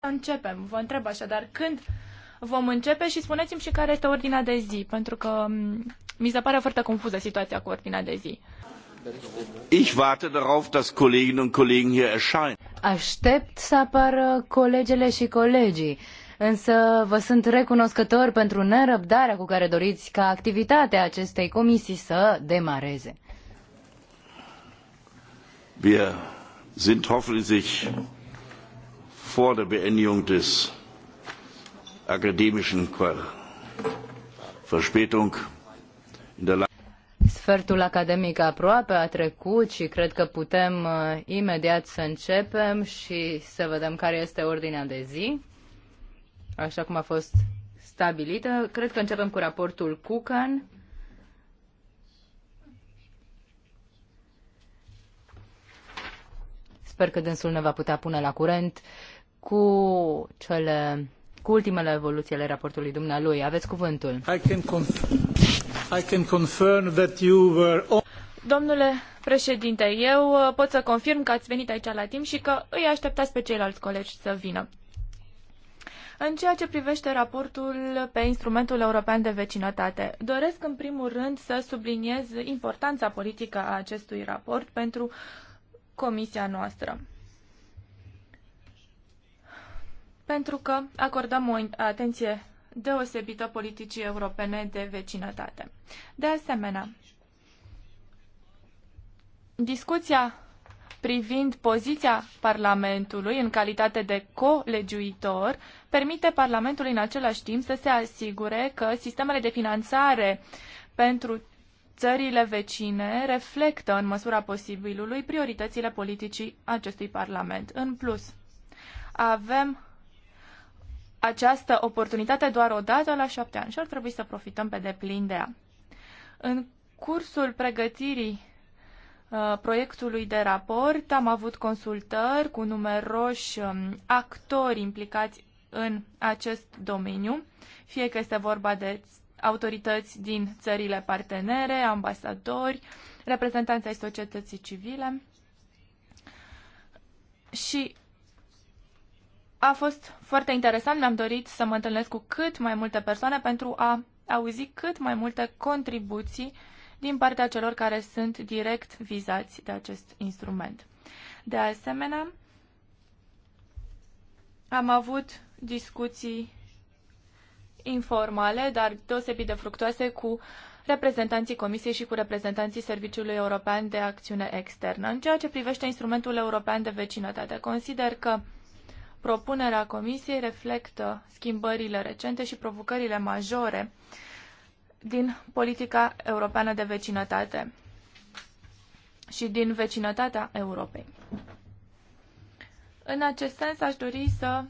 să începem. Vă întreb așadar când vom începe și spuneți-mi și care este ordinea de zi, pentru că mi se pare foarte confuză situația cu ordinea de zi. Ich warte darauf, dass Kolleginnen und Kollegen hier erscheinen. Aștept să apară colegele și colegii, însă vă sunt recunoscător pentru nerăbdarea cu care doriți ca activitatea acestei comisii să demareze. Wir sind hoffentlich vor der Beendigung des akademischen Verspätung in der Sfertul academic aproape a trecut și cred că putem uh, imediat să începem și să vedem care este ordinea de zi, așa cum a fost stabilită. Cred că începem cu raportul Cucan. Sper că dânsul ne va putea pune la curent uh, cu cele cu ultimele evoluții ale raportului dumnealui. Aveți cuvântul. I can I can confirm that you were Domnule președinte, eu uh, pot să confirm că ați venit aici la timp și că îi așteptați pe ceilalți colegi să vină. În ceea ce privește raportul pe instrumentul european de vecinătate, doresc în primul rând să subliniez importanța politică a acestui raport pentru comisia noastră. pentru că acordăm o atenție deosebită politicii europene de vecinătate. De asemenea, discuția privind poziția Parlamentului în calitate de colegiuitor permite Parlamentului în același timp să se asigure că sistemele de finanțare pentru țările vecine reflectă în măsura posibilului prioritățile politicii acestui Parlament. În plus, avem această oportunitate doar o dată la șapte ani și ar trebui să profităm pe deplin de ea. În cursul pregătirii uh, proiectului de raport am avut consultări cu numeroși um, actori implicați în acest domeniu, fie că este vorba de autorități din țările partenere, ambasadori, reprezentanți ai societății civile. Și a fost foarte interesant, mi-am dorit să mă întâlnesc cu cât mai multe persoane pentru a auzi cât mai multe contribuții din partea celor care sunt direct vizați de acest instrument. De asemenea, am avut discuții informale, dar deosebit de fructoase cu reprezentanții Comisiei și cu reprezentanții Serviciului European de Acțiune Externă. În ceea ce privește instrumentul european de vecinătate, consider că Propunerea Comisiei reflectă schimbările recente și provocările majore din politica europeană de vecinătate și din vecinătatea Europei. În acest sens, aș dori să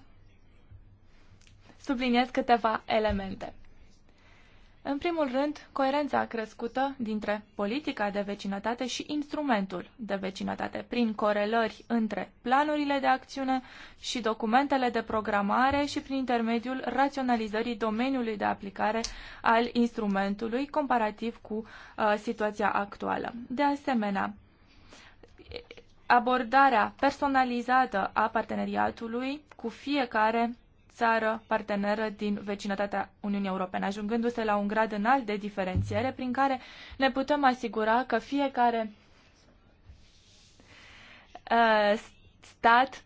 subliniez câteva elemente. În primul rând, coerența crescută dintre politica de vecinătate și instrumentul de vecinătate, prin corelări între planurile de acțiune și documentele de programare și prin intermediul raționalizării domeniului de aplicare al instrumentului comparativ cu uh, situația actuală. De asemenea, abordarea personalizată a parteneriatului cu fiecare țară parteneră din vecinătatea Uniunii Europene, ajungându-se la un grad înalt de diferențiere prin care ne putem asigura că fiecare uh, stat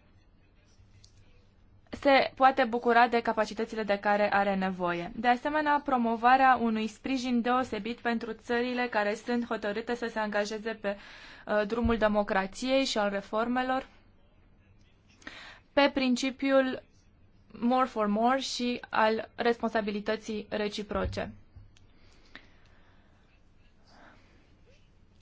se poate bucura de capacitățile de care are nevoie. De asemenea, promovarea unui sprijin deosebit pentru țările care sunt hotărâte să se angajeze pe uh, drumul democrației și al reformelor, pe principiul more for more și al responsabilității reciproce.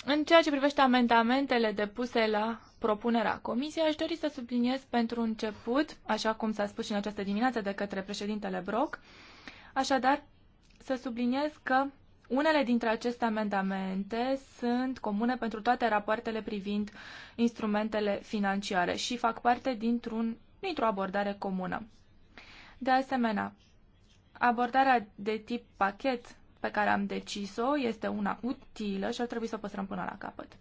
În ceea ce privește amendamentele depuse la propunerea comisiei, aș dori să subliniez pentru început, așa cum s-a spus și în această dimineață de către președintele Brock, așadar să subliniez că unele dintre aceste amendamente sunt comune pentru toate rapoartele privind instrumentele financiare și fac parte dintr-un, dintr-o abordare comună. De asemenea, abordarea de tip pachet pe care am decis-o este una utilă și ar trebui să o păstrăm până la capăt.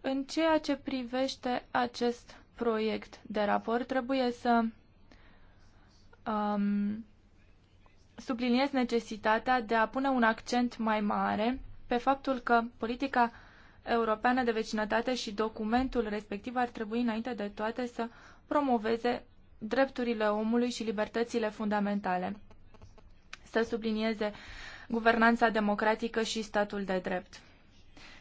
În ceea ce privește acest proiect de raport, trebuie să um, subliniez necesitatea de a pune un accent mai mare pe faptul că politica europeană de vecinătate și documentul respectiv ar trebui înainte de toate să promoveze drepturile omului și libertățile fundamentale. Să sublinieze guvernanța democratică și statul de drept.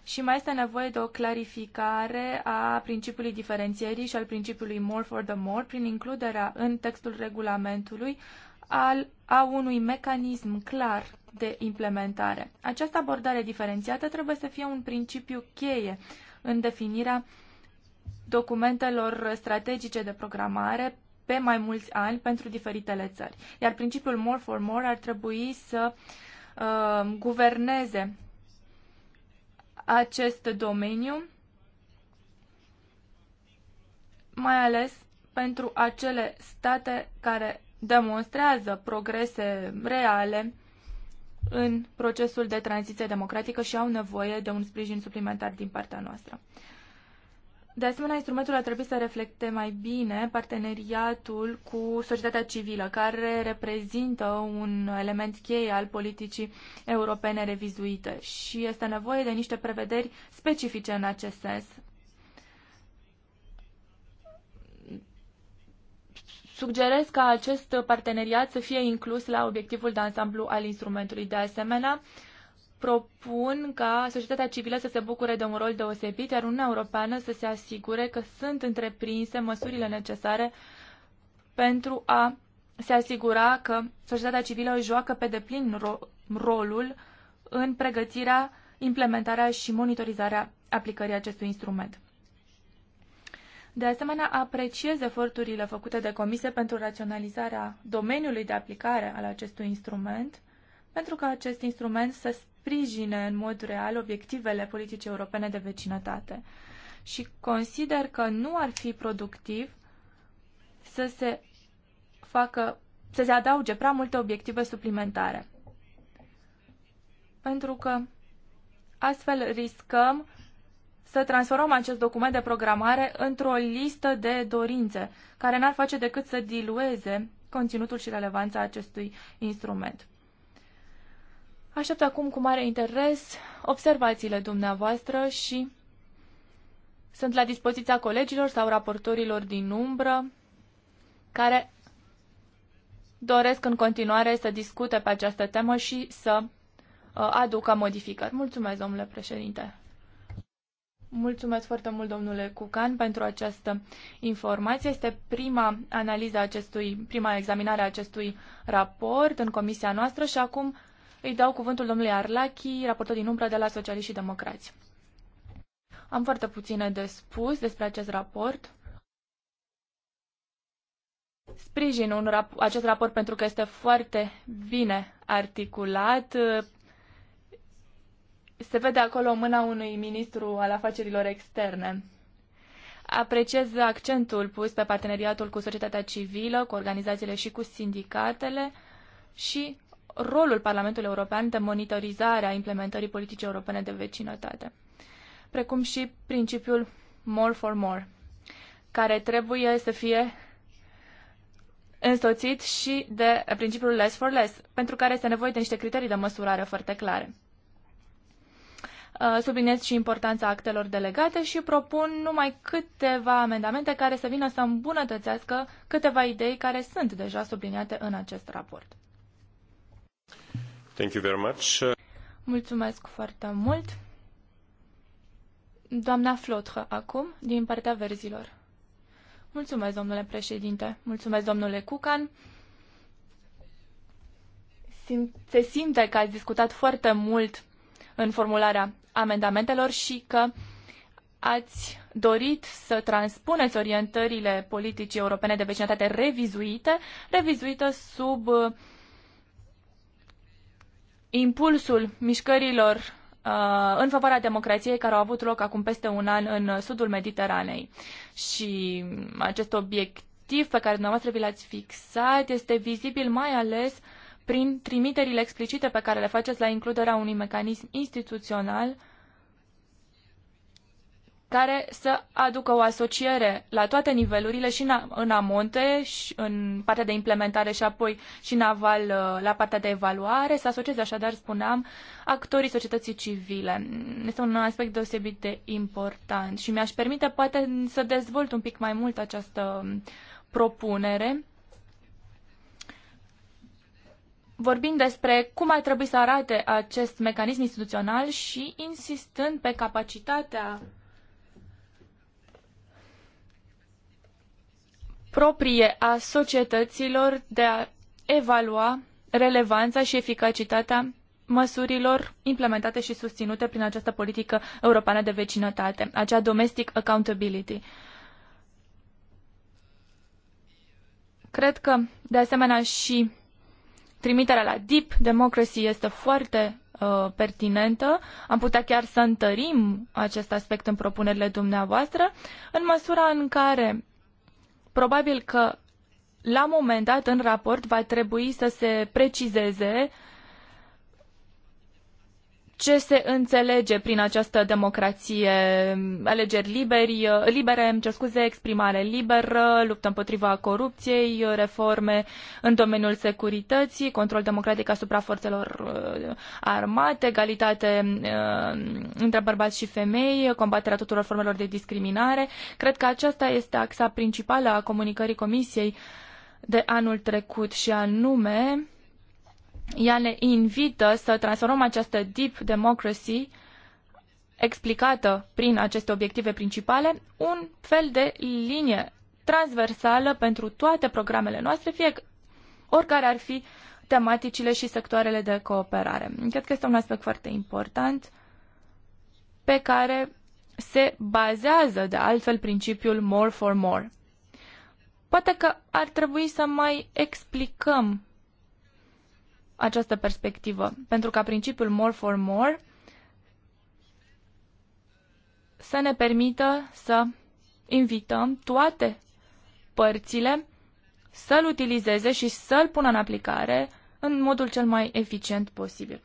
Și mai este nevoie de o clarificare a principiului diferențierii și al principiului more for the more prin includerea în textul regulamentului al, a unui mecanism clar de implementare. Această abordare diferențiată trebuie să fie un principiu cheie în definirea documentelor strategice de programare pe mai mulți ani pentru diferitele țări. Iar principiul more for more ar trebui să uh, guverneze acest domeniu, mai ales pentru acele state care demonstrează progrese reale în procesul de tranziție democratică și au nevoie de un sprijin suplimentar din partea noastră. De asemenea, instrumentul ar trebui să reflecte mai bine parteneriatul cu societatea civilă, care reprezintă un element cheie al politicii europene revizuite și este nevoie de niște prevederi specifice în acest sens. Sugerez ca acest parteneriat să fie inclus la obiectivul de ansamblu al instrumentului. De asemenea, propun ca societatea civilă să se bucure de un rol deosebit, iar Uniunea Europeană să se asigure că sunt întreprinse măsurile necesare pentru a se asigura că societatea civilă își joacă pe deplin ro- rolul în pregătirea, implementarea și monitorizarea aplicării acestui instrument. De asemenea, apreciez eforturile făcute de comisie pentru raționalizarea domeniului de aplicare al acestui instrument, pentru ca acest instrument să sprijine în mod real obiectivele politicii europene de vecinătate. Și consider că nu ar fi productiv să se facă, să se adauge prea multe obiective suplimentare. Pentru că astfel riscăm să transformăm acest document de programare într-o listă de dorințe, care n-ar face decât să dilueze conținutul și relevanța acestui instrument. Aștept acum cu mare interes observațiile dumneavoastră și sunt la dispoziția colegilor sau raportorilor din umbră care doresc în continuare să discute pe această temă și să uh, aducă modificări. Mulțumesc, domnule președinte. Mulțumesc foarte mult, domnule Cucan, pentru această informație. Este prima analiză acestui, prima examinare a acestui raport în comisia noastră și acum îi dau cuvântul domnului Arlachi, raportor din umbră de la Socialiști și Democrați. Am foarte puține de spus despre acest raport. Sprijin un rap- acest raport pentru că este foarte bine articulat. Se vede acolo mâna unui ministru al afacerilor externe. Apreciez accentul pus pe parteneriatul cu societatea civilă, cu organizațiile și cu sindicatele și rolul Parlamentului European de monitorizare a implementării politicii europene de vecinătate, precum și principiul more for more, care trebuie să fie însoțit și de principiul less for less, pentru care este nevoie de niște criterii de măsurare foarte clare. Uh, subliniez și importanța actelor delegate și propun numai câteva amendamente care să vină să îmbunătățească câteva idei care sunt deja subliniate în acest raport. Thank you very much. Mulțumesc foarte mult. Doamna Flotră, acum, din partea verzilor. Mulțumesc, domnule președinte. Mulțumesc, domnule Cucan. Sim- se simte că ați discutat foarte mult în formularea amendamentelor și că ați dorit să transpuneți orientările politicii europene de vecinătate revizuite, revizuită sub impulsul mișcărilor uh, în favoarea democrației care au avut loc acum peste un an în sudul Mediteranei. Și acest obiectiv pe care dumneavoastră vi l-ați fixat este vizibil mai ales prin trimiterile explicite pe care le faceți la includerea unui mecanism instituțional uh, care să aducă o asociere la toate nivelurile și în amonte, și în partea de implementare și apoi și în aval uh, la partea de evaluare, să asocieze așadar, spuneam, actorii societății civile. Este un aspect deosebit de important și mi-aș permite poate să dezvolt un pic mai mult această um, propunere. vorbind despre cum ar trebui să arate acest mecanism instituțional și insistând pe capacitatea proprie a societăților de a evalua relevanța și eficacitatea măsurilor implementate și susținute prin această politică europeană de vecinătate, acea domestic accountability. Cred că, de asemenea, și trimiterea la deep democracy este foarte uh, pertinentă. Am putea chiar să întărim acest aspect în propunerile dumneavoastră, în măsura în care Probabil că la un moment dat în raport va trebui să se precizeze uh, ce se înțelege prin această democrație, alegeri liberi, libere, îmi cer scuze, exprimare liberă, luptă împotriva corupției, reforme în domeniul securității, control democratic asupra forțelor uh, armate, egalitate uh, între bărbați și femei, combaterea tuturor formelor de discriminare. Cred că aceasta este axa principală a comunicării Comisiei de anul trecut și anume ea ne invită să transformăm această deep democracy explicată prin aceste obiective principale, un fel de linie transversală pentru toate programele noastre, fie oricare ar fi tematicile și sectoarele de cooperare. Cred că este un aspect foarte important pe care se bazează de altfel principiul more for more. Poate că ar trebui să mai explicăm această perspectivă, pentru ca principiul more for more să ne permită să invităm toate părțile să-l utilizeze și să-l pună în aplicare în modul cel mai eficient posibil.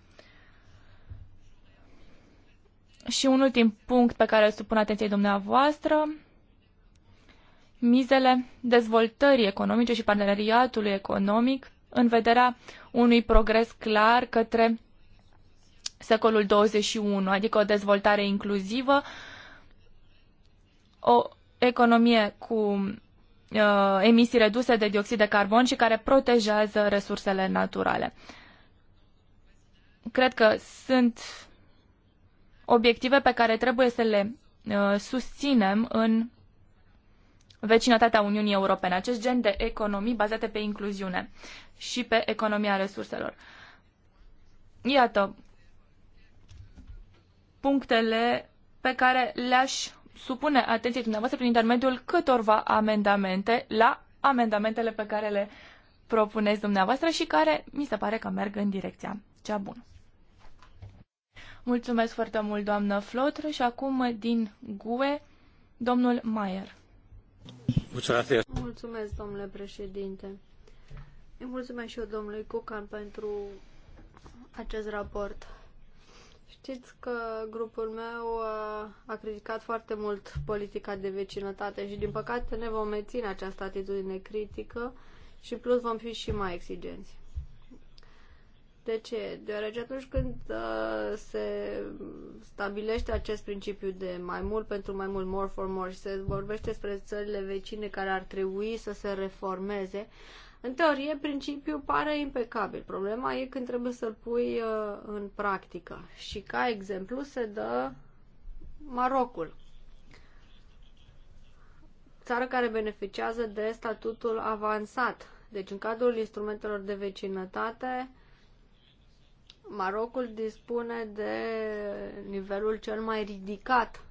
Și un ultim punct pe care îl supun atenției dumneavoastră, mizele dezvoltării economice și parteneriatului economic în vederea unui progres clar către secolul 21, adică o dezvoltare inclusivă, o economie cu uh, emisii reduse de dioxid de carbon și care protejează resursele naturale. Cred că sunt obiective pe care trebuie să le uh, susținem în vecinătatea Uniunii Europene, acest gen de economii bazate pe incluziune și pe economia resurselor. Iată punctele pe care le-aș supune atenției dumneavoastră prin intermediul câtorva amendamente la amendamentele pe care le propuneți dumneavoastră și care mi se pare că merg în direcția cea bună. Mulțumesc foarte mult, doamnă Flotr, și acum din GUE, domnul Maier. Mulțumesc, domnule președinte. Îi mulțumesc și eu domnului Cucan pentru acest raport. Știți că grupul meu a criticat foarte mult politica de vecinătate și din păcate ne vom menține această atitudine critică și plus vom fi și mai exigenți. De ce? Deoarece atunci când uh, se stabilește acest principiu de mai mult pentru mai mult, more for more, și se vorbește despre țările vecine care ar trebui să se reformeze, în teorie principiul pare impecabil. Problema e când trebuie să-l pui uh, în practică. Și ca exemplu se dă Marocul țară care beneficiază de statutul avansat. Deci, în cadrul instrumentelor de vecinătate, Marocul dispune de nivelul cel mai ridicat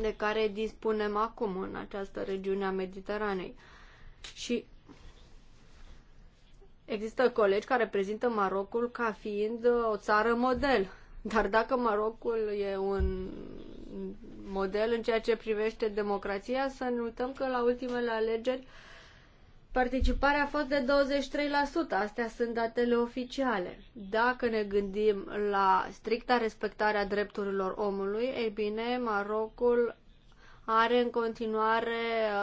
de care dispunem acum în această regiune a Mediteranei. Și există colegi care prezintă Marocul ca fiind o țară model. Dar dacă Marocul e un model în ceea ce privește democrația, să nu uităm că la ultimele alegeri uh, Participarea a fost de 23%, astea sunt datele oficiale. Dacă ne gândim la stricta respectarea drepturilor omului, ei bine, Marocul are în continuare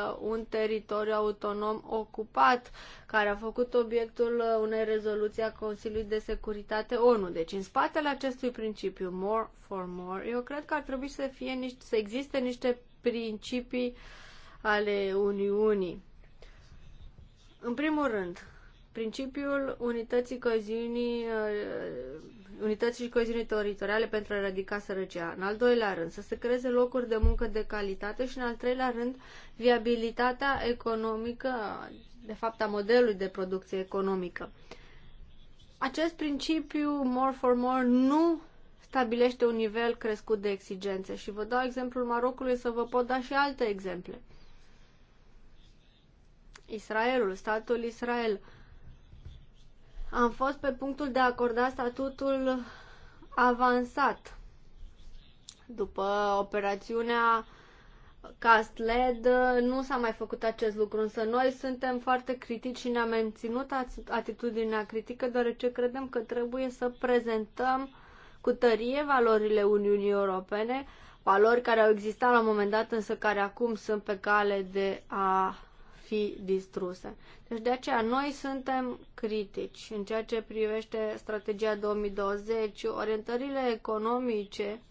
uh, un teritoriu autonom ocupat, care a făcut obiectul uh, unei rezoluții a Consiliului de Securitate ONU. Deci, în spatele acestui principiu, more for more, eu cred că ar trebui să, fie niște, să existe niște principii ale Uniunii în primul rând, principiul unității coeziunii, uh, unității și coeziunii teritoriale pentru a eradica sărăcia. În al doilea rând, să se creeze locuri de muncă de calitate și în al treilea rând, viabilitatea economică, de fapt a modelului de producție economică. Acest principiu more for more nu stabilește un nivel crescut de exigențe și vă dau exemplul Marocului să vă pot da și alte exemple. Israelul, statul Israel. Am fost pe punctul de a acorda statutul avansat după operațiunea Castled nu s-a mai făcut acest lucru, însă noi suntem foarte critici și ne-am menținut atitudinea critică, deoarece credem că trebuie să prezentăm cu tărie valorile Uniunii Europene, valori care au existat la un moment dat, însă care acum sunt pe cale de a fi distruse. Deci de aceea noi suntem critici în ceea ce privește strategia 2020, orientările economice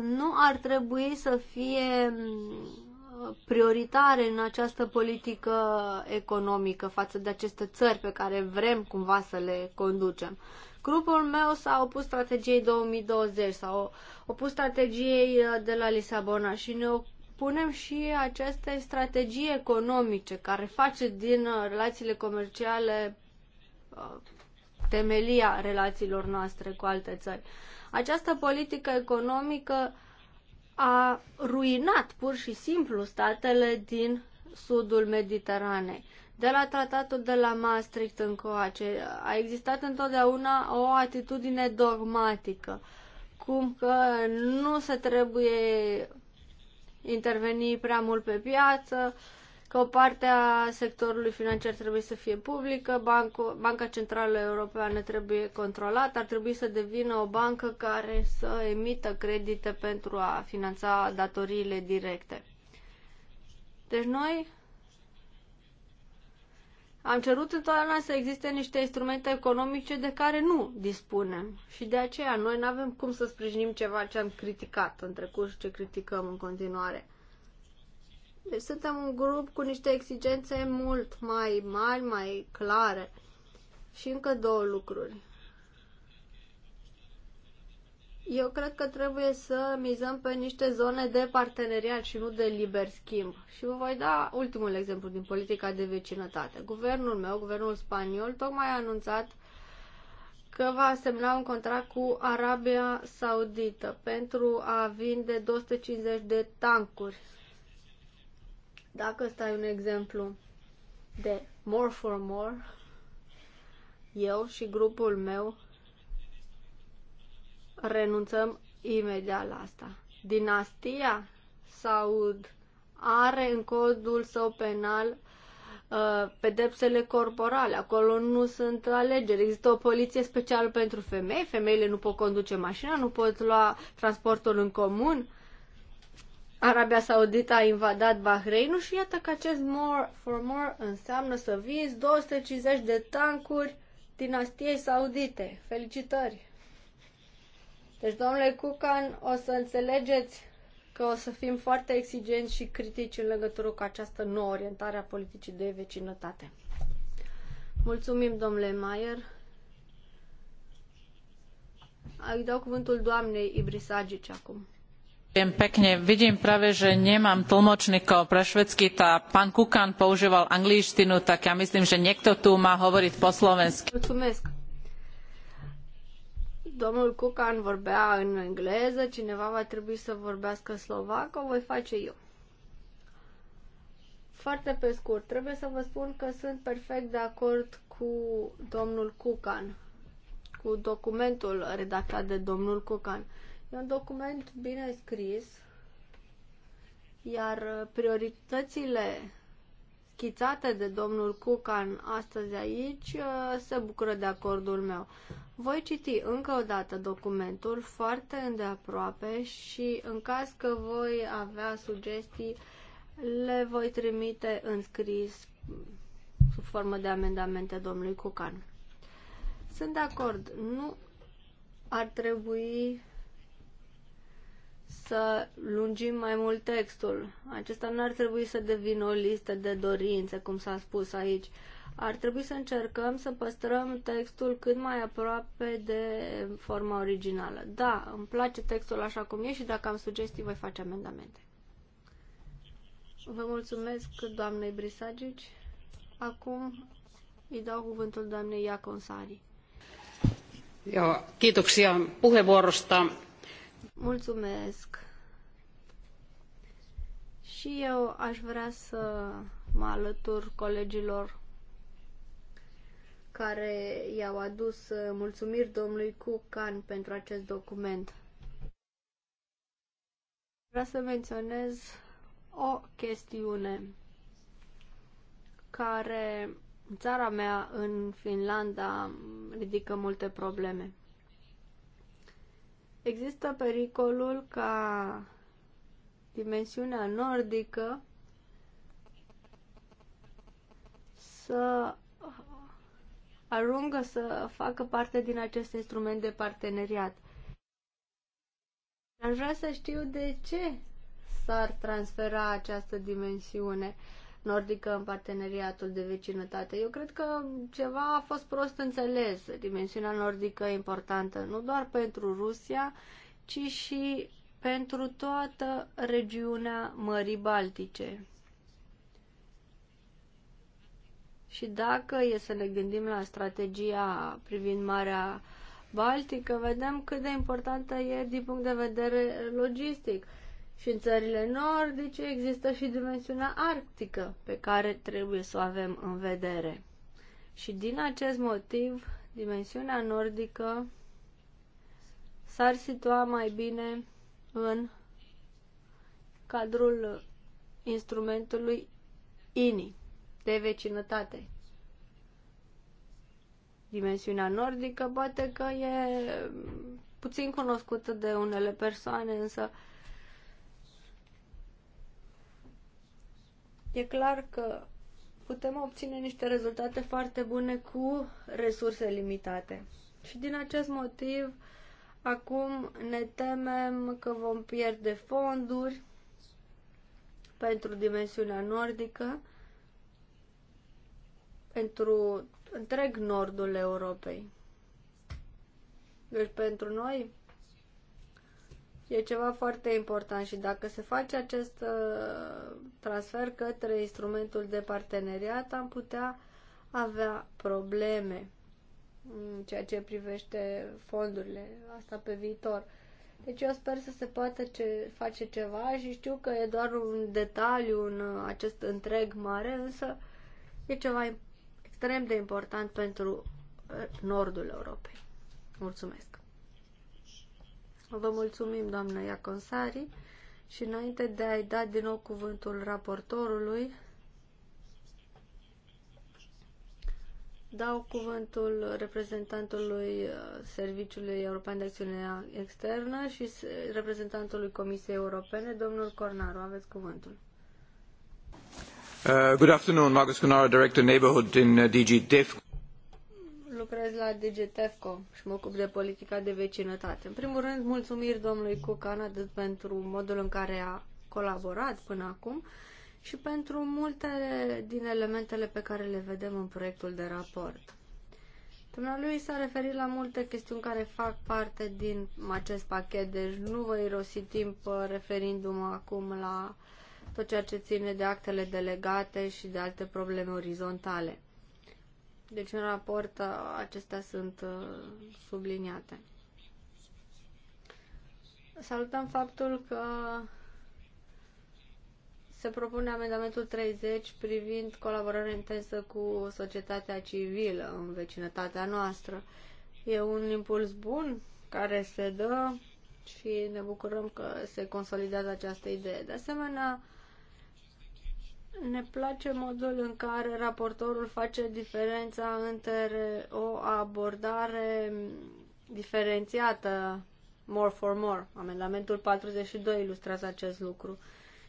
nu ar trebui să fie uh, prioritare în această politică economică față de aceste țări pe care vrem cumva să le conducem. Grupul meu s-a opus strategiei 2020, s-a opus strategiei uh, de la Lisabona și ne punem și aceste strategii economice care face din uh, relațiile comerciale uh, temelia relațiilor noastre cu alte țări. Această politică economică a ruinat pur și simplu statele din sudul Mediteranei. De la tratatul de la Maastricht încoace a existat întotdeauna o atitudine dogmatică, cum că nu se trebuie interveni prea mult pe piață, că o parte a sectorului financiar trebuie să fie publică, Banco, Banca Centrală Europeană trebuie controlată, ar trebui să devină o bancă care să emită credite pentru a finanța datoriile directe. Deci noi am cerut întotdeauna să existe niște instrumente economice de care nu dispunem și de aceea noi nu avem cum să sprijinim ceva ce am criticat în trecut și ce criticăm în continuare. Deci suntem un grup cu niște exigențe mult mai mari, mai clare. Și încă două lucruri. Eu cred că trebuie să mizăm pe niște zone de parteneriat și nu de liber schimb. Și vă voi da ultimul exemplu din politica de vecinătate. Guvernul meu, guvernul spaniol, tocmai a anunțat că va semna un contract cu Arabia Saudită pentru a vinde 250 de tancuri. Dacă stai un exemplu de More for More, eu și grupul meu renunțăm imediat la asta. Dinastia Saud are în codul său penal uh, pedepsele corporale. Acolo nu sunt alegeri. Există o poliție specială pentru femei. Femeile nu pot conduce mașina, nu pot lua transportul în comun. Arabia Saudită a invadat Bahreinul și iată că acest more for more înseamnă să vinzi 250 de tancuri dinastiei saudite. Felicitări! Deci, domnule Cucan, o să înțelegeți că o să fim foarte exigenți și critici în legătură cu această nouă orientare a politicii de vecinătate. Mulțumim, domnule Maier. Îi dau cuvântul doamnei Ibrisagici acum. Pekne. Vidím práve, že nemám tlmočníkov pre švedsky. Tá pán Kukan používal angličtinu, tak ja myslím, že niekto tu má hovoriť po slovensky. Ďakujem. Domnul Cucan vorbea în engleză, cineva va trebui să vorbească slovac. o voi face eu. Foarte pe scurt, trebuie să vă spun că sunt perfect de acord cu domnul Cucan, cu documentul redactat de domnul Cucan. E un document bine scris, iar prioritățile schițate de domnul Cucan astăzi aici uh, se bucură de acordul meu. Voi citi încă o dată documentul foarte îndeaproape și în caz că voi avea sugestii, le voi trimite în scris sub formă de amendamente domnului Cucan. Sunt de acord, nu ar trebui să lungim mai mult textul. Acesta nu ar trebui să devină o listă de dorințe, cum s-a spus aici. Uh, ar trebui să încercăm să păstrăm textul cât mai aproape de forma originală. Da, îmi place textul așa cum e și dacă am sugestii voi face amendamente. Vă mulțumesc doamnei Brisagici. Acum îi dau cuvântul doamnei Iaconsari. Joo, kiitoksia puheenvuorosta. Mulțumesc. Și eu aș vrea să mă alătur colegilor care i-au adus uh, mulțumiri domnului Cucan pentru acest document. Vreau să menționez o chestiune care în țara mea, în Finlanda, ridică multe probleme. Există pericolul ca dimensiunea nordică să ajungă să facă parte din acest instrument de parteneriat. Aș vrea să știu de ce s-ar transfera această dimensiune nordică în parteneriatul de vecinătate. Eu cred că ceva a fost prost înțeles. Dimensiunea nordică e importantă nu doar pentru Rusia, ci și pentru toată regiunea Mării Baltice. Și dacă e să ne gândim la strategia privind Marea Baltică, vedem cât de importantă e din punct de vedere logistic. Și în țările nordice există și dimensiunea arctică pe care trebuie să o avem în vedere. Și din acest motiv, dimensiunea nordică s-ar situa mai bine în cadrul instrumentului INI de vecinătate. Dimensiunea nordică poate că e puțin cunoscută de unele persoane, însă e clar că putem obține niște rezultate foarte bune cu resurse limitate. Și din acest motiv, acum ne temem că vom pierde fonduri pentru dimensiunea nordică pentru întreg nordul Europei. Deci pentru noi e ceva foarte important și dacă se face acest uh, transfer către instrumentul de parteneriat, am putea avea probleme în ceea ce privește fondurile, asta pe viitor. Deci eu sper să se poată ce, face ceva și știu că e doar un detaliu în acest întreg mare, însă e ceva important extrem de important pentru uh, nordul Europei. Mulțumesc! Vă mulțumim, doamnă Iaconsari, și înainte de a-i da din nou cuvântul raportorului, dau cuvântul reprezentantului uh, Serviciului European de Acțiune Externă și reprezentantului Comisiei Europene, domnul Cornaru. Aveți cuvântul. Uh, good afternoon, Marcus Cunara, Director Neighborhood in uh, DG DEFCO. Lucrez la DG TEFCO și mă ocup de politica de vecinătate. În primul rând, mulțumiri domnului Cucan atât pentru modul în care a colaborat până acum și pentru multe din elementele pe care le vedem în proiectul de raport. Dumnealui s-a referit la multe chestiuni care fac parte din acest pachet, deci nu voi irosi timp uh, referindu-mă acum la tot ceea ce ține de actele delegate și de alte probleme orizontale. Deci în raport uh, acestea sunt uh, subliniate. Salutăm faptul că se propune amendamentul 30 privind colaborarea intensă cu societatea civilă în vecinătatea noastră. E un impuls bun care se dă și ne bucurăm că se consolidează această idee. De asemenea, ne place modul în care raportorul face diferența între o abordare diferențiată, more for more. Amendamentul 42 ilustrează acest lucru.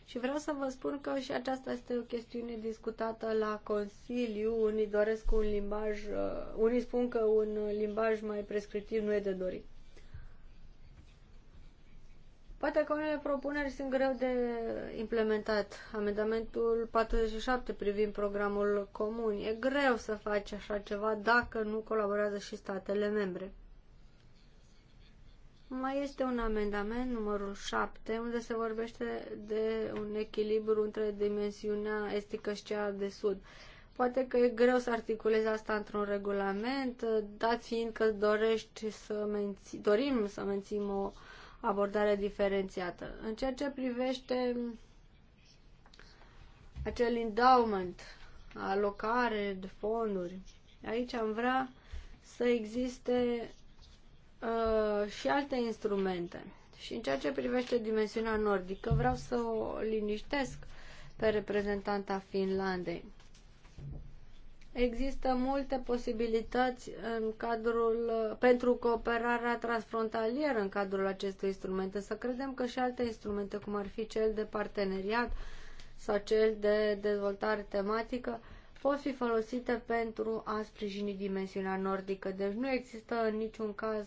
Și vreau să vă spun că și aceasta este o chestiune discutată la Consiliu. Unii doresc un limbaj, uh, unii spun că un limbaj mai prescriptiv nu e de dorit. Poate că unele propuneri sunt greu de implementat. Amendamentul 47 privind programul comun. E greu să faci așa ceva dacă nu colaborează și statele membre. Mai este un amendament, numărul 7, unde se vorbește de un echilibru între dimensiunea estică și cea de sud. Poate că e greu să articulezi asta într-un regulament, dat fiind că dorești să menții, dorim să mențim o abordare diferențiată. În ceea ce privește acel endowment, alocare de fonduri, aici am vrea să existe uh, și alte instrumente. Și în ceea ce privește dimensiunea nordică, vreau să o liniștesc pe reprezentanta Finlandei. Există multe posibilități în cadrul, pentru cooperarea transfrontalieră în cadrul acestui instrument, Să credem că și alte instrumente, cum ar fi cel de parteneriat sau cel de dezvoltare tematică, pot fi folosite pentru a sprijini dimensiunea nordică. Deci nu există în niciun caz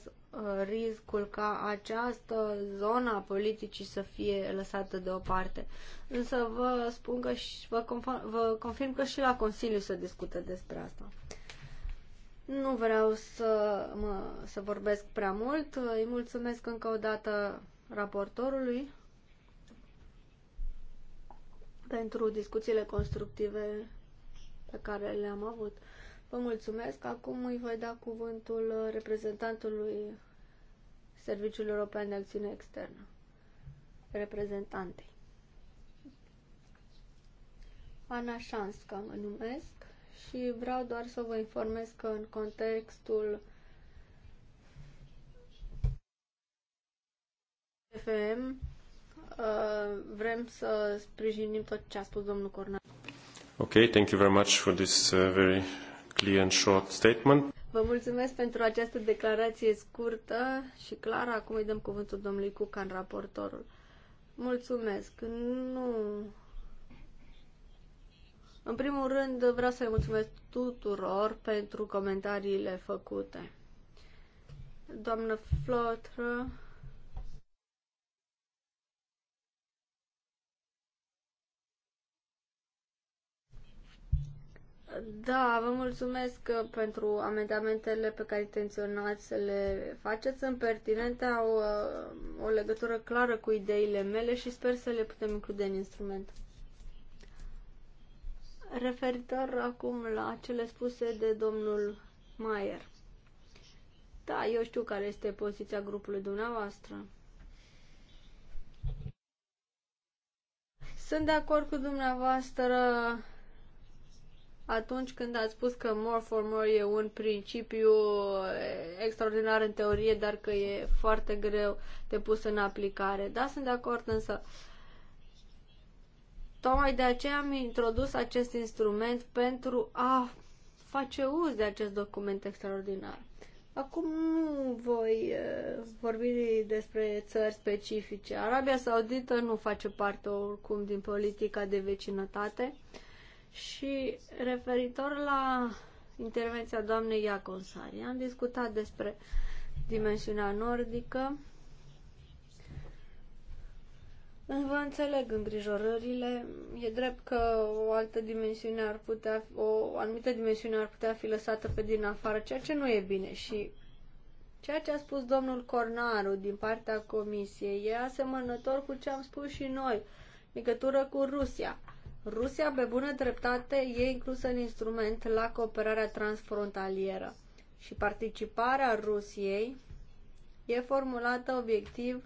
riscul ca această zonă a politicii să fie lăsată deoparte. Însă vă spun că și, vă, confirm, vă confirm că și la Consiliu se discută despre asta. Nu vreau să, mă, să vorbesc prea mult. Îi mulțumesc încă o dată raportorului pentru discuțiile constructive pe care le-am avut. Vă mulțumesc. Acum îi voi da cuvântul uh, reprezentantului Serviciul European de Acțiune Externă, reprezentantei. Ana Șanscă mă numesc și vreau doar să vă informez că în contextul FM uh, vrem să sprijinim tot ce a spus domnul Cornel. Ok, thank you very much for this uh, very short statement. Vă mulțumesc pentru această declarație scurtă și clară. Acum îi dăm cuvântul domnului Cucan, raportorul. Mulțumesc. Nu... În primul rând, vreau să-i mulțumesc tuturor pentru comentariile făcute. Doamnă Flotră, Da, vă mulțumesc pentru amendamentele pe care intenționați să le faceți. Sunt pertinente, au uh, o legătură clară cu ideile mele și sper să le putem include în instrument. Referitor acum la cele spuse de domnul Maier. Da, eu știu care este poziția grupului dumneavoastră. Sunt de acord cu dumneavoastră atunci când ați spus că more for more e un principiu eh, extraordinar în teorie, dar că e foarte greu de pus în aplicare. Da, sunt de acord, însă tocmai de aceea am introdus acest instrument pentru a face uz de acest document extraordinar. Acum nu voi uh, vorbi despre țări specifice. Arabia Saudită nu face parte oricum din politica de vecinătate. Uh, și referitor la intervenția doamnei Iaconsari, am discutat despre dimensiunea nordică. Vă înțeleg îngrijorările. E drept că o altă dimensiune ar putea, o anumită dimensiune ar putea fi lăsată pe din afară, ceea ce nu e bine. Și ceea ce a spus domnul Cornaru din partea comisiei e asemănător cu ce am spus și noi, legătură cu Rusia. Rusia, pe bună dreptate, e inclusă în instrument la cooperarea transfrontalieră și participarea Rusiei e formulată obiectiv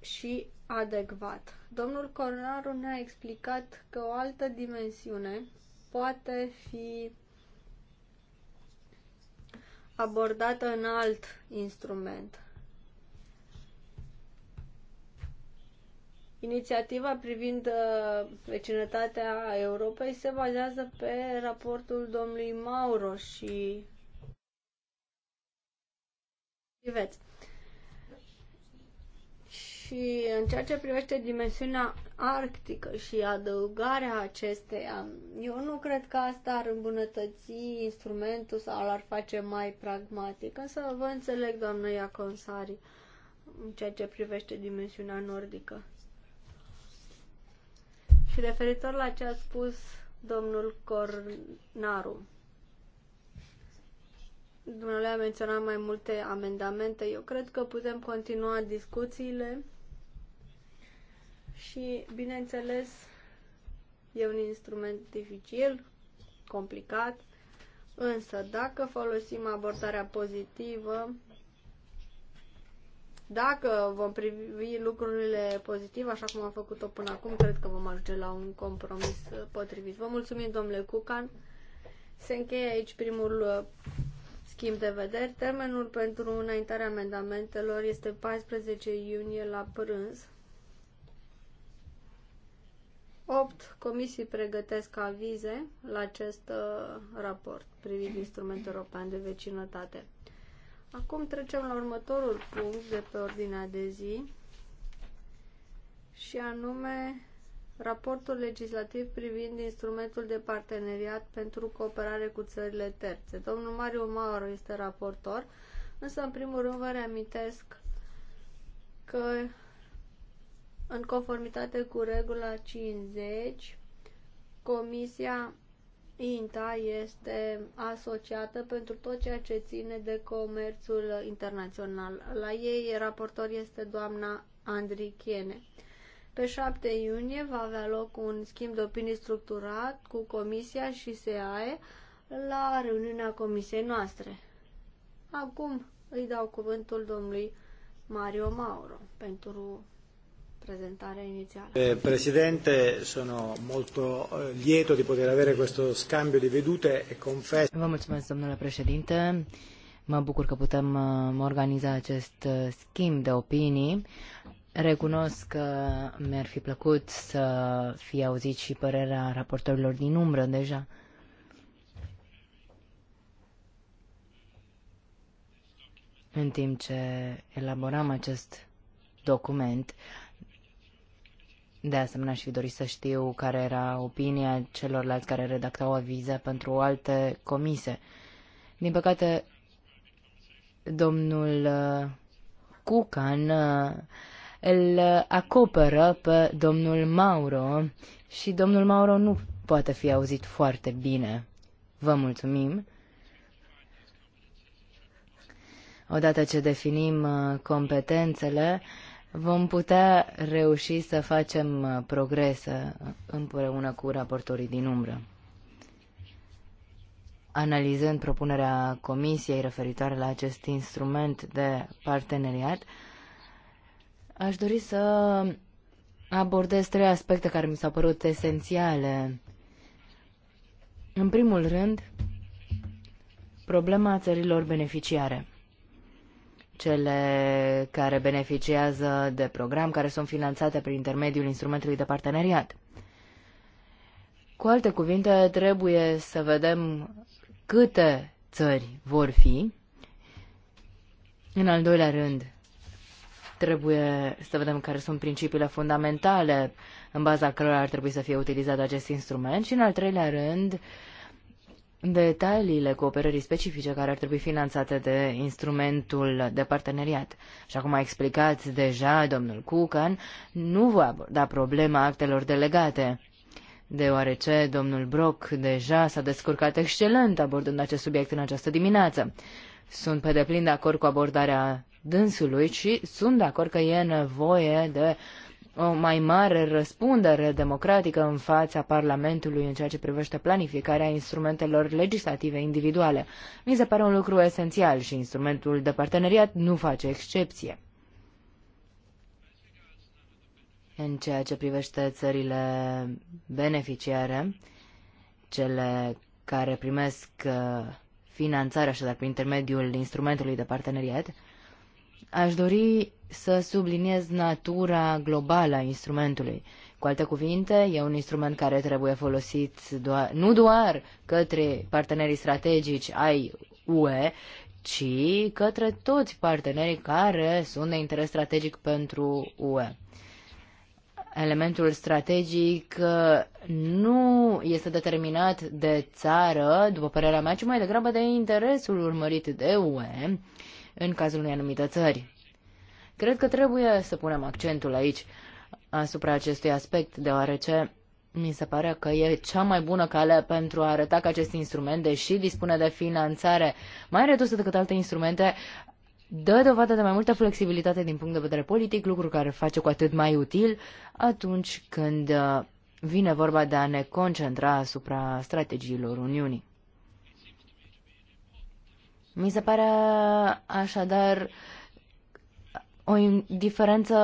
și adecvat. Domnul Coronaru ne-a explicat că o altă dimensiune poate fi abordată în alt instrument, Inițiativa privind uh, vecinătatea Europei se bazează pe raportul domnului Mauro și Iveți. Și în ceea ce privește dimensiunea arctică și adăugarea acesteia, eu nu cred că asta ar îmbunătăți instrumentul sau l-ar face mai pragmatic, însă vă înțeleg, doamnă Iaconsari, în ceea ce privește dimensiunea nordică. Și referitor la ce a spus domnul Cornaru, Dumnezeu a menționat mai multe amendamente. Eu cred că putem continua discuțiile și, bineînțeles, e un instrument dificil, complicat, însă dacă folosim abordarea pozitivă, dacă vom privi lucrurile pozitiv, așa cum am făcut-o până acum, cred că vom ajunge la un compromis uh, potrivit. Vă mulțumim, domnule Cucan. Se încheie aici primul uh, schimb de vedere. Termenul pentru înaintarea amendamentelor este 14 iunie la prânz. 8 comisii pregătesc avize la acest uh, raport privind instrumentul european de vecinătate. Acum trecem la următorul punct de pe ordinea de zi și anume raportul legislativ privind instrumentul de parteneriat pentru cooperare cu țările terțe. Domnul Mariu Mauro este raportor, însă în primul rând vă reamintesc că în conformitate cu regula 50, Comisia INTA este asociată pentru tot ceea ce ține de comerțul internațional. La ei raportor este doamna Andrichiene. Pe 7 iunie va avea loc un schimb de opinii structurat cu Comisia și SEAE la reuniunea Comisiei noastre. Acum îi dau cuvântul domnului Mario Mauro pentru prezentarea inițială. Eh, președinte, sono molto eh, lieto di poter avere questo scambio di vedute e confesso. Vă mulțumesc, domnule președinte. Mă bucur că putem eh, organiza acest schimb de opinii. Recunosc că mi-ar fi plăcut să fi auzit și părerea raportorilor din umbră deja. În timp ce elaboram acest document, de asemenea, aș fi dorit să știu care era opinia celorlalți care redactau avize pentru alte comise. Din păcate, domnul uh, Cucan uh, îl acoperă pe domnul Mauro și domnul Mauro nu poate fi auzit foarte bine. Vă mulțumim! Odată ce definim uh, competențele, vom putea reuși să facem uh, progrese uh, împreună cu raportorii din umbră. Analizând propunerea Comisiei referitoare la acest instrument de parteneriat, aș dori să abordez trei aspecte care mi s-au părut esențiale. În primul rând, problema țărilor beneficiare cele care beneficiază de program, care sunt finanțate prin intermediul instrumentului de parteneriat. Cu alte cuvinte, trebuie să vedem câte țări vor fi. În al doilea rând, trebuie să vedem care sunt principiile fundamentale în baza cărora ar trebui să fie utilizat acest instrument și, în al treilea rând, detaliile cooperării specifice care ar trebui finanțate de instrumentul de parteneriat. Și acum a explicat deja domnul Cucan, nu va aborda problema actelor delegate, deoarece domnul Brock deja s-a descurcat excelent abordând acest subiect în această dimineață. Sunt pe deplin de acord cu abordarea dânsului și sunt de acord că e nevoie de uh, o mai mare răspundere democratică în fața Parlamentului în ceea ce privește planificarea instrumentelor legislative individuale. Mi se pare un lucru esențial și instrumentul de parteneriat nu face excepție. În ceea ce privește țările beneficiare, cele care primesc uh, finanțarea, așadar, prin intermediul instrumentului de parteneriat, aș dori să subliniez natura globală a instrumentului. Cu alte cuvinte, e un instrument care trebuie folosit doar, nu doar către partenerii strategici ai UE, ci către toți partenerii care sunt de interes strategic pentru UE. Elementul strategic uh, nu este determinat de țară, după părerea mea, ci mai degrabă de interesul urmărit de UE în cazul unei anumite țări. Cred că trebuie să punem accentul aici asupra acestui aspect, deoarece mi se pare că e cea mai bună cale pentru a arăta că acest instrument, deși dispune de finanțare mai redusă decât alte instrumente, dă dovadă de mai multă flexibilitate din punct de vedere politic, lucru care face cu atât mai util atunci când uh, vine vorba de a ne concentra asupra strategiilor Uniunii. Mi se pare uh, așadar uh, o diferență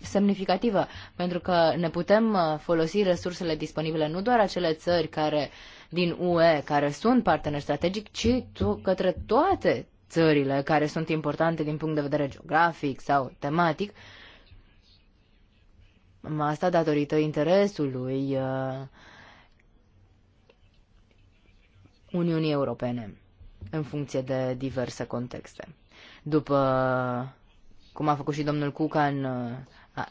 semnificativă, pentru că ne putem uh, folosi resursele disponibile nu doar acele țări care din UE care sunt parteneri strategici, ci to- către toate țările care sunt importante din punct de vedere geografic sau tematic. Asta datorită interesului uh, Uniunii Europene în funcție de diverse contexte. După cum a făcut și domnul uh, a, uh,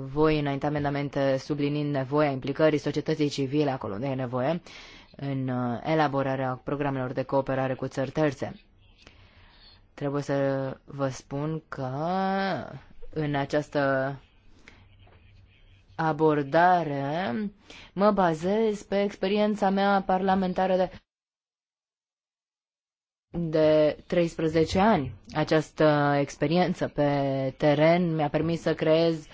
voi înainta amendamente sublinind nevoia implicării societății civile acolo de nevoie în uh, elaborarea programelor de cooperare cu țări terțe. Trebuie să vă spun că în această abordare mă bazez pe experiența mea parlamentară de de 13 ani. Această experiență pe teren mi-a permis să creez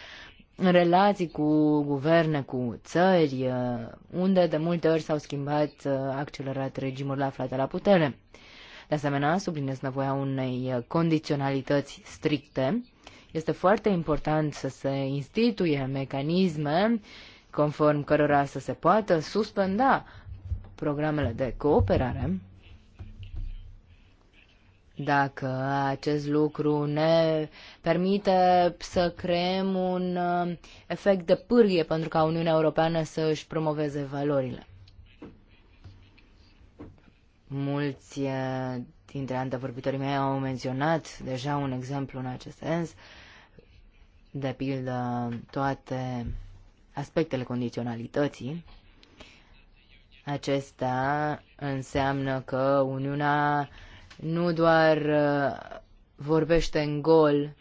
relații cu guverne, cu țări, uh, unde de multe ori s-au schimbat uh, accelerat regimurile aflate la putere. De asemenea, subliniez nevoia unei uh, condiționalități stricte. Este foarte important să se instituie mecanisme conform cărora să se poată suspenda programele de cooperare dacă acest lucru ne permite să creăm un uh, efect de pârghie pentru ca Uniunea Europeană să își promoveze valorile. Mulți uh, dintre antevorbitorii mei au menționat deja un exemplu în acest sens, de pildă toate aspectele condiționalității. Acesta înseamnă că Uniunea nu doar uh, vorbește în gol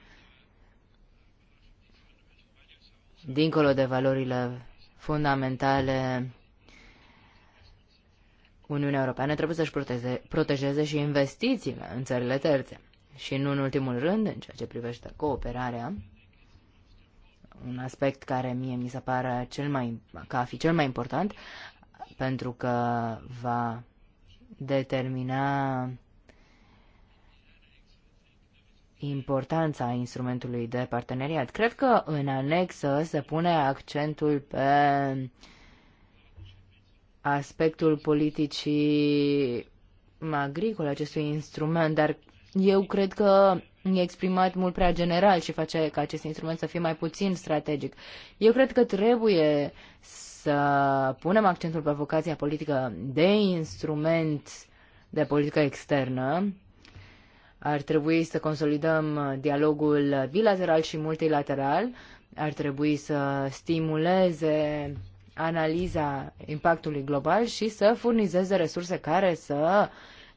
dincolo de valorile fundamentale Uniunea Europeană trebuie să-și proteze, protejeze și investițiile în țările terțe. Și nu în ultimul rând, în ceea ce privește cooperarea, un aspect care mie mi se pare cel mai, ca a fi cel mai important, pentru că va determina importanța instrumentului de parteneriat. Cred că în anexă se pune accentul pe aspectul politicii agricole acestui instrument, dar eu cred că e exprimat mult prea general și face ca acest instrument să fie mai puțin strategic. Eu cred că trebuie să punem accentul pe vocația politică de instrument de politică externă, ar trebui să consolidăm uh, dialogul bilateral și multilateral, ar trebui să stimuleze analiza impactului global și să furnizeze resurse care să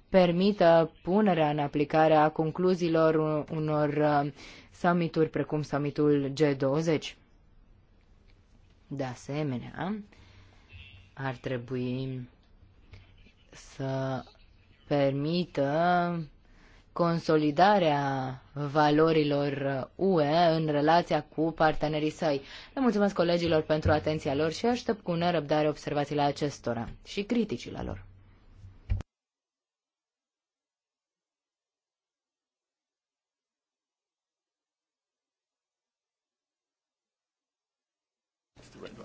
permită punerea în aplicare a concluziilor unor uh, summituri precum summitul G20. De asemenea, ar trebui să permită consolidarea valorilor UE în relația cu partenerii săi. Le mulțumesc colegilor pentru atenția lor și aștept cu nerăbdare observațiile acestora și criticile lor.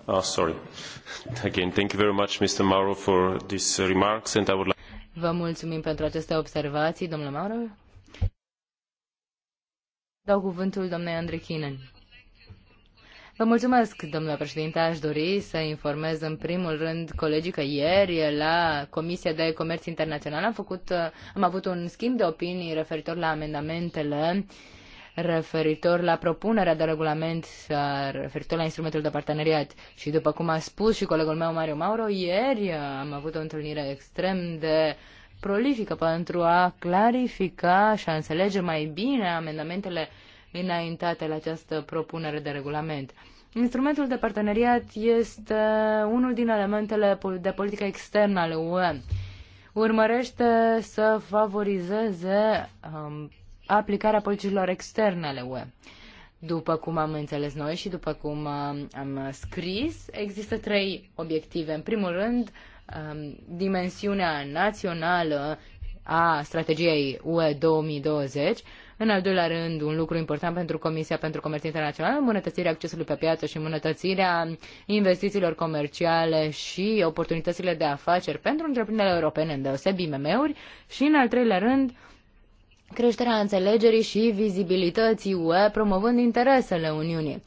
Oh, sorry. Again, thank you very much, Mr. Mauro, for these remarks, and I would like Vă mulțumim pentru aceste observații, domnule Mauro. Dau cuvântul Andrei Andrechinen. Vă mulțumesc, domnule președinte. Aș dori să informez în primul rând colegii că ieri la Comisia de Comerț Internațional am, făcut, am avut un schimb de opinii referitor la amendamentele uh, referitor la propunerea de regulament uh, referitor la instrumentul de parteneriat. Și după cum a spus și colegul meu Mario Mauro, ieri uh, am avut o întâlnire extrem de prolifică pentru a clarifica și a înțelege mai bine amendamentele înaintate la această propunere de regulament. Instrumentul de parteneriat este unul din elementele de politică externă ale UE. Urmărește să favorizeze um, aplicarea politicilor externe ale UE. După cum am înțeles noi și după cum uh, am scris, există trei obiective. În primul rând, um, dimensiunea națională a strategiei UE 2020, în al doilea rând, un lucru important pentru Comisia pentru Comerț Internațional, îmbunătățirea accesului pe piață și îmbunătățirea investițiilor comerciale și oportunitățile de afaceri pentru întreprinderile europene, îndeosebi IMM-uri. Și în al treilea rând, creșterea înțelegerii și vizibilității UE, promovând interesele Uniunii.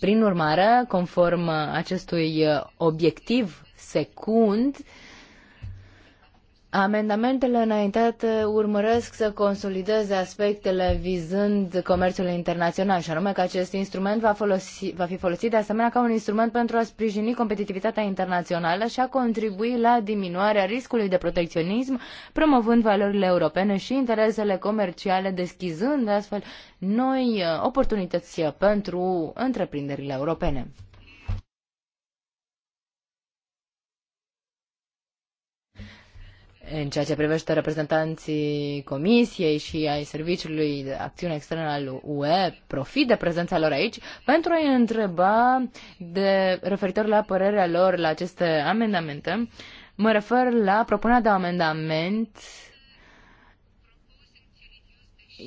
Prin urmare, conform acestui obiectiv secund, uh, Amendamentele înaintate urmăresc să consolideze aspectele vizând comerțul internațional și anume că acest instrument va, folosi, va fi folosit de asemenea ca un instrument pentru a sprijini competitivitatea internațională și a contribui la diminuarea riscului de protecționism, promovând valorile europene și interesele comerciale, deschizând astfel noi uh, oportunități uh, pentru întreprinderile europene. În ceea ce privește reprezentanții Comisiei și ai Serviciului de Acțiune Externă al UE, profit de prezența lor aici pentru a-i întreba de referitor la părerea lor la aceste amendamente. Mă refer la propunerea de amendament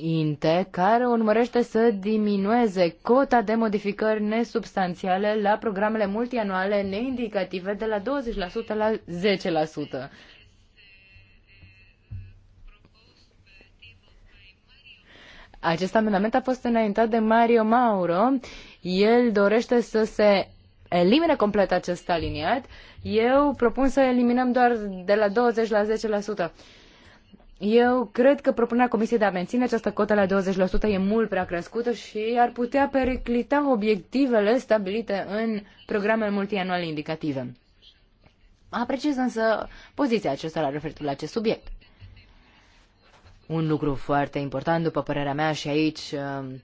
INTE, care urmărește să diminueze cota de modificări nesubstanțiale la programele multianuale neindicative de la 20% la 10%. Acest amendament a fost înaintat de Mario Mauro. El dorește să se elimine complet acest aliniat. Eu propun să eliminăm doar de la 20 la 10%. Eu cred că propunerea Comisiei de a menține această cotă la 20% e mult prea crescută și ar putea periclita obiectivele stabilite în programele multianuale indicative. Apreciez însă poziția acestora referitor la acest subiect. Un lucru foarte important, după părerea mea, și aici um,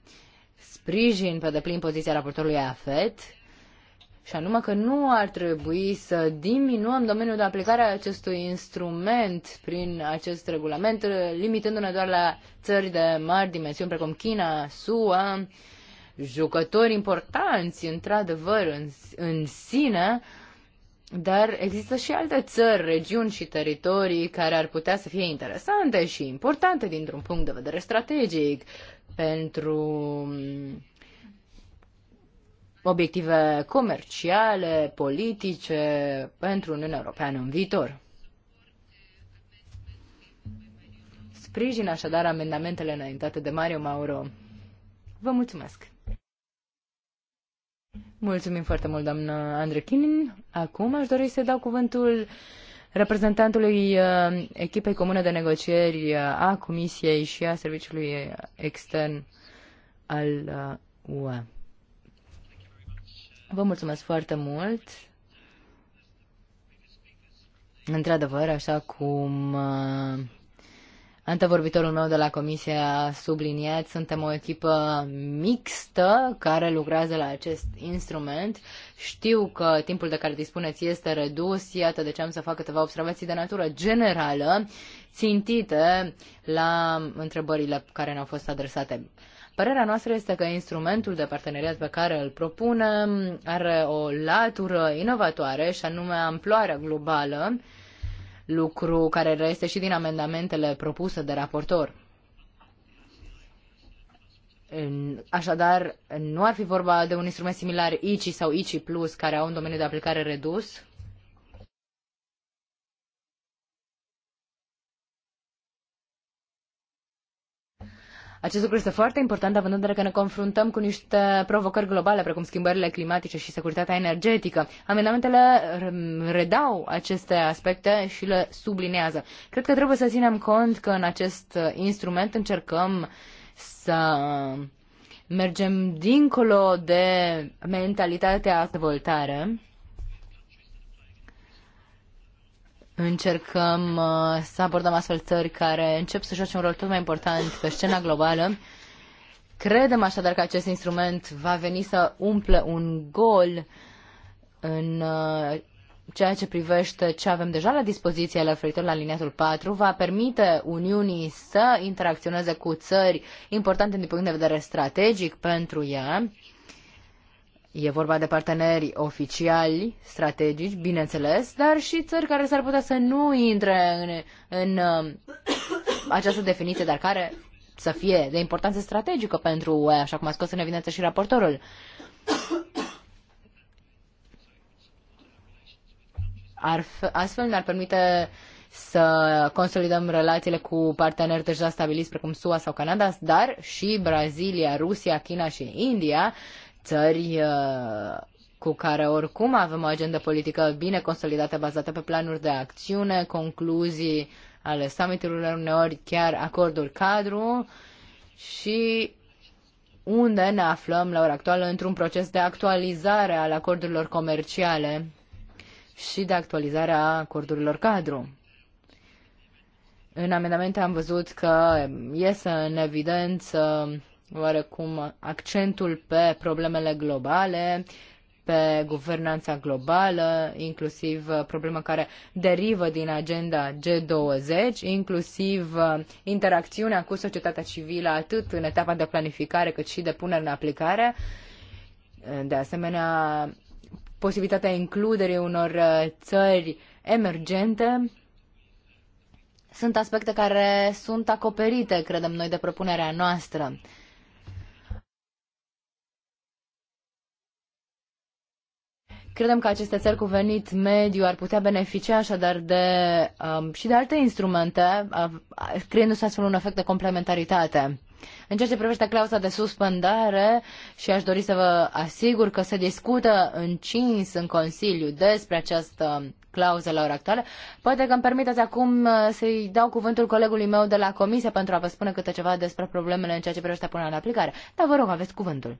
sprijin pe deplin poziția raportorului AFET, și anume că nu ar trebui să diminuăm domeniul de aplicare a acestui instrument prin acest regulament, limitându-ne doar la țări de mari dimensiuni, precum China, SUA, jucători importanți, într-adevăr, în, în sine, dar există și alte țări, regiuni și teritorii care ar putea să fie interesante și importante dintr-un punct de vedere strategic pentru mm, obiective comerciale, politice pentru Uniunea Europeană în viitor. Sprijin așadar amendamentele înaintate de Mario Mauro. Vă mulțumesc! Mulțumim foarte mult, doamnă Andrechinin. Acum aș dori să dau cuvântul reprezentantului uh, echipei comune de negocieri uh, a Comisiei și a Serviciului Extern al UE. Uh, Vă mulțumesc foarte mult. Într-adevăr, așa cum Antevorbitorul meu de la comisie a subliniat, suntem o echipă mixtă care lucrează la acest instrument. Știu că timpul de care dispuneți este redus, iată de ce am să fac câteva observații de natură generală, țintite la întrebările care ne-au fost adresate. Părerea noastră este că instrumentul de parteneriat pe care îl propunem are o latură inovatoare și anume amploarea globală lucru care reiese și din amendamentele propuse de raportor. Așadar, nu ar fi vorba de un instrument similar ICI sau ICI Plus, care au un domeniu de aplicare redus, Acest lucru este foarte important, având în vedere că ne confruntăm cu niște provocări globale, precum schimbările climatice și securitatea energetică. Amendamentele redau aceste aspecte și le sublinează. Cred că trebuie să ținem cont că în acest instrument încercăm să mergem dincolo de mentalitatea dezvoltare încercăm uh, să abordăm astfel țări care încep să joace un rol tot mai important pe scena globală. Credem așadar că acest instrument va veni să umple un gol în uh, ceea ce privește ce avem deja la dispoziție referitor la liniatul 4, va permite Uniunii să interacționeze cu țări importante din punct de vedere strategic pentru ea, E vorba de parteneri oficiali, strategici, bineînțeles, dar și țări care s-ar putea să nu intre în, în um, această definiție, dar care să fie de importanță strategică pentru UE, așa cum a scos în evidență și raportorul. Ar, astfel ne-ar permite să consolidăm relațiile cu parteneri deja stabiliți precum SUA sau Canada, dar și Brazilia, Rusia, China și India, uh, țări uh, cu care oricum avem o agendă politică bine consolidată, bazată pe planuri de acțiune, concluzii ale summiturilor, uneori chiar acorduri cadru și unde ne aflăm la ora actuală într-un proces de actualizare al acordurilor comerciale și de actualizare a acordurilor cadru. În amendamente am văzut că iese în evidență oarecum accentul pe problemele globale, pe guvernanța globală, inclusiv uh, problema care derivă din agenda G20, inclusiv uh, interacțiunea cu societatea civilă atât în etapa de planificare cât și de punere în aplicare. Uh, de asemenea, posibilitatea includerii unor țări emergente sunt aspecte care sunt acoperite, credem noi, de propunerea noastră. Credem că aceste țări cu venit mediu ar putea beneficia așadar de, um, și de alte instrumente, uh, creându-se astfel un efect de complementaritate. În ceea ce privește clauza de suspendare, și aș dori să vă asigur că se discută încins în Consiliu despre această clauză la ora actuală, poate că îmi permiteți acum uh, să-i dau cuvântul colegului meu de la Comisie pentru a vă spune câte ceva despre problemele în ceea ce privește punerea în aplicare. Dar vă rog, aveți cuvântul.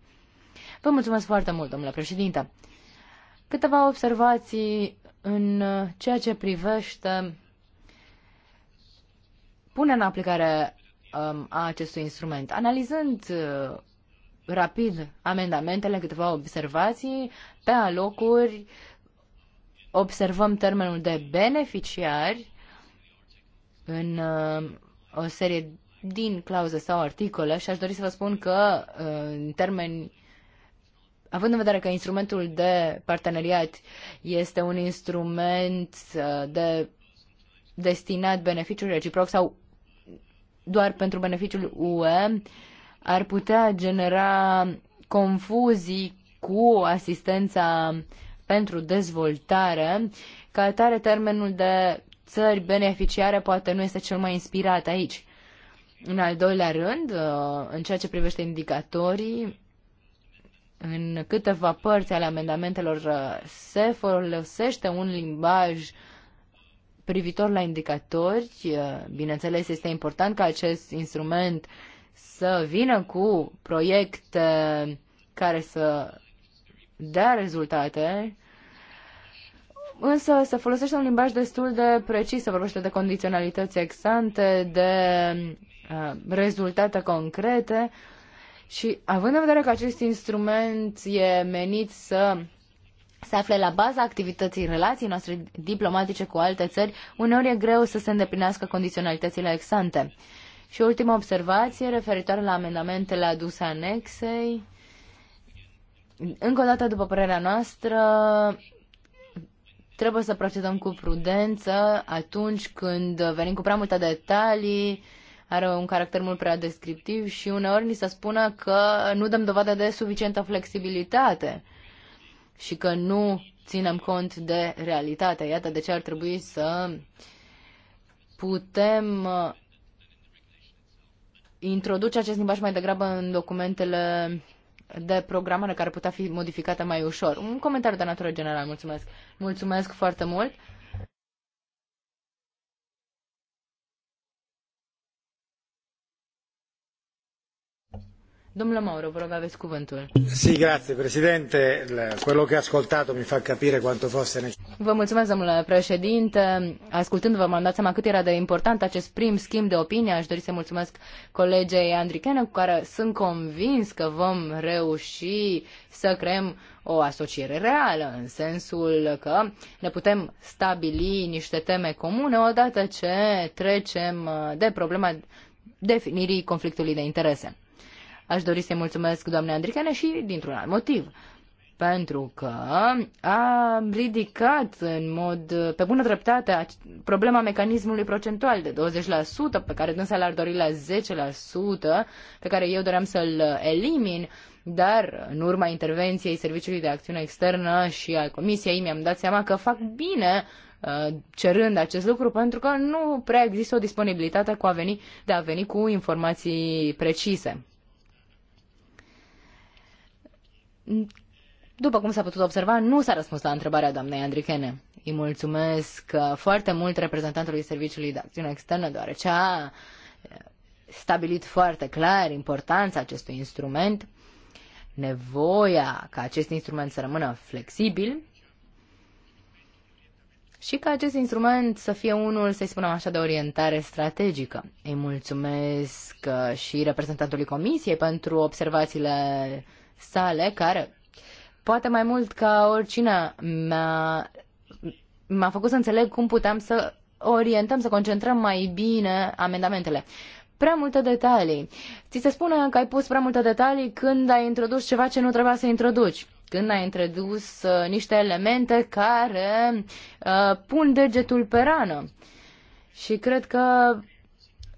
Vă mulțumesc foarte mult, domnule președinte. Câteva observații în ceea ce privește punerea în aplicare um, a acestui instrument. Analizând uh, rapid amendamentele, câteva observații, pe alocuri observăm termenul de beneficiari în uh, o serie din clauze sau articole și aș dori să vă spun că uh, în termeni Având în vedere că instrumentul de parteneriat este un instrument uh, de destinat beneficiul reciproc sau doar pentru beneficiul UE, ar putea genera confuzii cu asistența pentru dezvoltare. Ca atare, termenul de țări beneficiare poate nu este cel mai inspirat aici. În al doilea rând, uh, în ceea ce privește indicatorii, în câteva părți ale amendamentelor uh, se folosește un limbaj privitor la indicatori. Uh, bineînțeles, este important ca acest instrument să vină cu proiecte care să dea rezultate, însă se folosește un limbaj destul de precis, se vorbește de condiționalități exante, de uh, rezultate concrete, uh, și având în vedere că acest instrument e menit să se afle la baza activității relației noastre diplomatice cu alte țări, uneori e greu să se îndeplinească condiționalitățile exante. Și ultima observație referitoare la amendamentele aduse anexei. Încă o dată, după părerea noastră, trebuie să procedăm cu prudență atunci când venim cu prea multe detalii, are un caracter mult prea descriptiv și uneori ni se spune că nu dăm dovadă de suficientă flexibilitate și că nu ținem cont de realitate. Iată de ce ar trebui să putem uh, introduce acest limbaj mai degrabă în documentele de programare care putea fi modificată mai ușor. Un comentariu de natură generală, mulțumesc. Mulțumesc foarte mult. Domnule Mauro, vă rog, aveți cuvântul. Sì, grazie, Presidente. Quello che ho ascoltato mi fa capire quanto fosse Vă mulțumesc, domnule președinte. Ascultându-vă, m-am dat seama cât era de important acest prim schimb de opinie. Aș dori să mulțumesc colegei Andrichene, cu care sunt convins că vom reuși să creăm o asociere reală, în sensul că ne putem stabili niște teme comune odată ce trecem uh, de problema definirii conflictului de interese. Aș dori să-i mulțumesc doamne Andricane și dintr-un alt motiv. Pentru că a ridicat în mod, pe bună dreptate, problema mecanismului procentual de 20%, pe care dânsa l-ar dori la 10%, pe care eu doream să-l elimin, dar în urma intervenției Serviciului de Acțiune Externă și al Comisiei mi-am dat seama că fac bine uh, cerând acest lucru pentru că nu prea există o disponibilitate cu a veni, de a veni cu informații precise. După cum s-a putut observa, nu s-a răspuns la întrebarea doamnei Andrichene. Îi mulțumesc uh, foarte mult reprezentantului Serviciului de Acțiune Externă, deoarece a uh, stabilit foarte clar importanța acestui instrument, nevoia ca acest instrument să rămână flexibil și ca acest instrument să fie unul, să-i spunem așa, de orientare strategică. Îi mulțumesc uh, și reprezentantului Comisiei pentru observațiile sale, care poate mai mult ca oricine m a m a făcut să înțeleg cum puteam să orientăm, să concentrăm mai bine amendamentele. Prea multe detalii. Ți se spune că ai pus prea multe detalii când ai introdus ceva ce nu trebuia să introduci când ai introdus uh, niște elemente care uh, pun degetul pe rană. Și cred că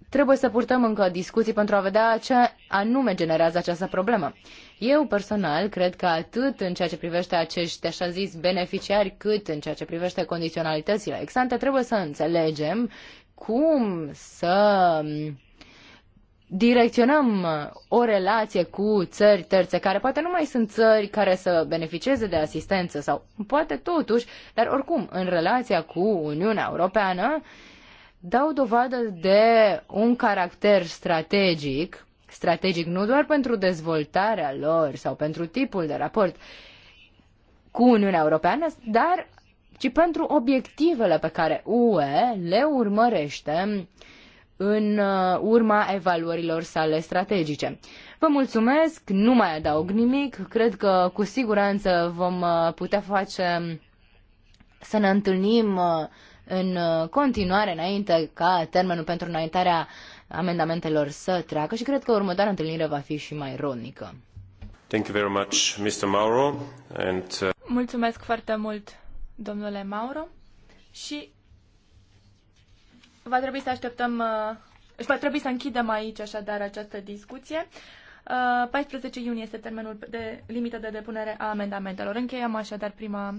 trebuie să purtăm încă discuții pentru a vedea ce anume generează această problemă. Eu personal cred că atât în ceea ce privește acești așa zis beneficiari, cât în ceea ce privește condiționalitățile exante, trebuie să înțelegem cum să mm, direcționăm o relație cu țări terțe, care poate nu mai sunt țări care să beneficieze de asistență sau poate totuși, dar oricum, în relația cu Uniunea Europeană, dau dovadă de un caracter strategic strategic nu doar pentru dezvoltarea lor sau pentru tipul de raport cu Uniunea Europeană, dar ci pentru obiectivele pe care UE le urmărește în uh, urma evaluărilor sale strategice. Vă mulțumesc, nu mai adaug nimic, cred că cu siguranță vom uh, putea face să ne întâlnim uh, în continuare înainte ca termenul pentru înaintarea amendamentelor să treacă și cred că următoarea întâlnire va fi și mai rodnică. Thank you very much, Mr. Mauro. And, uh... Mulțumesc foarte mult, domnule Mauro. Și va trebui să așteptăm, uh, va trebui să închidem aici așadar această discuție. 14 uh, iunie este termenul de limită de depunere a amendamentelor. Încheiem așadar prima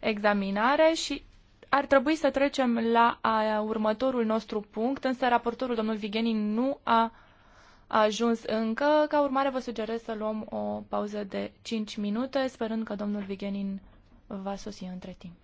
examinare și ar trebui să trecem la a, următorul nostru punct, însă raportorul domnul Vigenin nu a ajuns încă. Ca urmare vă sugerez să luăm o pauză de 5 minute, sperând că domnul Vigenin va sosi între timp.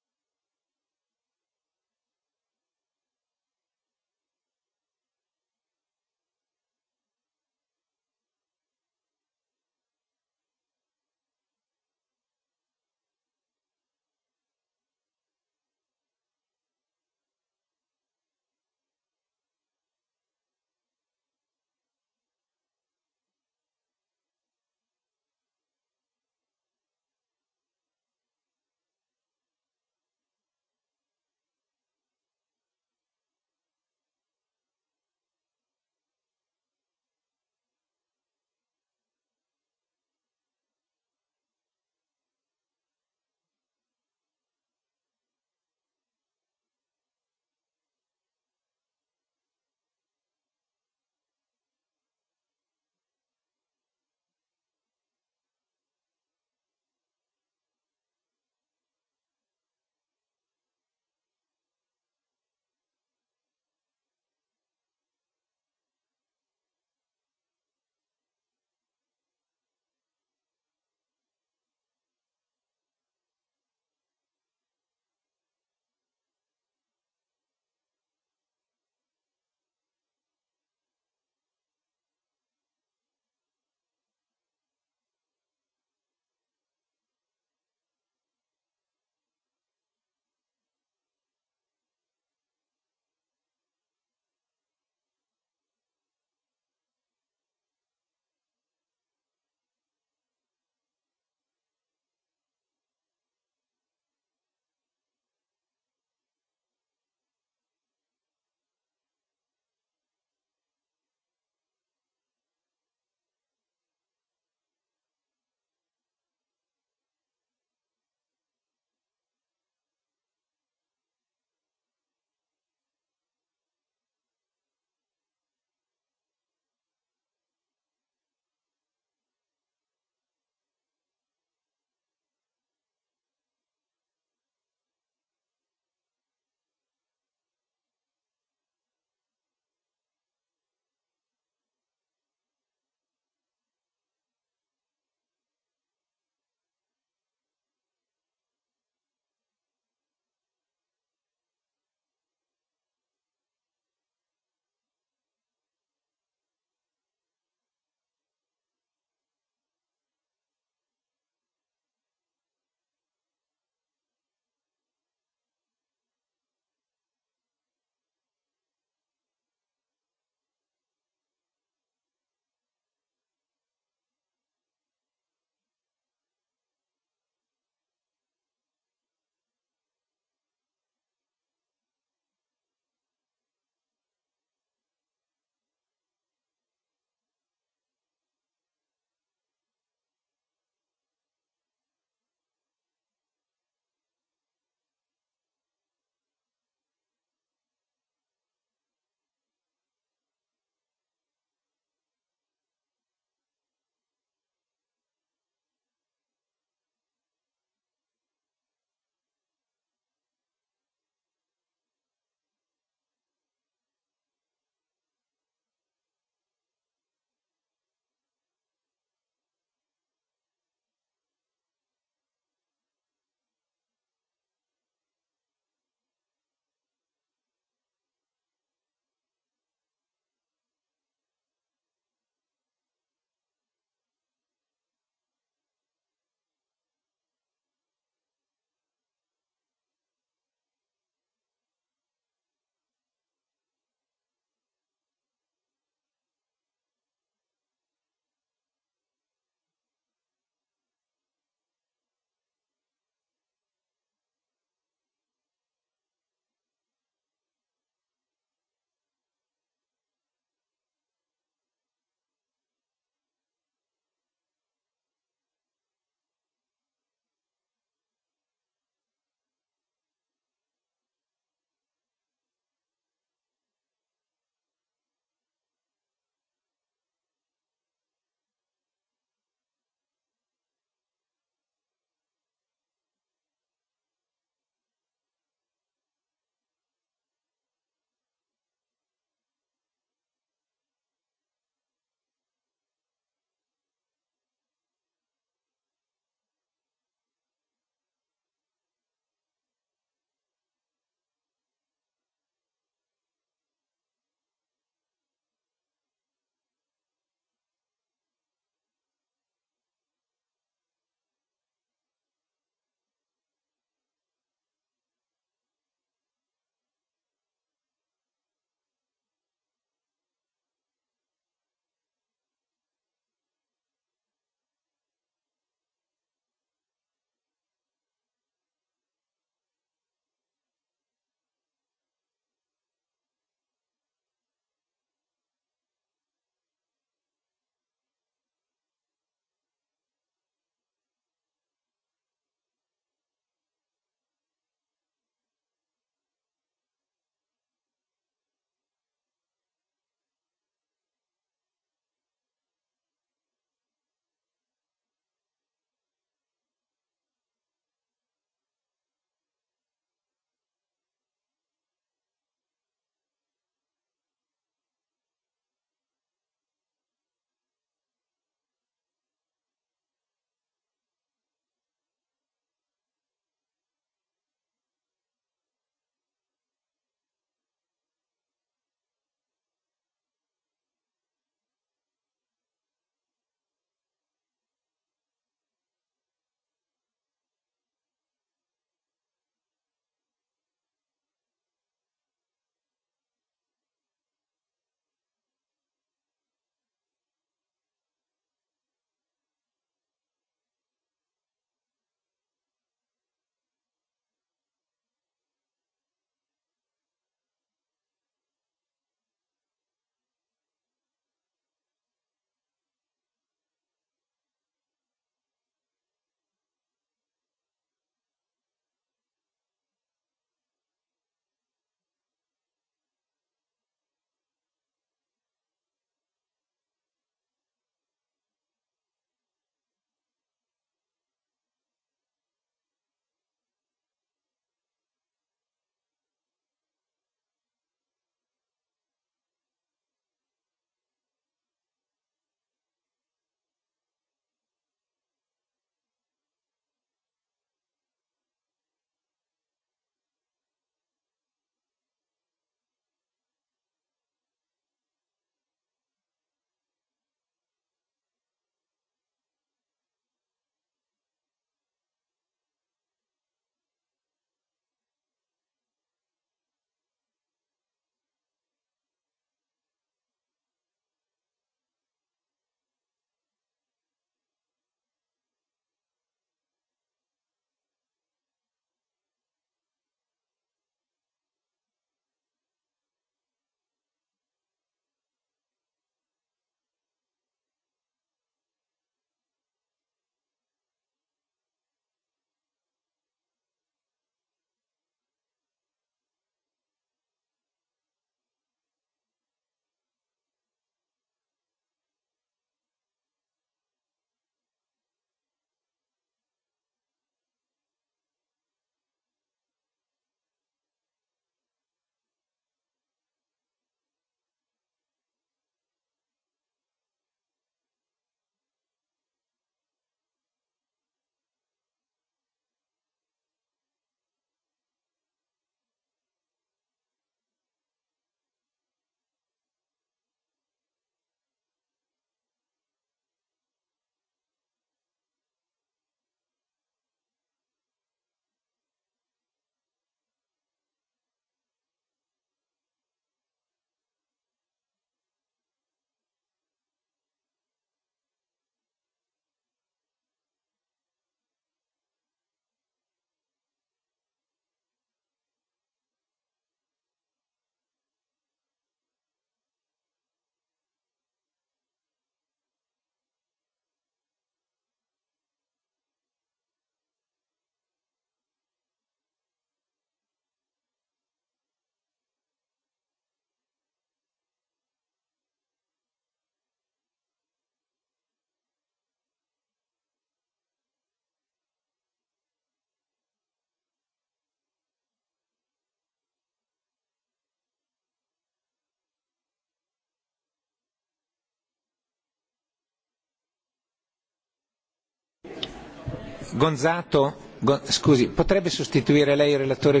Gonzato, scusi, potrebbe sostituire lei il relatore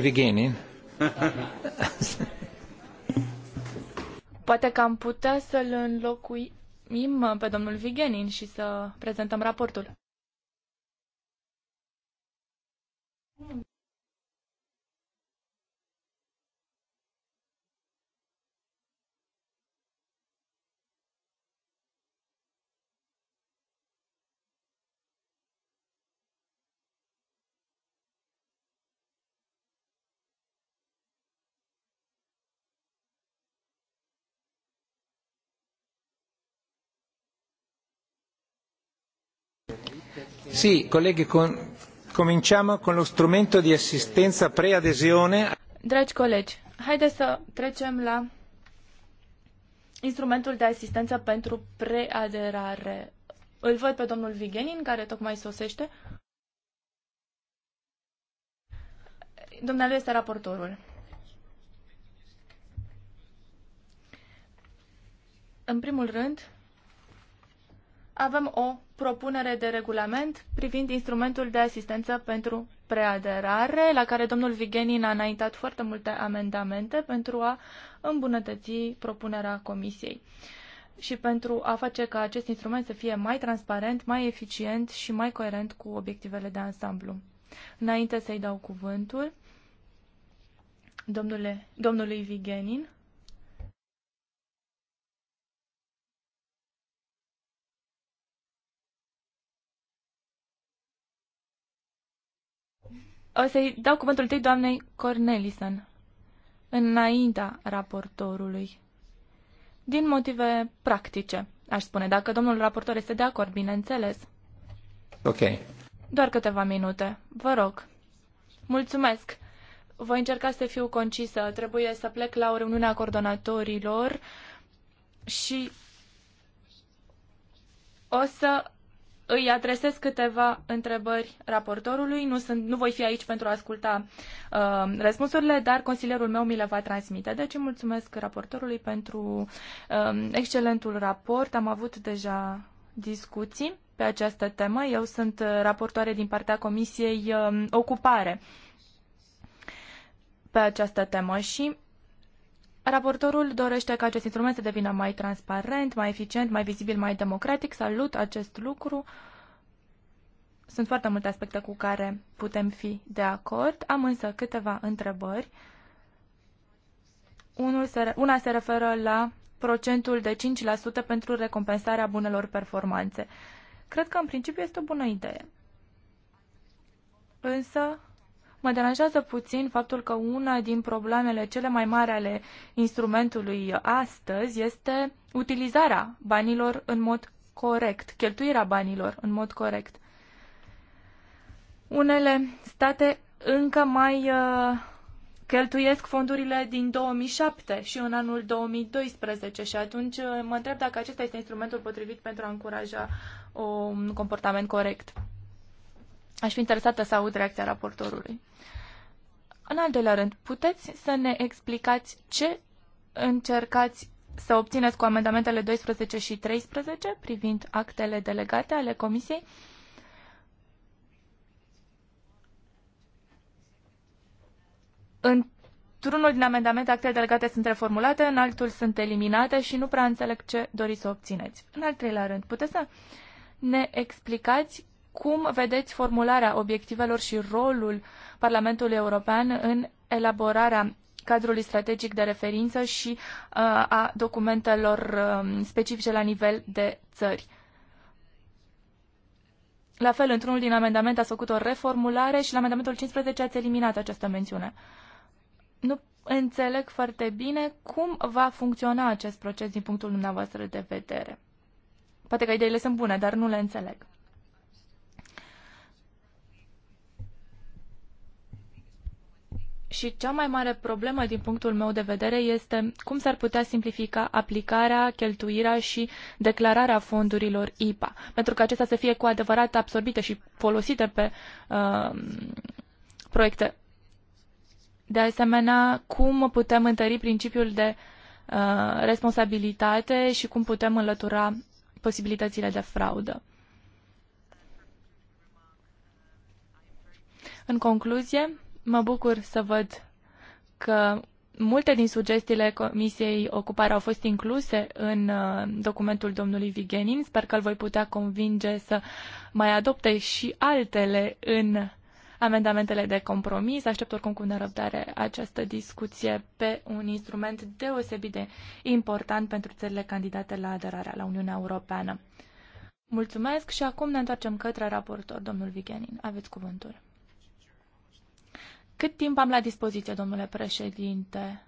Poate că am putea să-l înlocuim pe domnul Vigenin și să prezentăm raportul. Sì, colleghi, con... cominciamo con lo strumento di assistenza preadesione. Dragi colegi, haideți să trecem la instrumentul de asistență pentru preaderare. Îl văd pe domnul Vigenin, care tocmai sosește. Domnul este raportorul. În primul rând, avem o propunere de regulament privind instrumentul de asistență pentru preaderare, la care domnul Vigenin a înaintat foarte multe amendamente pentru a îmbunătăți propunerea comisiei și pentru a face ca acest instrument să fie mai transparent, mai eficient și mai coerent cu obiectivele de ansamblu. Înainte să-i dau cuvântul, domnule, domnului Vigenin, O să-i dau cuvântul tăi, doamnei Cornelison, înaintea raportorului. Din motive practice, aș spune, dacă domnul raportor este de acord, bineînțeles. Ok. Doar câteva minute, vă rog. Mulțumesc. Voi încerca să fiu concisă. Trebuie să plec la o reuniune a coordonatorilor și o să îi adresez câteva întrebări raportorului. Nu, sunt, nu voi fi aici pentru a asculta uh, răspunsurile, dar consilierul meu mi le va transmite. Deci îi mulțumesc raportorului pentru uh, excelentul raport. Am avut deja discuții pe această temă. Eu sunt raportoare din partea Comisiei uh, Ocupare pe această temă și Raportorul dorește ca acest instrument să devină mai transparent, mai eficient, mai vizibil, mai democratic. Salut acest lucru. Sunt foarte multe aspecte cu care putem fi de acord. Am însă câteva întrebări. Unul se, una se referă la procentul de 5% pentru recompensarea bunelor performanțe. Cred că în principiu este o bună idee. Însă Mă deranjează puțin faptul că una din problemele cele mai mari ale instrumentului astăzi este utilizarea banilor în mod corect, cheltuirea banilor în mod corect. Unele state încă mai uh, cheltuiesc fondurile din 2007 și în anul 2012 și atunci uh, mă întreb dacă acesta este instrumentul potrivit pentru a încuraja un comportament corect. Aș fi interesată să aud reacția raportorului. În al doilea rând, puteți să ne explicați ce încercați să obțineți cu amendamentele 12 și 13 privind actele delegate ale Comisiei? Într-unul din amendamente, actele delegate sunt reformulate, în altul sunt eliminate și nu prea înțeleg ce doriți să obțineți. În al treilea rând, puteți să ne explicați cum vedeți formularea obiectivelor și rolul Parlamentului European în elaborarea cadrului strategic de referință și uh, a documentelor um, specifice la nivel de țări? La fel, într-unul din amendamente ați făcut o reformulare și la amendamentul 15 ați eliminat această mențiune. Nu înțeleg foarte bine cum va funcționa acest proces din punctul dumneavoastră de vedere. Poate că ideile sunt bune, dar nu le înțeleg. Și cea mai mare problemă din punctul meu de vedere este cum s-ar putea simplifica aplicarea, cheltuirea și declararea fondurilor IPA, pentru că acestea să fie cu adevărat absorbite și folosite pe uh, proiecte. De asemenea, cum putem întări principiul de uh, responsabilitate și cum putem înlătura posibilitățile de fraudă. În concluzie, Mă bucur să văd că multe din sugestiile Comisiei Ocupare au fost incluse în uh, documentul domnului Vigenin. Sper că îl voi putea convinge să mai adopte și altele în amendamentele de compromis. Aștept oricum cu nerăbdare această discuție pe un instrument deosebit de important pentru țările candidate la aderarea la Uniunea Europeană. Mulțumesc și acum ne întoarcem către raportor, domnul Vigenin. Aveți cuvântul. Cât timp am la dispoziție, domnule președinte?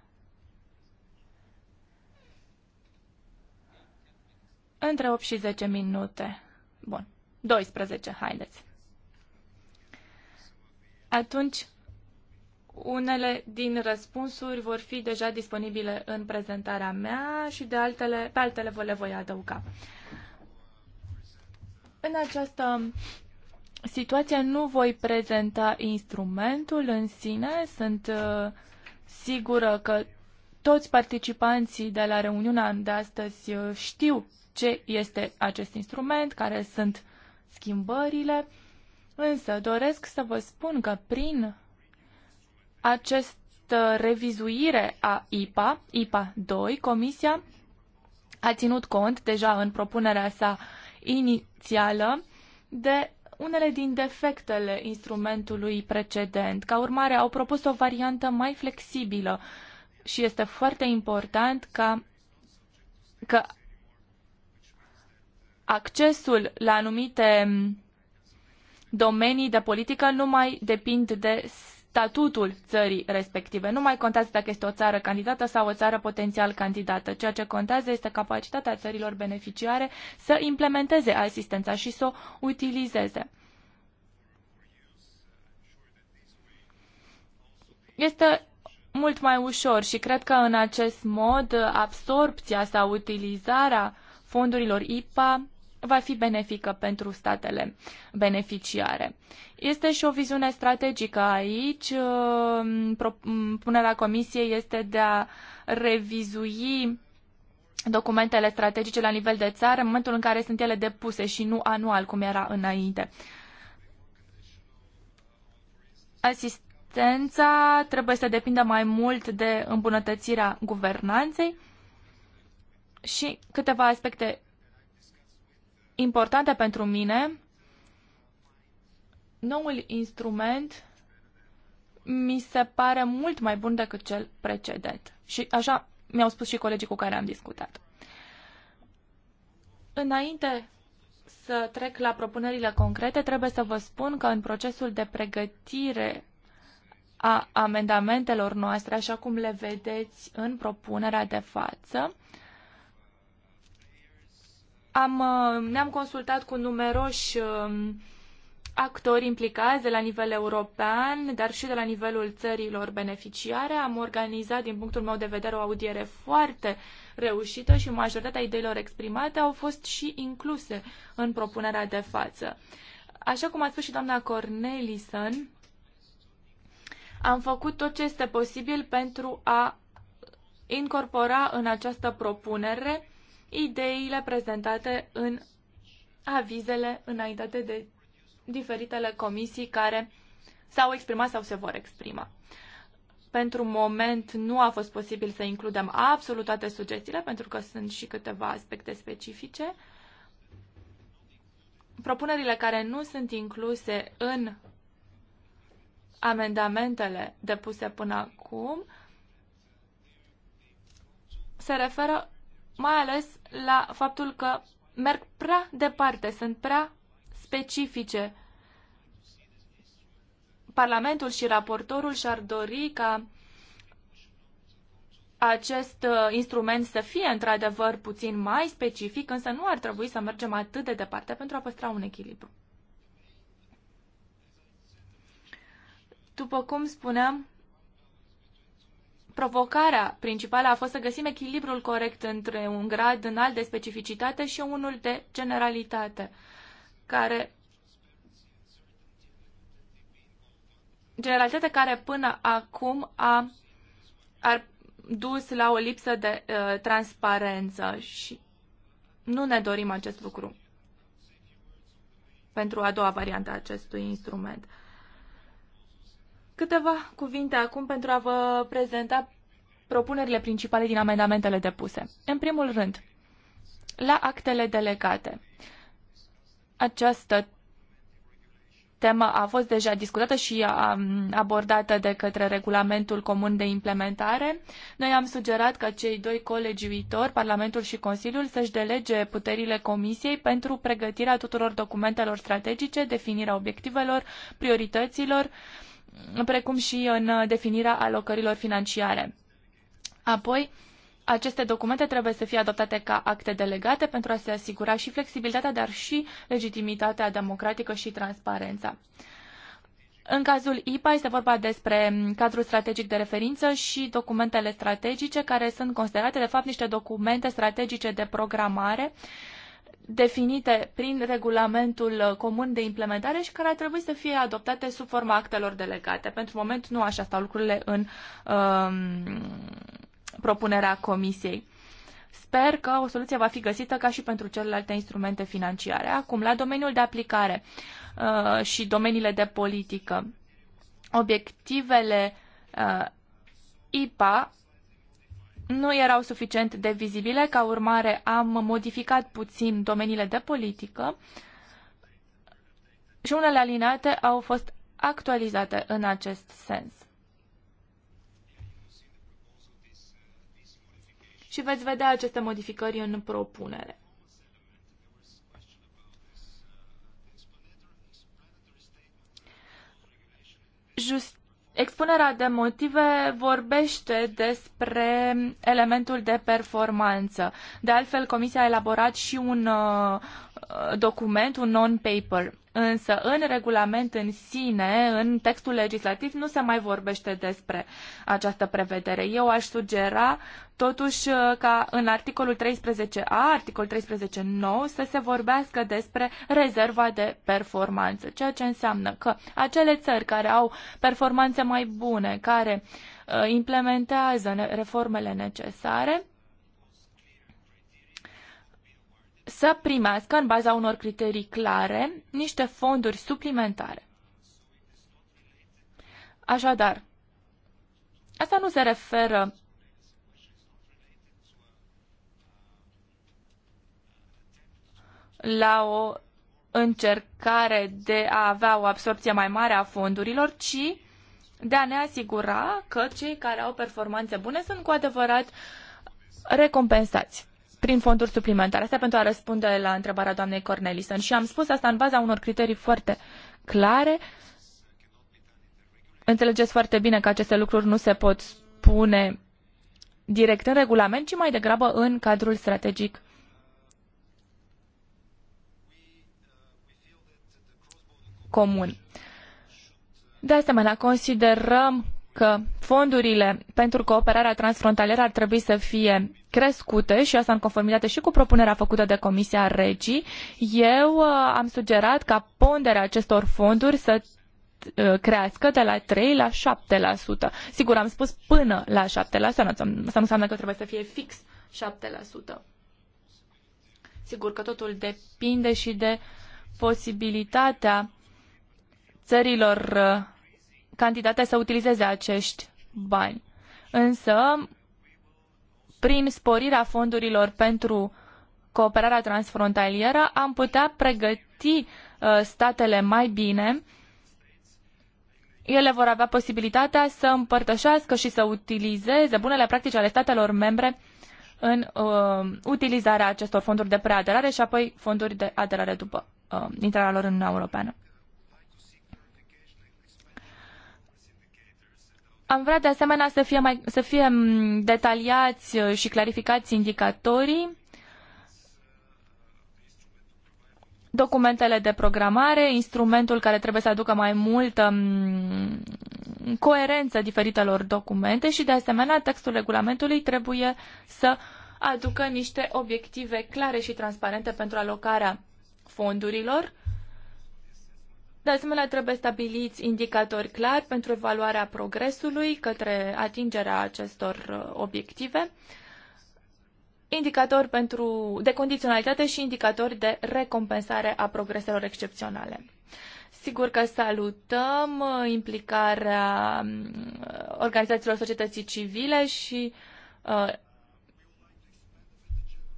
Între 8 și 10 minute. Bun. 12, haideți. Atunci, unele din răspunsuri vor fi deja disponibile în prezentarea mea și de altele, pe altele vă le voi adăuga. În această situația nu voi prezenta instrumentul în sine. Sunt uh, sigură că toți participanții de la reuniunea de astăzi uh, știu ce este acest instrument, care sunt schimbările, însă doresc să vă spun că prin această revizuire a IPA, IPA 2, Comisia a ținut cont deja în propunerea sa inițială de unele din defectele instrumentului precedent. Ca urmare, au propus o variantă mai flexibilă și este foarte important ca, că accesul la anumite domenii de politică nu mai depind de statutul țării respective. Nu mai contează dacă este o țară candidată sau o țară potențial candidată. Ceea ce contează este capacitatea țărilor beneficiare să implementeze asistența și să o utilizeze. Este mult mai ușor și cred că în acest mod absorpția sau utilizarea fondurilor IPA va fi benefică pentru statele beneficiare. Este și o viziune strategică aici. Uh, punerea Comisiei este de a revizui documentele strategice la nivel de țară în momentul în care sunt ele depuse și nu anual, cum era înainte. Asistența trebuie să depindă mai mult de îmbunătățirea guvernanței și câteva aspecte importante pentru mine. Noul instrument mi se pare mult mai bun decât cel precedent. Și așa mi-au spus și colegii cu care am discutat. Înainte să trec la propunerile concrete, trebuie să vă spun că în procesul de pregătire a amendamentelor noastre, așa cum le vedeți în propunerea de față, am, uh, ne-am consultat cu numeroși um, actori implicați de la nivel european, dar și de la nivelul țărilor beneficiare. Am organizat, din punctul meu de vedere, o audiere foarte reușită și majoritatea ideilor exprimate au fost și incluse în propunerea de față. Așa cum a spus și doamna Cornelison, am făcut tot ce este posibil pentru a incorpora în această propunere ideile prezentate în avizele înaintate de diferitele comisii care s-au exprimat sau se vor exprima. Pentru moment nu a fost posibil să includem absolut toate sugestiile, pentru că sunt și câteva aspecte specifice. Propunerile care nu sunt incluse în amendamentele depuse până acum se referă mai ales la faptul că merg prea departe, sunt prea specifice. Parlamentul și raportorul și-ar dori ca acest uh, instrument să fie într-adevăr puțin mai specific, însă nu ar trebui să mergem atât de departe pentru a păstra un echilibru. După cum spuneam, provocarea principală a fost să găsim echilibrul corect între un grad înalt de specificitate și unul de generalitate, care generalitate care până acum a a dus la o lipsă de uh, transparență și nu ne dorim acest lucru pentru a doua variantă a acestui instrument. Câteva cuvinte acum pentru a vă prezenta propunerile principale din amendamentele depuse. În primul rând, la actele delegate. Această temă a fost deja discutată și abordată de către regulamentul comun de implementare. Noi am sugerat ca cei doi colegi viitori, Parlamentul și Consiliul, să-și delege puterile Comisiei pentru pregătirea tuturor documentelor strategice, definirea obiectivelor, priorităților, uh, precum și în uh, definirea alocărilor financiare. Apoi, aceste documente trebuie să fie adoptate ca acte delegate pentru a se asigura și flexibilitatea, dar și legitimitatea democratică și transparența. În cazul IPA este vorba despre mm, cadrul strategic de referință și documentele strategice, care sunt considerate, de fapt, niște documente strategice de programare uh, definite prin regulamentul uh, comun de implementare și care ar trebui să fie adoptate sub forma actelor delegate. Pentru moment nu așa stau lucrurile în um, propunerea Comisiei. Sper că o soluție va fi găsită ca și pentru celelalte instrumente financiare. Acum, la domeniul de aplicare uh, și domeniile de politică, obiectivele uh, IPA nu erau suficient de vizibile, ca urmare am modificat puțin domeniile de politică și unele alineate au fost actualizate în acest sens. Și veți vedea aceste modificări în propunere. Just Expunerea de motive vorbește despre elementul de performanță. De altfel, Comisia a elaborat și un uh, document, un non-paper. Însă, în regulament în sine, în textul legislativ, nu se mai vorbește despre această prevedere. Eu aș sugera, totuși, ca în articolul 13a, articolul 13.9, să se vorbească despre rezerva de performanță, ceea ce înseamnă că acele țări care au performanțe mai bune, care uh, implementează reformele necesare, să primească, în baza unor criterii clare, niște fonduri suplimentare. Așadar, asta nu se referă la o încercare de a avea o absorpție mai mare a fondurilor, ci de a ne asigura că cei care au performanțe bune sunt cu adevărat recompensați prin fonduri suplimentare. Asta pentru a răspunde la întrebarea doamnei Cornelison. Și am spus asta în baza unor criterii foarte clare. Înțelegeți foarte bine că aceste lucruri nu se pot spune direct în regulament, ci mai degrabă în cadrul strategic. comun. De asemenea, considerăm că fondurile pentru cooperarea transfrontalieră ar trebui să fie crescute și asta în conformitate și cu propunerea făcută de Comisia Regii. Eu uh, am sugerat ca ponderea acestor fonduri să uh, crească de la 3 la 7%. Sigur, am spus până la 7%, asta nu înseamnă că trebuie să fie fix 7%. Sigur că totul depinde și de posibilitatea țărilor uh, cantitatea să utilizeze acești bani. Însă, prin sporirea fondurilor pentru cooperarea transfrontalieră, am putea pregăti uh, statele mai bine. Ele vor avea posibilitatea să împărtășească și să utilizeze bunele practici ale statelor membre în uh, utilizarea acestor fonduri de preaderare și apoi fonduri de aderare după uh, intrarea lor în Uniunea Europeană. Am vrea de asemenea să fie, mai, să fie mm, detaliați uh, și clarificați indicatorii, documentele de programare, instrumentul care trebuie să aducă mai multă mm, coerență diferitelor documente și de asemenea textul regulamentului trebuie să aducă niște obiective clare și transparente pentru alocarea fondurilor de asemenea, trebuie stabiliți indicatori clari pentru evaluarea progresului către atingerea acestor uh, obiective, indicatori pentru, de condiționalitate și indicatori de recompensare a progreselor excepționale. Sigur că salutăm uh, implicarea um, organizațiilor societății civile și uh,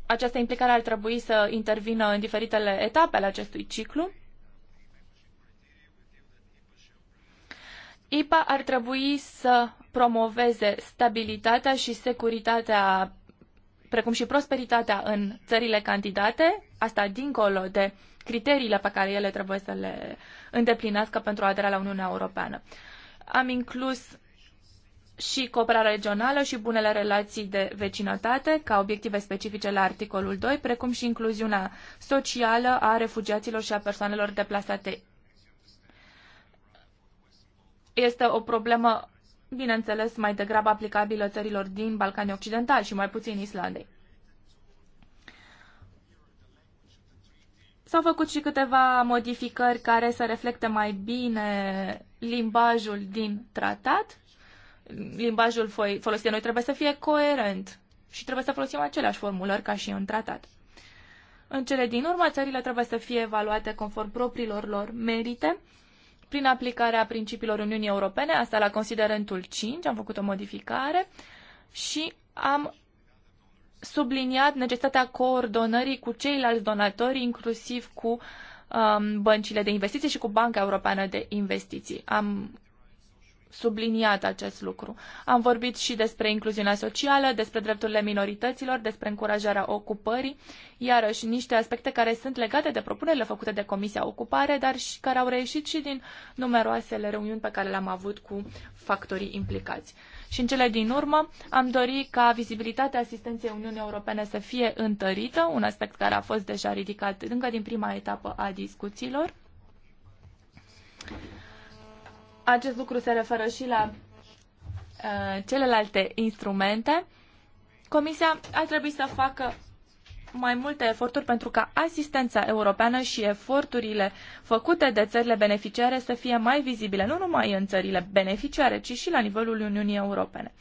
această implicare ar trebui să intervină în diferitele etape ale acestui ciclu. IPA ar trebui să promoveze stabilitatea și securitatea, precum și prosperitatea în țările candidate, asta dincolo de criteriile pe care ele trebuie să le îndeplinească pentru aderarea la Uniunea Europeană. Am inclus și cooperarea regională și bunele relații de vecinătate ca obiective specifice la articolul 2, precum și incluziunea socială a refugiaților și a persoanelor deplasate este o problemă, bineînțeles, mai degrabă aplicabilă țărilor din Balcanii Occidentali și mai puțin Islandei. S-au făcut și câteva modificări care să reflecte mai bine limbajul din tratat. Limbajul folosit de noi trebuie să fie coerent și trebuie să folosim aceleași formulări ca și în tratat. În cele din urmă, țările trebuie să fie evaluate conform propriilor lor merite prin aplicarea principiilor Uniunii Europene, asta la considerentul 5, am făcut o modificare și am subliniat necesitatea coordonării cu ceilalți donatori, inclusiv cu um, băncile de investiții și cu Banca Europeană de Investiții. Am subliniat acest lucru. Am vorbit și despre incluziunea socială, despre drepturile minorităților, despre încurajarea ocupării, iarăși niște aspecte care sunt legate de propunerile făcute de Comisia Ocupare, dar și care au reieșit și din numeroasele reuniuni pe care le-am avut cu factorii implicați. Și în cele din urmă am dorit ca vizibilitatea asistenței Uniunii Europene să fie întărită, un aspect care a fost deja ridicat încă din prima etapă a discuțiilor. Acest lucru se referă și la uh, celelalte instrumente. Comisia ar trebui să facă mai multe eforturi pentru ca asistența europeană și eforturile făcute de țările beneficiare să fie mai vizibile, nu numai în țările beneficiare, ci și la nivelul Uniunii Europene.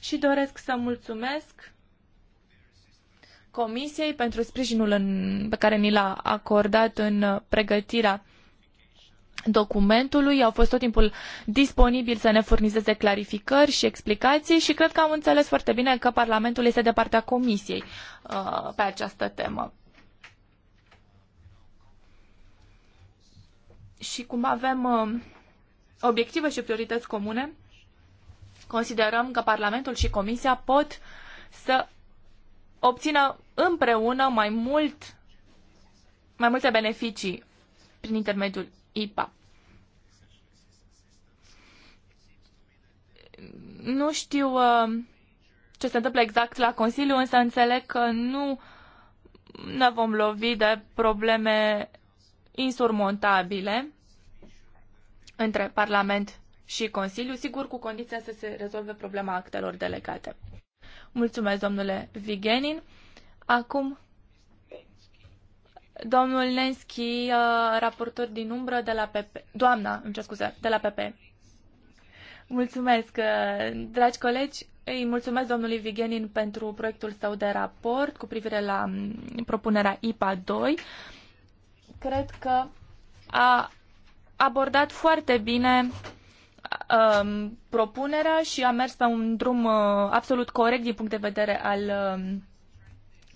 Și doresc să mulțumesc Comisiei pentru sprijinul în, pe care ni l-a acordat în pregătirea documentului, au fost tot timpul disponibili să ne furnizeze clarificări și explicații și cred că am înțeles foarte bine că Parlamentul este de partea Comisiei uh, pe această temă. Și cum avem uh, obiective și priorități comune, considerăm că Parlamentul și Comisia pot să obțină împreună mai mult mai multe beneficii prin intermediul IPA. Nu știu uh, ce se întâmplă exact la Consiliu, însă înțeleg că nu ne vom lovi de probleme insurmontabile între Parlament și Consiliu, sigur cu condiția să se rezolve problema actelor delegate. Mulțumesc, domnule Vigenin. Acum Domnul Lenski, uh, raportor din umbră de la PP, doamna, îmi cer scuze, de la PP. Mulțumesc, uh, dragi colegi. Îi mulțumesc domnului Vigenin pentru proiectul său de raport cu privire la um, propunerea IPA 2. Cred că a abordat foarte bine um, propunerea și a mers pe un drum uh, absolut corect din punct de vedere al um,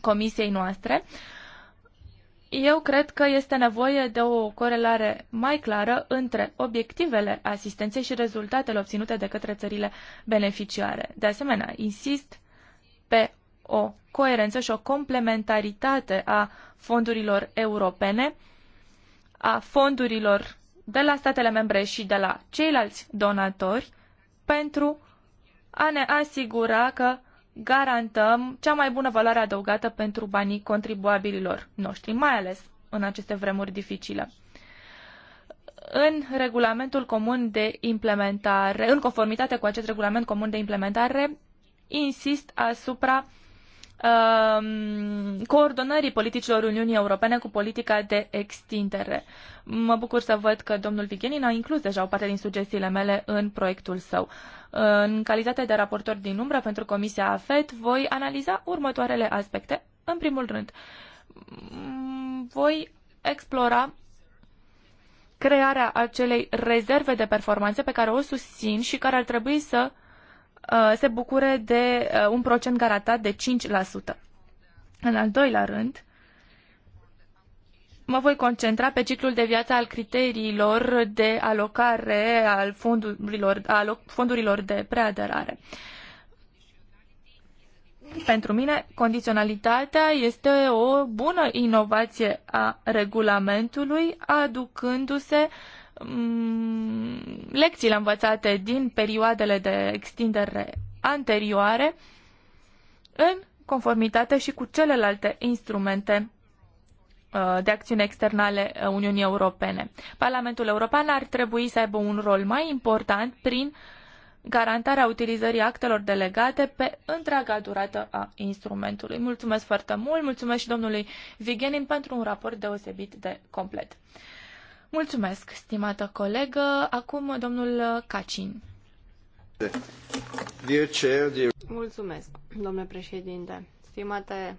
comisiei noastre. Uh, eu cred că este nevoie de o corelare mai clară între obiectivele asistenței și rezultatele obținute de către țările beneficiare. De asemenea, insist pe o coerență și o complementaritate a fondurilor europene, a fondurilor de la statele membre și de la ceilalți donatori pentru a ne asigura că garantăm cea mai bună valoare adăugată pentru banii contribuabililor noștri, mai ales în aceste vremuri dificile. În regulamentul comun de implementare, în conformitate cu acest regulament comun de implementare, insist asupra uh, Um, coordonării politicilor Uniunii Europene cu politica de extindere. Mă bucur să văd că domnul Vigenin a inclus deja o parte din sugestiile mele în proiectul său. În calitate de raportor din umbră pentru Comisia AFET, voi analiza următoarele aspecte. În primul rând, voi explora crearea acelei rezerve de performanțe pe care o susțin și care ar trebui să uh, Uh, se bucure de uh, un procent garantat de 5%. În al doilea rând, mă voi concentra pe ciclul de viață al criteriilor de alocare al fondurilor, al fondurilor de preaderare. Pentru mine, condiționalitatea este o bună inovație a regulamentului, aducându-se uh, Mm, lecțiile învățate din perioadele de extindere anterioare în conformitate și cu celelalte instrumente uh, de acțiune externale uh, Uniunii Europene. Parlamentul European ar trebui să aibă un rol mai important prin garantarea utilizării actelor delegate pe întreaga durată a instrumentului. Mulțumesc foarte mult, mulțumesc și domnului Vigenin pentru un raport deosebit de complet. Mulțumesc, stimată colegă. Acum domnul Cacin. Dear dear Chair, Mulțumesc, domnule președinte. Stimate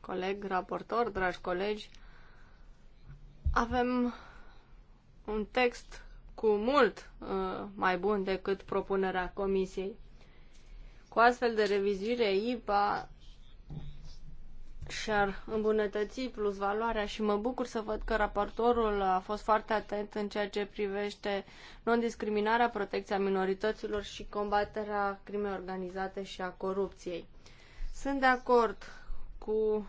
coleg, raportor, dragi colegi, avem un text cu mult uh, mai bun decât propunerea comisiei. Cu astfel de revizuire IPA și-ar îmbunătăți plus valoarea și mă bucur să văd că raportorul a fost foarte atent în ceea ce privește non-discriminarea, protecția minorităților și combaterea crimei organizate și a corupției. Sunt de acord cu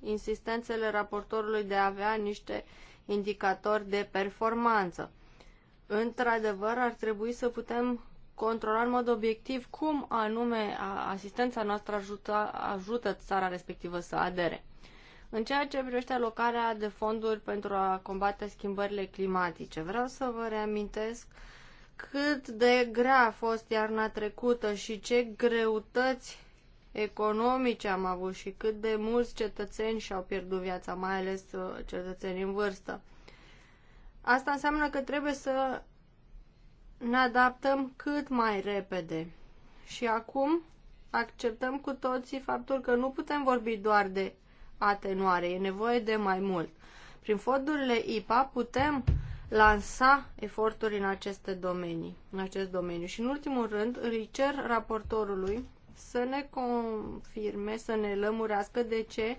insistențele raportorului de a avea niște indicatori de performanță. Într-adevăr, ar trebui să putem controla în mod obiectiv cum anume asistența noastră ajută, ajută țara respectivă să adere. În ceea ce privește alocarea de fonduri pentru a combate schimbările climatice, vreau să vă reamintesc cât de grea a fost iarna trecută și ce greutăți economice am avut și cât de mulți cetățeni și-au pierdut viața, mai ales uh, cetățeni în vârstă. Asta înseamnă că trebuie să ne adaptăm cât mai repede. Și acum acceptăm cu toții faptul că nu putem vorbi doar de atenuare, e nevoie de mai mult. Prin fondurile IPA putem lansa eforturi în aceste domenii, în acest domeniu. Și în ultimul rând îi cer raportorului să ne confirme, să ne lămurească de ce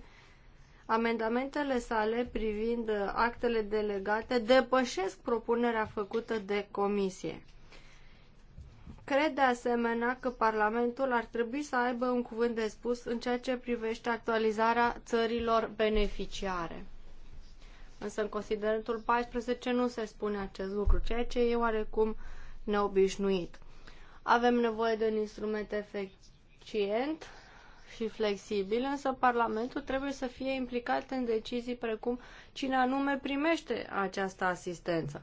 Amendamentele sale privind actele delegate depășesc propunerea făcută de comisie. Cred de asemenea că Parlamentul ar trebui să aibă un cuvânt de spus în ceea ce privește actualizarea țărilor beneficiare. Însă în considerentul 14 nu se spune acest lucru, ceea ce e oarecum neobișnuit. Avem nevoie de un instrument eficient și flexibil, însă Parlamentul trebuie să fie implicat în decizii precum cine anume primește această asistență.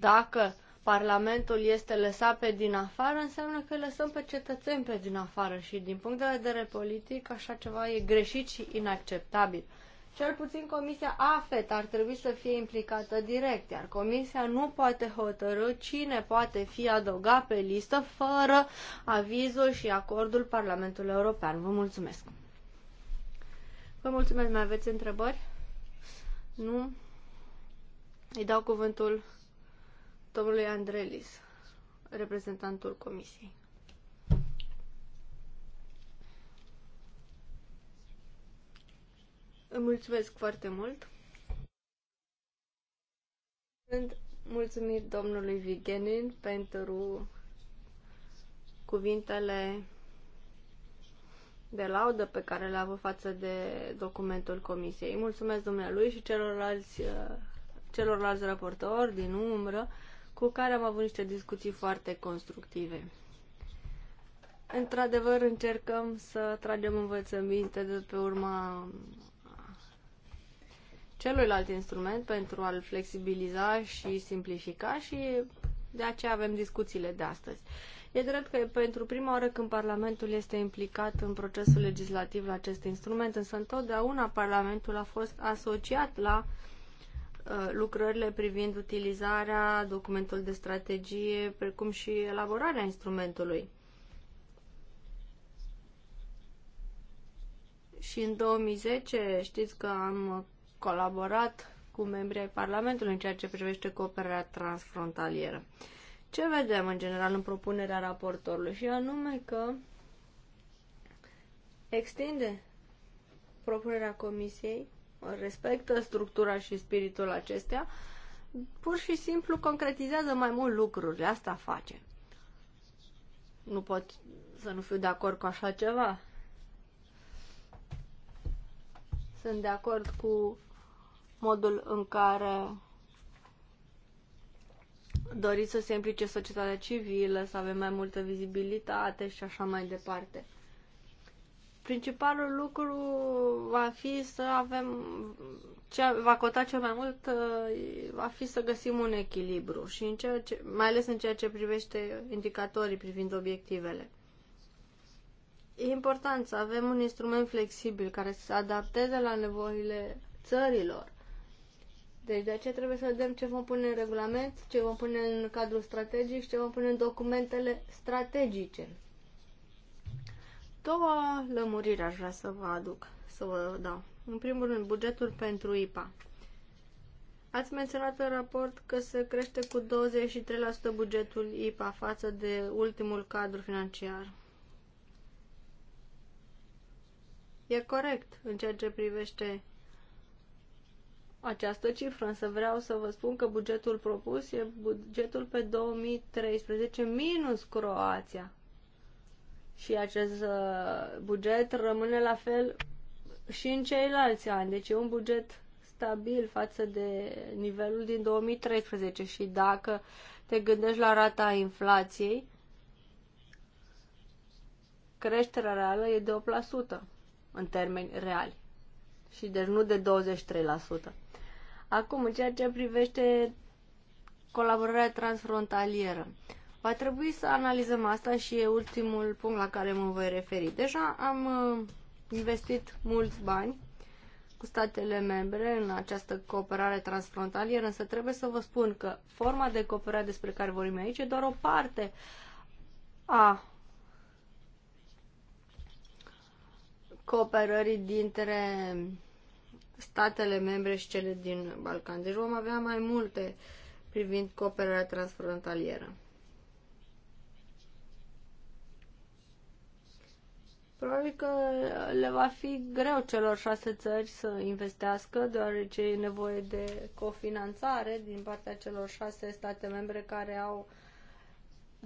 Dacă Parlamentul este lăsat pe din afară, înseamnă că lăsăm pe cetățeni pe din afară și din punct de vedere politic așa ceva e greșit și inacceptabil. Cel puțin Comisia AFET ar trebui să fie implicată direct, iar Comisia nu poate hotărâ cine poate fi adăugat pe listă fără avizul și acordul Parlamentului European. Vă mulțumesc! Vă mulțumesc, mai aveți întrebări? Nu? Îi dau cuvântul domnului Andrelis, reprezentantul Comisiei. Îmi mulțumesc foarte mult. Sunt mulțumit domnului Vigenin pentru cuvintele de laudă pe care le-a avut față de documentul comisiei. Mulțumesc dumnealui și celorlalți, uh, celorlalți raportori din umbră cu care am avut niște discuții foarte constructive. Într-adevăr, încercăm să tragem învățăminte de pe urma celuilalt instrument pentru a-l flexibiliza și simplifica și de aceea avem discuțiile de astăzi. E drept că e pentru prima oară când Parlamentul este implicat în procesul legislativ la acest instrument, însă întotdeauna Parlamentul a fost asociat la uh, lucrările privind utilizarea, documentul de strategie, precum și elaborarea instrumentului. Și în 2010 știți că am colaborat cu membrii ai Parlamentului în ceea ce privește cooperarea transfrontalieră. Ce vedem în general în propunerea raportorului? Și anume că extinde propunerea comisiei, respectă structura și spiritul acestea, pur și simplu concretizează mai mult lucrurile, asta face. Nu pot să nu fiu de acord cu așa ceva. Sunt de acord cu modul în care doriți să se implice societatea civilă, să avem mai multă vizibilitate și așa mai departe. Principalul lucru va fi să avem, ce va cota cel mai mult uh, va fi să găsim un echilibru și în ceea ce, mai ales în ceea ce privește indicatorii privind obiectivele. E important să avem un instrument flexibil care să se adapteze la nevoile țărilor deci de aceea trebuie să vedem ce vom pune în regulament, ce vom pune în cadrul strategic și ce vom pune în documentele strategice. Două lămuriri aș vrea să vă aduc, să vă dau. În primul rând, bugetul pentru IPA. Ați menționat în raport că se crește cu 23% bugetul IPA față de ultimul cadru financiar. E corect în ceea ce privește această cifră, însă vreau să vă spun că bugetul propus e bugetul pe 2013 minus Croația. Și acest uh, buget rămâne la fel și în ceilalți ani, deci e un buget stabil față de nivelul din 2013 și dacă te gândești la rata inflației, creșterea reală e de 8% în termeni reali și deci nu de 23%. Acum, în ceea ce privește colaborarea transfrontalieră, va trebui să analizăm asta și e ultimul punct la care mă voi referi. Deja am uh, investit mulți bani cu statele membre în această cooperare transfrontalieră, însă trebuie să vă spun că forma de cooperare despre care vorbim aici e doar o parte a cooperării dintre statele membre și cele din Balcan. Deci vom avea mai multe privind cooperarea transfrontalieră. Probabil că le va fi greu celor șase țări să investească, deoarece e nevoie de cofinanțare din partea celor șase state membre care au uh,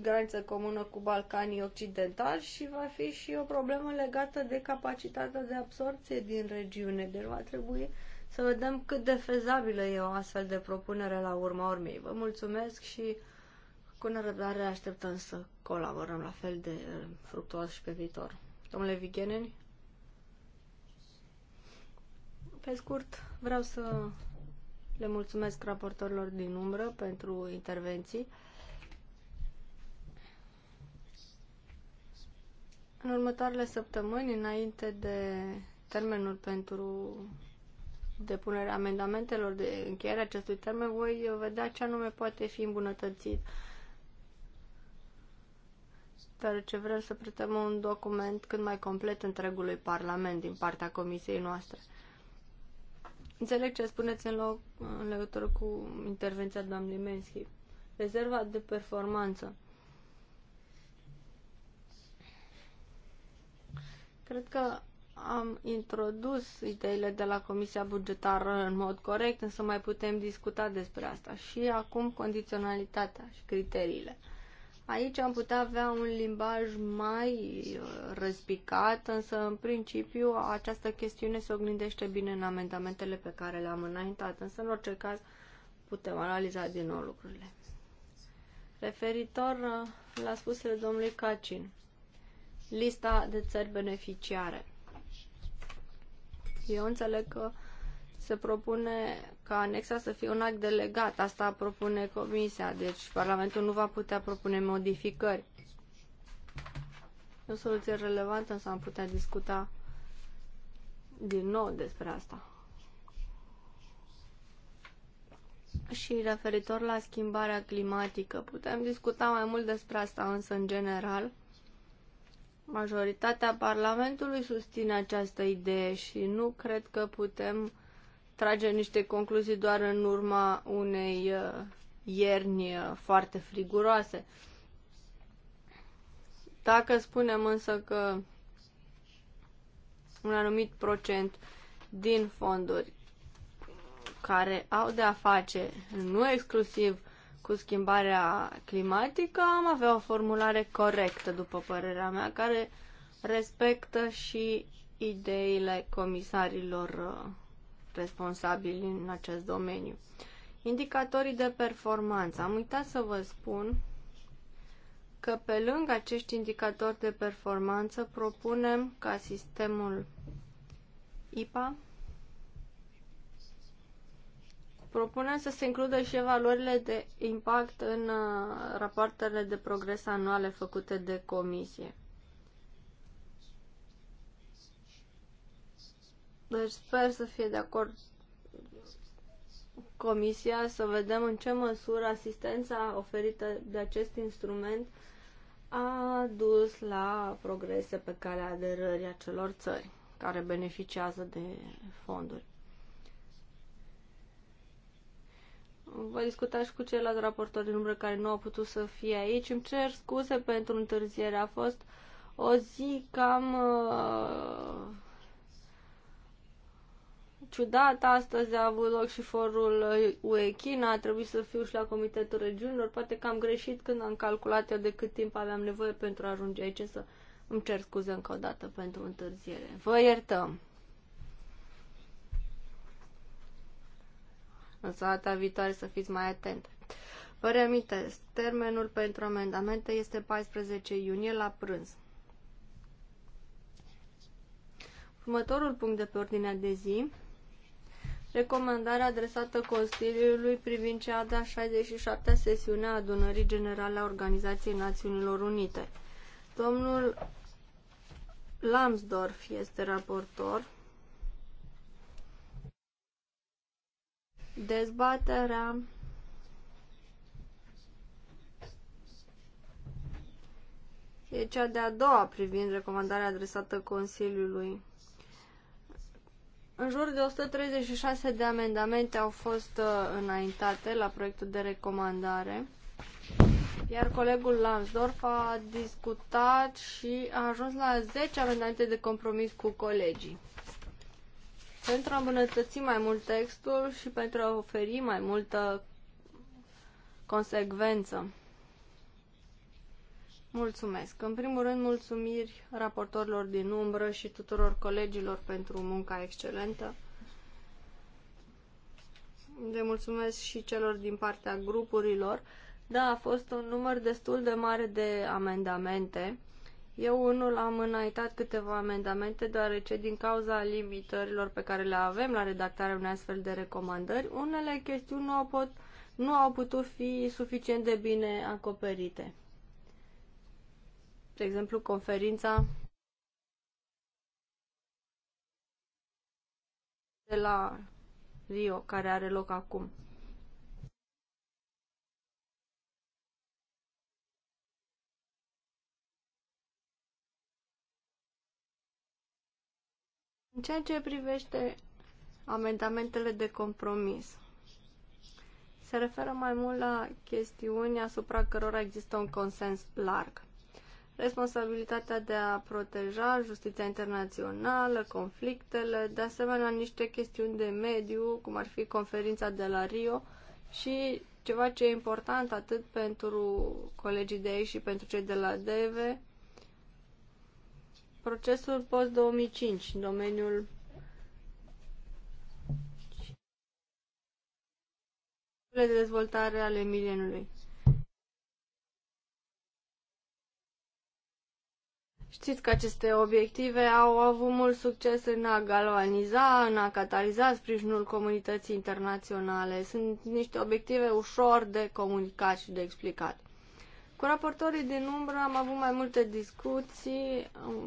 graniță comună cu Balcanii Occidentali și va fi și o problemă legată de capacitatea de absorție din regiune. Deci va trebui să vedem cât de fezabilă e o astfel de propunere la urma urmei. Vă mulțumesc și cu nerăbdare așteptăm să colaborăm la fel de eh, fructuos și pe viitor. Domnule Vigheneni, pe scurt, vreau să le mulțumesc raportorilor din umbră pentru intervenții. În următoarele săptămâni, înainte de termenul pentru depunerea amendamentelor, de încheiere acestui termen, voi vedea ce anume poate fi îmbunătățit. ce vrem să pretăm un document cât mai complet întregului Parlament din partea Comisiei noastre. Înțeleg ce spuneți în, loc, în legătură cu intervenția doamnei Menschi. Rezerva de performanță. Cred că am introdus ideile de la Comisia Bugetară în mod corect, însă mai putem discuta despre asta. Și acum condiționalitatea și criteriile. Aici am putea avea un limbaj mai uh, răspicat, însă în principiu această chestiune se oglindește bine în amendamentele pe care le-am înaintat, însă în orice caz putem analiza din nou lucrurile. Referitor uh, la spusele domnului Cacin, lista de țări beneficiare. Eu înțeleg că se propune ca anexa să fie un act delegat. Asta propune Comisia, deci Parlamentul nu va putea propune modificări. E o soluție relevantă, însă am putea discuta din nou despre asta. Și referitor la schimbarea climatică, putem discuta mai mult despre asta, însă, în general, Majoritatea Parlamentului susține această idee și nu cred că putem trage niște concluzii doar în urma unei uh, ierni uh, foarte friguroase. Dacă spunem însă că un anumit procent din fonduri care au de a face nu exclusiv cu schimbarea climatică, am avea o formulare corectă, după părerea mea, care respectă și ideile comisarilor uh, responsabili în acest domeniu. Indicatorii de performanță. Am uitat să vă spun că pe lângă acești indicatori de performanță propunem ca sistemul IPA propunem să se includă și evaluările de impact în uh, rapoartele de progres anuale făcute de comisie. Deci sper să fie de acord comisia să vedem în ce măsură asistența oferită de acest instrument a dus la progrese pe calea aderării acelor țări care beneficiază de fonduri. Voi discuta și cu ceilalți raportori din umbră care nu au putut să fie aici. Îmi cer scuze pentru întârziere. A fost o zi cam uh, ciudat. Astăzi a avut loc și forul UE uh, A trebuit să fiu și la Comitetul Regiunilor. Poate că am greșit când am calculat eu de cât timp aveam nevoie pentru a ajunge aici, să îmi cer scuze încă o dată pentru întârziere. Vă iertăm! Însă data viitoare să fiți mai atente. Vă reamintesc, termenul pentru amendamente este 14 iunie la prânz. Următorul punct de pe ordinea de zi, recomandarea adresată Consiliului privind cea de-a 67-a sesiune a adunării generale a Organizației Națiunilor Unite. Domnul Lambsdorff este raportor Dezbaterea e cea de-a doua privind recomandarea adresată Consiliului. În jur de 136 de amendamente au fost uh, înaintate la proiectul de recomandare, iar colegul Lansdorf a discutat și a ajuns la 10 amendamente de compromis cu colegii. Pentru a îmbunătăți mai mult textul și pentru a oferi mai multă consecvență. Mulțumesc. În primul rând, mulțumiri raportorilor din umbră și tuturor colegilor pentru munca excelentă. Le mulțumesc și celor din partea grupurilor. Da, a fost un număr destul de mare de amendamente eu unul am înaintat câteva amendamente, deoarece din cauza limitărilor pe care le avem la redactarea unei astfel de recomandări, unele chestiuni nu au, pot, nu au putut fi suficient de bine acoperite. De exemplu, conferința de la Rio, care are loc acum. În ceea ce privește amendamentele de compromis, se referă mai mult la chestiuni asupra cărora există un consens larg. Responsabilitatea de a proteja justiția internațională, conflictele, de asemenea niște chestiuni de mediu, cum ar fi conferința de la Rio și ceva ce e important atât pentru colegii de aici și pentru cei de la DEVE, procesul post-2005 în domeniul de dezvoltare ale mileniului. Știți că aceste obiective au avut mult succes în a galvaniza, în a cataliza sprijinul comunității internaționale. Sunt niște obiective ușor de comunicat și de explicat. Cu raportorii din umbră am avut mai multe discuții, um,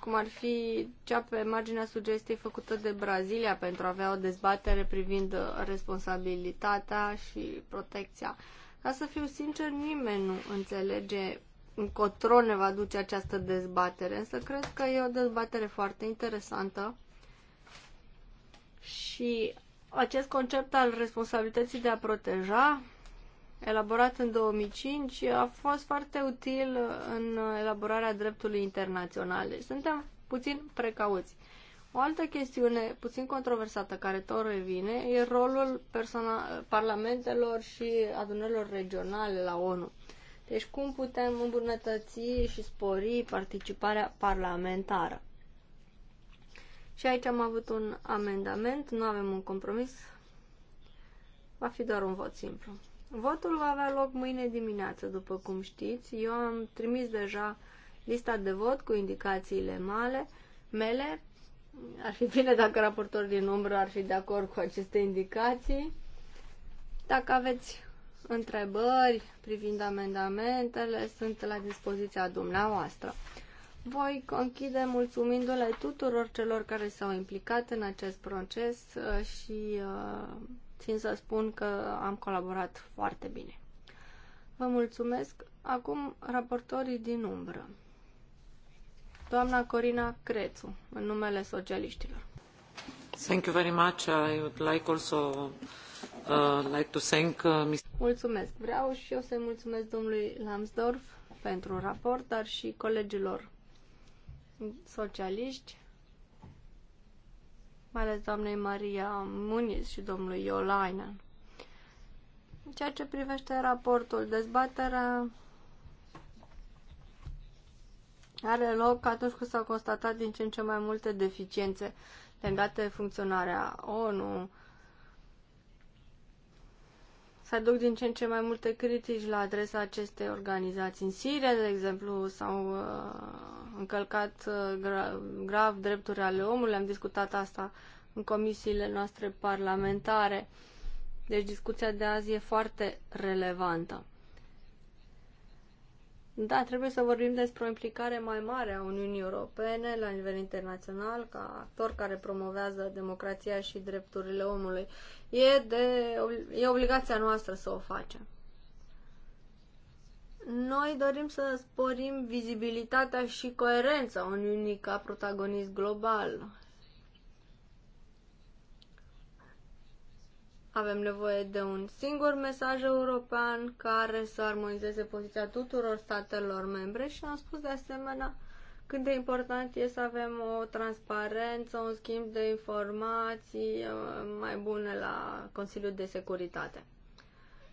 cum ar fi cea pe marginea sugestiei făcută de Brazilia pentru a avea o dezbatere privind responsabilitatea și protecția. Ca să fiu sincer, nimeni nu înțelege încotro ne va duce această dezbatere, însă cred că e o dezbatere foarte interesantă și acest concept al responsabilității de a proteja elaborat în 2005, a fost foarte util în elaborarea dreptului internațional. Deci suntem puțin precauți. O altă chestiune puțin controversată care tot revine e rolul persona- parlamentelor și adunărilor regionale la ONU. Deci cum putem îmbunătăți și spori participarea parlamentară. Și aici am avut un amendament, nu avem un compromis, va fi doar un vot simplu. Votul va avea loc mâine dimineață, după cum știți. Eu am trimis deja lista de vot cu indicațiile male, mele. Ar fi bine dacă raportorul din umbră ar fi de acord cu aceste indicații. Dacă aveți întrebări privind amendamentele, sunt la dispoziția dumneavoastră. Voi conchide mulțumindu-le tuturor celor care s-au implicat în acest proces uh, și uh, țin să spun că am colaborat foarte bine. Vă mulțumesc. Acum raportorii din umbră. Doamna Corina Crețu, în numele socialiștilor. Thank you very much. I would like also uh, like to thank uh, Mr. Mulțumesc. Vreau și eu să-i mulțumesc domnului Lambsdorff pentru raport, dar și colegilor socialiști mai ales doamnei Maria Muniz și domnului Iolainen. În ceea ce privește raportul, dezbaterea are loc atunci când s-au constatat din ce în ce mai multe deficiențe legate de funcționarea ONU, se aduc din ce în ce mai multe critici la adresa acestei organizații. În Siria, de exemplu, s-au uh, încălcat uh, gra- grav drepturile ale omului, am discutat asta în comisiile noastre parlamentare. Deci discuția de azi e foarte relevantă. Da, trebuie să vorbim despre o implicare mai mare a Uniunii Europene la nivel internațional, ca actor care promovează democrația și drepturile omului. E, de, e obligația noastră să o facem. Noi dorim să sporim vizibilitatea și coerența Uniunii ca protagonist global Avem nevoie de un singur mesaj european care să armonizeze poziția tuturor statelor membre și am spus de asemenea cât de important e să avem o transparență, un schimb de informații uh, mai bune la Consiliul de Securitate.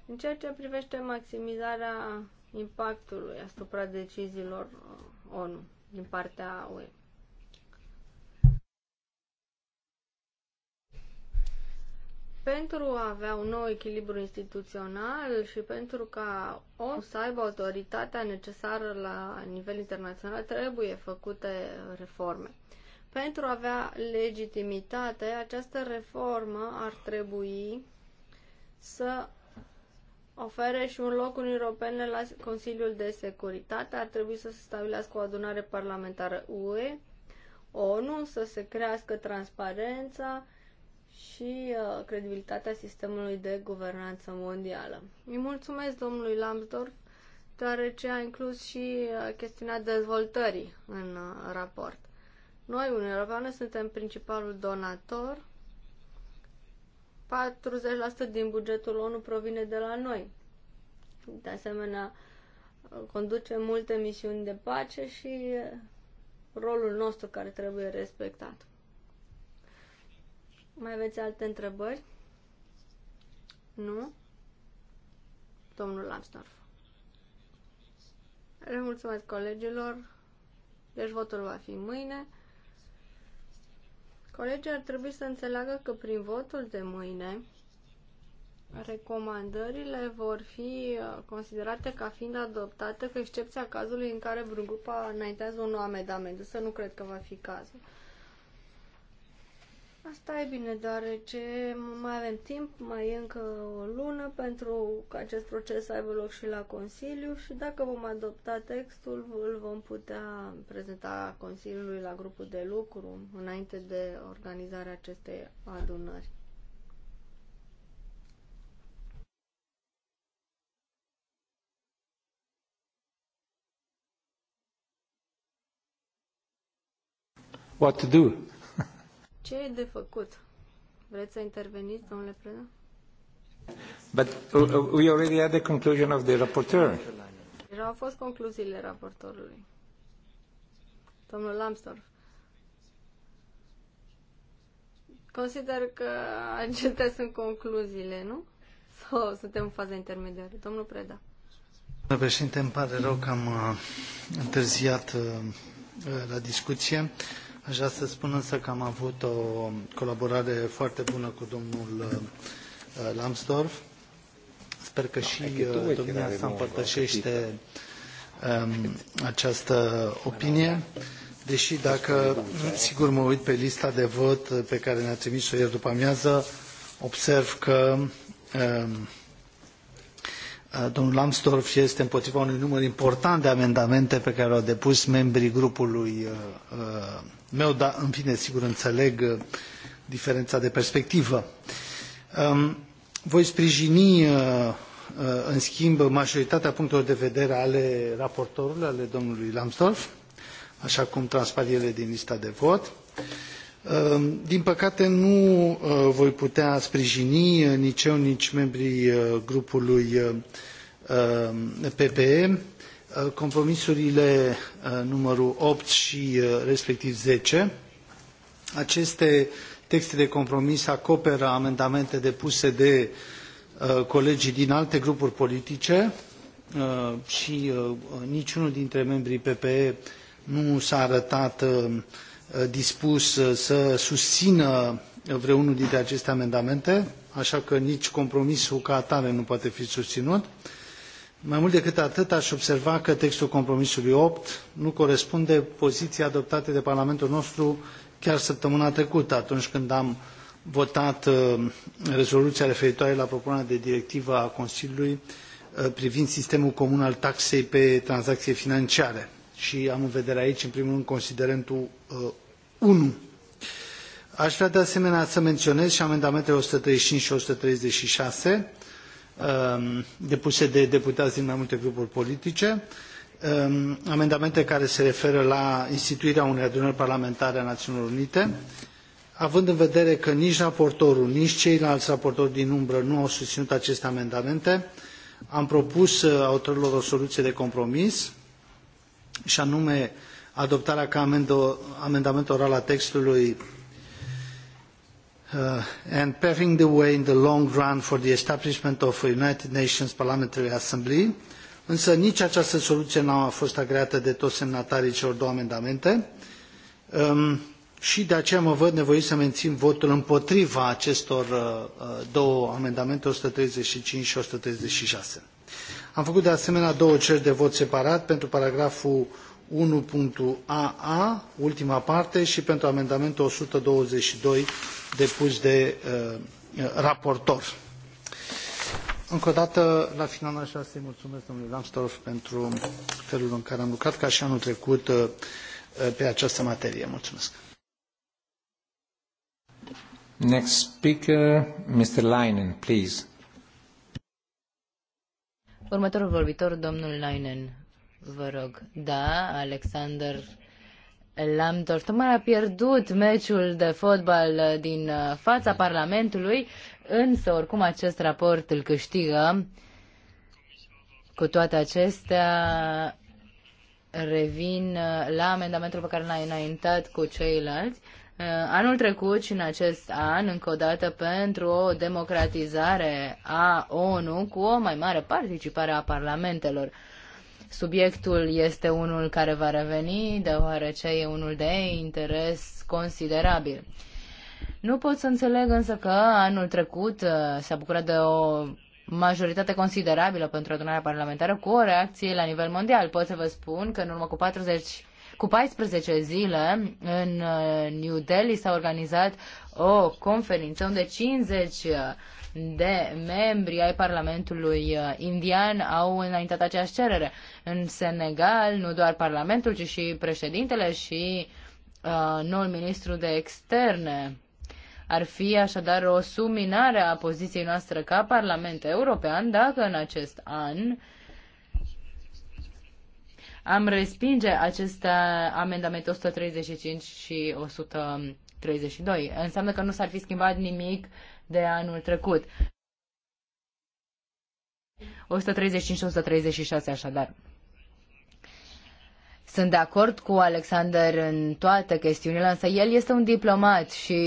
În ceea ce privește maximizarea impactului asupra deciziilor uh, ONU din partea UE. Pentru a avea un nou echilibru instituțional și pentru ca o să aibă autoritatea necesară la nivel internațional, trebuie făcute reforme. Pentru a avea legitimitate, această reformă ar trebui să ofere și un loc Uniunii Europene la Consiliul de Securitate. Ar trebui să se stabilească o adunare parlamentară UE, ONU, să se crească transparența, și uh, credibilitatea sistemului de guvernanță mondială. Îi mulțumesc domnului Lambsdorff, deoarece a inclus și uh, chestiunea dezvoltării în uh, raport. Noi, Uniunea Europeană, suntem principalul donator. 40% din bugetul ONU provine de la noi. De asemenea, uh, conducem multe misiuni de pace și uh, rolul nostru care trebuie respectat. Mai aveți alte întrebări? Nu? Domnul Lambsdorff. Le mulțumesc colegilor. Deci votul va fi mâine. Colegii ar trebui să înțeleagă că prin votul de mâine recomandările vor fi uh, considerate ca fiind adoptate cu excepția cazului în care vreun grup înaintează un amendament, să nu cred că va fi cazul. Asta e bine, deoarece mai avem timp, mai e încă o lună pentru ca acest proces să aibă loc și la Consiliu și dacă vom adopta textul, îl vom putea prezenta Consiliului la grupul de lucru înainte de organizarea acestei adunări. What to do? Ce e de făcut? Vreți să interveniți, domnule Prână? But uh, we already had the conclusion of the rapporteur. Deja au fost concluziile raportorului. Domnul Lambsdorff. Consider că acestea sunt concluziile, nu? Sau suntem în faza intermediară? Domnul Preda. Domnule președinte, îmi pare rău că am uh, întârziat uh, la discuție. Aș vrea să spun însă că am avut o colaborare foarte bună cu domnul uh, uh, Lambsdorff. Sper că și uh, domnia sa împărtășește um, această opinie. Deși dacă, sigur, mă uit pe lista de vot pe care ne-a trimis-o ieri după amiază, observ că um, domnul Lambsdorff este împotriva unui număr important de amendamente pe care le-au depus membrii grupului meu, dar în fine, sigur, înțeleg uh, diferența de perspectivă. Um, voi sprijini, uh, uh, în schimb, majoritatea punctelor de vedere ale raportorului, ale domnului Lambsdorff, așa cum transpar ele din lista de vot. Um, din păcate nu voi putea sprijini nici eu, nici membrii grupului PPE Uh, compromisurile uh, numărul opt și uh, respectiv zece. Aceste texte de compromis acoperă amendamente depuse de colegii din alte grupuri politice și niciunul dintre membrii PPE nu s-a arătat dispus să susțină vreunul dintre aceste amendamente, așa că nici compromisul ca atare nu poate fi susținut. Mai mult decât atât, aș observa că textul compromisului opt nu corespunde poziției adoptate de Parlamentul nostru chiar săptămâna trecută, atunci când am votat uh, rezoluția referitoare la propunerea de directivă a Consiliului uh, privind sistemul comun al taxei pe tranzacție financiare. Și am în vedere aici, în primul rând, considerentul uh, unu. Aș vrea de asemenea să menționez și amendamentele 135 și 136, Um, depuse de deputai din mai multe grupuri politice, um, amendamente care se referă la instituirea unei adunări parlamentare a naiunilor Unite, având în vedere că nici raportorul, nici ceilali raportori din umbră nu au susținut aceste amendamente, am propus uh, autorilor o soluie de compromis și anume adoptarea ca amendament oral a textului Uh, and paving the way in the long run for the establishment of a United Nations Parliamentary Assembly, însă nici această soluție nu a fost agreată de toți semnatarii celor două amendamente um, și de aceea mă văd nevoit să mențin votul împotriva acestor uh, uh două amendamente, 135 și 136. Am făcut de asemenea două cereri de vot separat pentru paragraful aa ultima parte, și pentru amendamentul 122 depus de uh, uh, raportor. Încă o dată, la final a vrea să-i mulțumesc domnului Lambsdorff pentru felul în care am lucrat, ca i anul trecut, uh, pe această materie. Mulțumesc. Next speaker, Mr. Leinen, please. Următorul vorbitor, domnul Leinen. Vă rog. Da, Alexander Lambdor tocmai a pierdut meciul de fotbal din uh, fața Parlamentului, însă oricum acest raport îl câștigă. Cu toate acestea, revin uh, la amendamentul pe care l-a înaintat cu ceilalți. Uh, anul trecut și în acest an, încă o dată, pentru o democratizare a ONU cu o mai mare participare a parlamentelor. Subiectul este unul care va reveni, deoarece e unul de interes considerabil. Nu pot să înțeleg însă că anul trecut uh, s-a bucurat de o majoritate considerabilă pentru adunarea parlamentară cu o reacție la nivel mondial. Pot să vă spun că în urmă cu 40 cu 14 zile în uh, New Delhi s-a organizat o conferință unde 50 de membri ai Parlamentului uh, indian au înaintat aceeași cerere. În Senegal, nu doar Parlamentul, ci și președintele și uh, noul ministru de externe. Ar fi așadar o suminare a poziției noastre ca Parlament European dacă în acest an am respinge aceste uh, amendamente 135 și 132. Înseamnă că nu s-ar fi schimbat nimic de anul trecut. 135-136 așadar. Sunt de acord cu Alexander în toate chestiunile, însă el este un diplomat și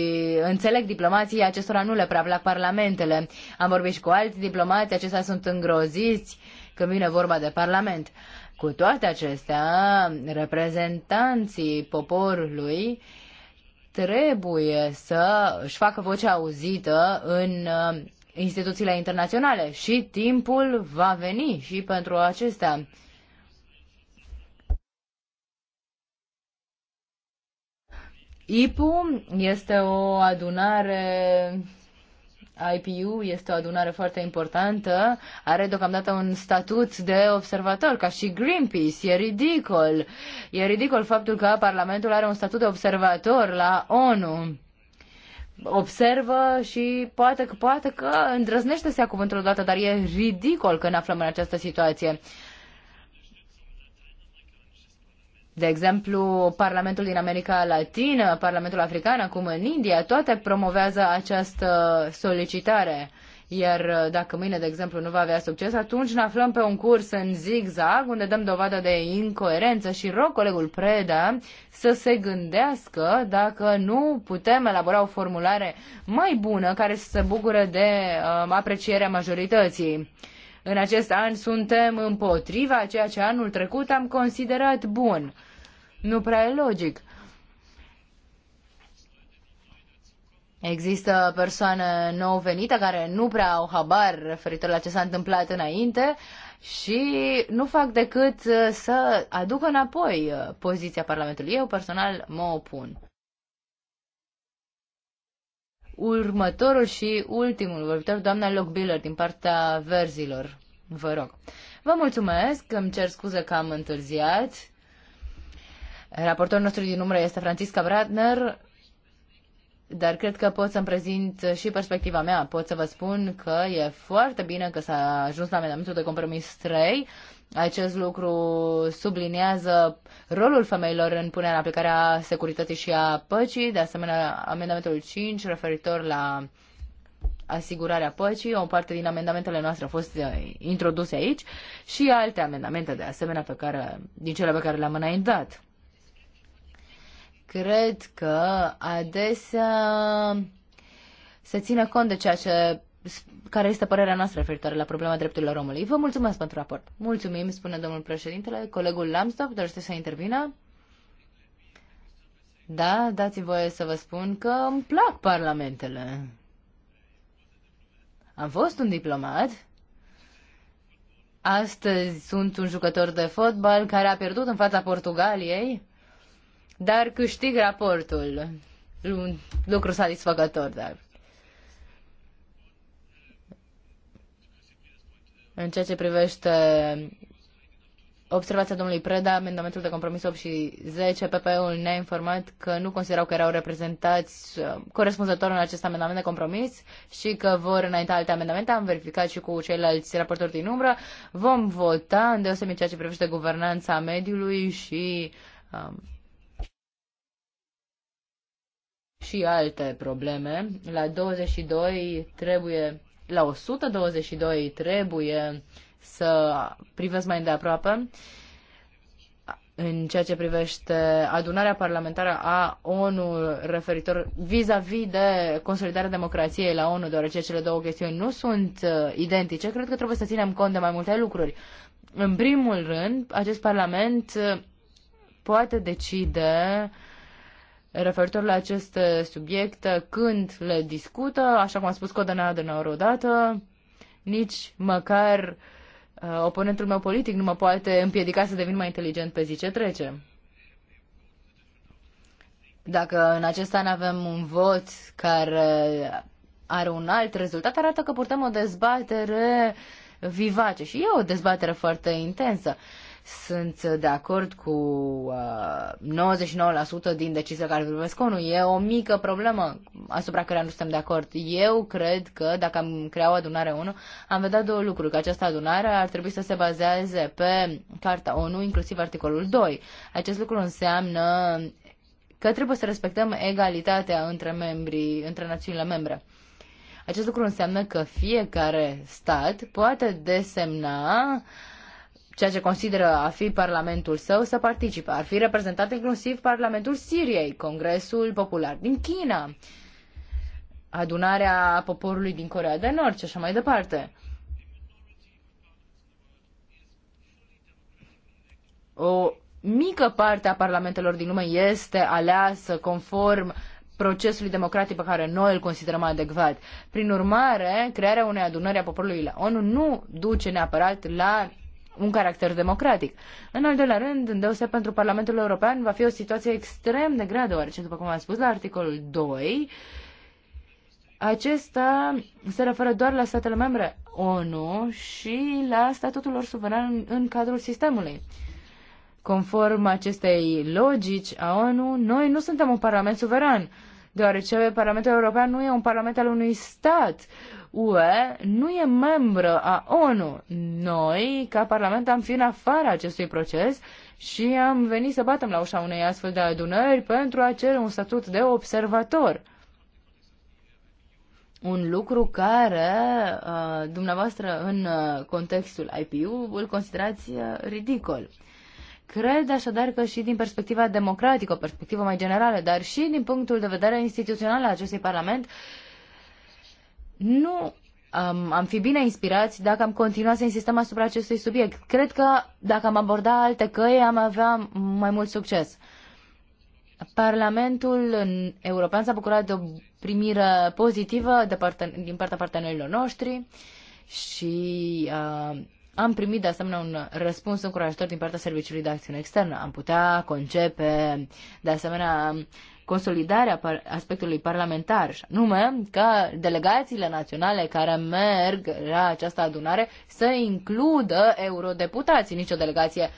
înțeleg diplomații acestora nu le prea plac parlamentele. Am vorbit și cu alți diplomați, acestea sunt îngroziți când vine vorba de parlament. Cu toate acestea, reprezentanții poporului uh, trebuie să își facă vocea auzită în uh, instituțiile internaționale și timpul va veni și pentru acestea. IPU este o adunare IPU este o adunare foarte importantă, are deocamdată un statut de observator, ca și Greenpeace. E ridicol. E ridicol faptul că Parlamentul are un statut de observator la ONU. Observă și poate că, poate că îndrăznește să ia cuvântul odată, dar e ridicol că ne aflăm în această situație. Uh, De exemplu, Parlamentul din America Latină, Parlamentul African, acum în India, toate promovează această solicitare. Iar uh, dacă mâine, de exemplu, nu va avea succes, atunci ne aflăm pe un curs în zigzag, unde dăm dovadă de incoerență și rog colegul Preda să se gândească dacă nu putem elabora o formulare mai bună care să se bucure de um, aprecierea majorității. În acest an suntem împotriva ceea ce anul trecut am considerat bun nu prea e logic. Există persoane nou venite care nu prea au habar referitor la ce s-a întâmplat înainte și nu fac decât uh, să aducă înapoi uh, poziția Parlamentului. Eu personal mă opun. Următorul și ultimul vorbitor, doamna Lockbiller, din partea verzilor. Vă rog. Vă mulțumesc, îmi cer scuze că am întârziat. Raportorul nostru din umbră este Francisca Bradner, dar cred că pot să-mi prezint și perspectiva mea. Pot să vă spun că e foarte bine că s-a ajuns la amendamentul de compromis 3. Acest lucru subliniază rolul femeilor în punerea în aplicarea securității și a păcii, de asemenea amendamentul 5 referitor la asigurarea păcii, o parte din amendamentele noastre au fost eh, introduse aici și alte amendamente de asemenea pe care, din cele pe care le-am înaintat cred că adesea se ține cont de ceea ce care este părerea noastră referitoare la problema drepturilor omului. Vă mulțumesc pentru raport. Mulțumim, spune domnul președintele. Colegul Lamstop dorește să intervină? Da, dați voie să vă spun că îmi plac parlamentele. Am fost un diplomat. Astăzi sunt un jucător de fotbal care a pierdut în fața Portugaliei dar câștig raportul. Un lucru satisfăcător, dar. În ceea ce privește observația domnului Preda, amendamentul de compromis 8 și 10, PPE-ul ne-a informat că nu considerau că erau reprezentați uh, corespunzător în acest amendament de compromis și că vor înainta alte amendamente. Am verificat și cu ceilalți raportori din umbră. Vom vota, în deosebit ceea ce privește guvernanța mediului și um, și alte probleme. La 22 trebuie, la 122 trebuie să privesc mai îndeaproape în ceea ce privește adunarea parlamentară a ONU referitor vis-a-vis -vis de consolidarea democrației la ONU, deoarece cele două chestiuni nu sunt uh, identice, cred că trebuie să ținem cont de mai multe lucruri. În primul rând, acest parlament uh, poate decide uh, referitor la aceste subiecte când le discută, așa cum a spus Codena Adenauer odată, nici măcar uh, oponentul meu politic nu mă poate împiedica să devin mai inteligent pe zi ce trece. Dacă în acest an avem un vot care are un alt rezultat, arată că purtăm o dezbatere vivace și e o dezbatere foarte intensă. Uh, sunt de acord cu uh, 99% din deciziile care privesc ONU. E o mică problemă asupra care nu suntem de acord. Eu cred că dacă am creat o adunare ONU, am vedea două lucruri. Că această adunare ar trebui să se bazeze pe Carta ONU, inclusiv articolul 2. Acest lucru înseamnă că trebuie să respectăm egalitatea între membrii, între națiunile membre. Acest lucru înseamnă că fiecare stat poate desemna uh, ceea ce consideră a fi Parlamentul său să participe. Ar fi reprezentat inclusiv Parlamentul Siriei, Congresul Popular din China, adunarea poporului din Corea de Nord și așa mai departe. O mică parte a parlamentelor din lume este aleasă conform procesului democratic pe care noi îl considerăm adecvat. Prin urmare, crearea unei adunări a poporului la ONU nu duce neapărat la un caracter democratic. În al doilea rând, îndeose pentru Parlamentul European va fi o situație extrem de grea, deoarece, după cum am spus la articolul 2, acesta se referă doar la statele membre ONU și la statutul lor suveran în cadrul sistemului. Conform acestei logici a ONU, noi nu suntem un parlament suveran, deoarece Parlamentul European nu e un parlament al unui stat. UE nu e membră a ONU. Noi, ca Parlament, am fi în afara acestui proces și am venit să batem la ușa unei astfel de adunări pentru a cere un statut de observator. Un lucru care, uh, dumneavoastră, în uh, contextul IPU, îl considerați uh, ridicol. Cred așadar că și din perspectiva democratică, o perspectivă mai generală, dar și din punctul de vedere instituțional al acestui Parlament, nu um, am fi bine inspirați dacă am continuat să insistăm asupra acestui subiect. Cred că dacă am aborda alte căi, am avea mai mult succes. Parlamentul european s-a bucurat de o primire pozitivă de parten- din partea partenerilor noștri și uh, am primit de asemenea un răspuns încurajator din partea Serviciului de Acțiune Externă. Am putea concepe de asemenea consolidarea aspectului parlamentar, numai că ca delegațiile naționale care merg la această adunare să includă eurodeputații. Nici o delegație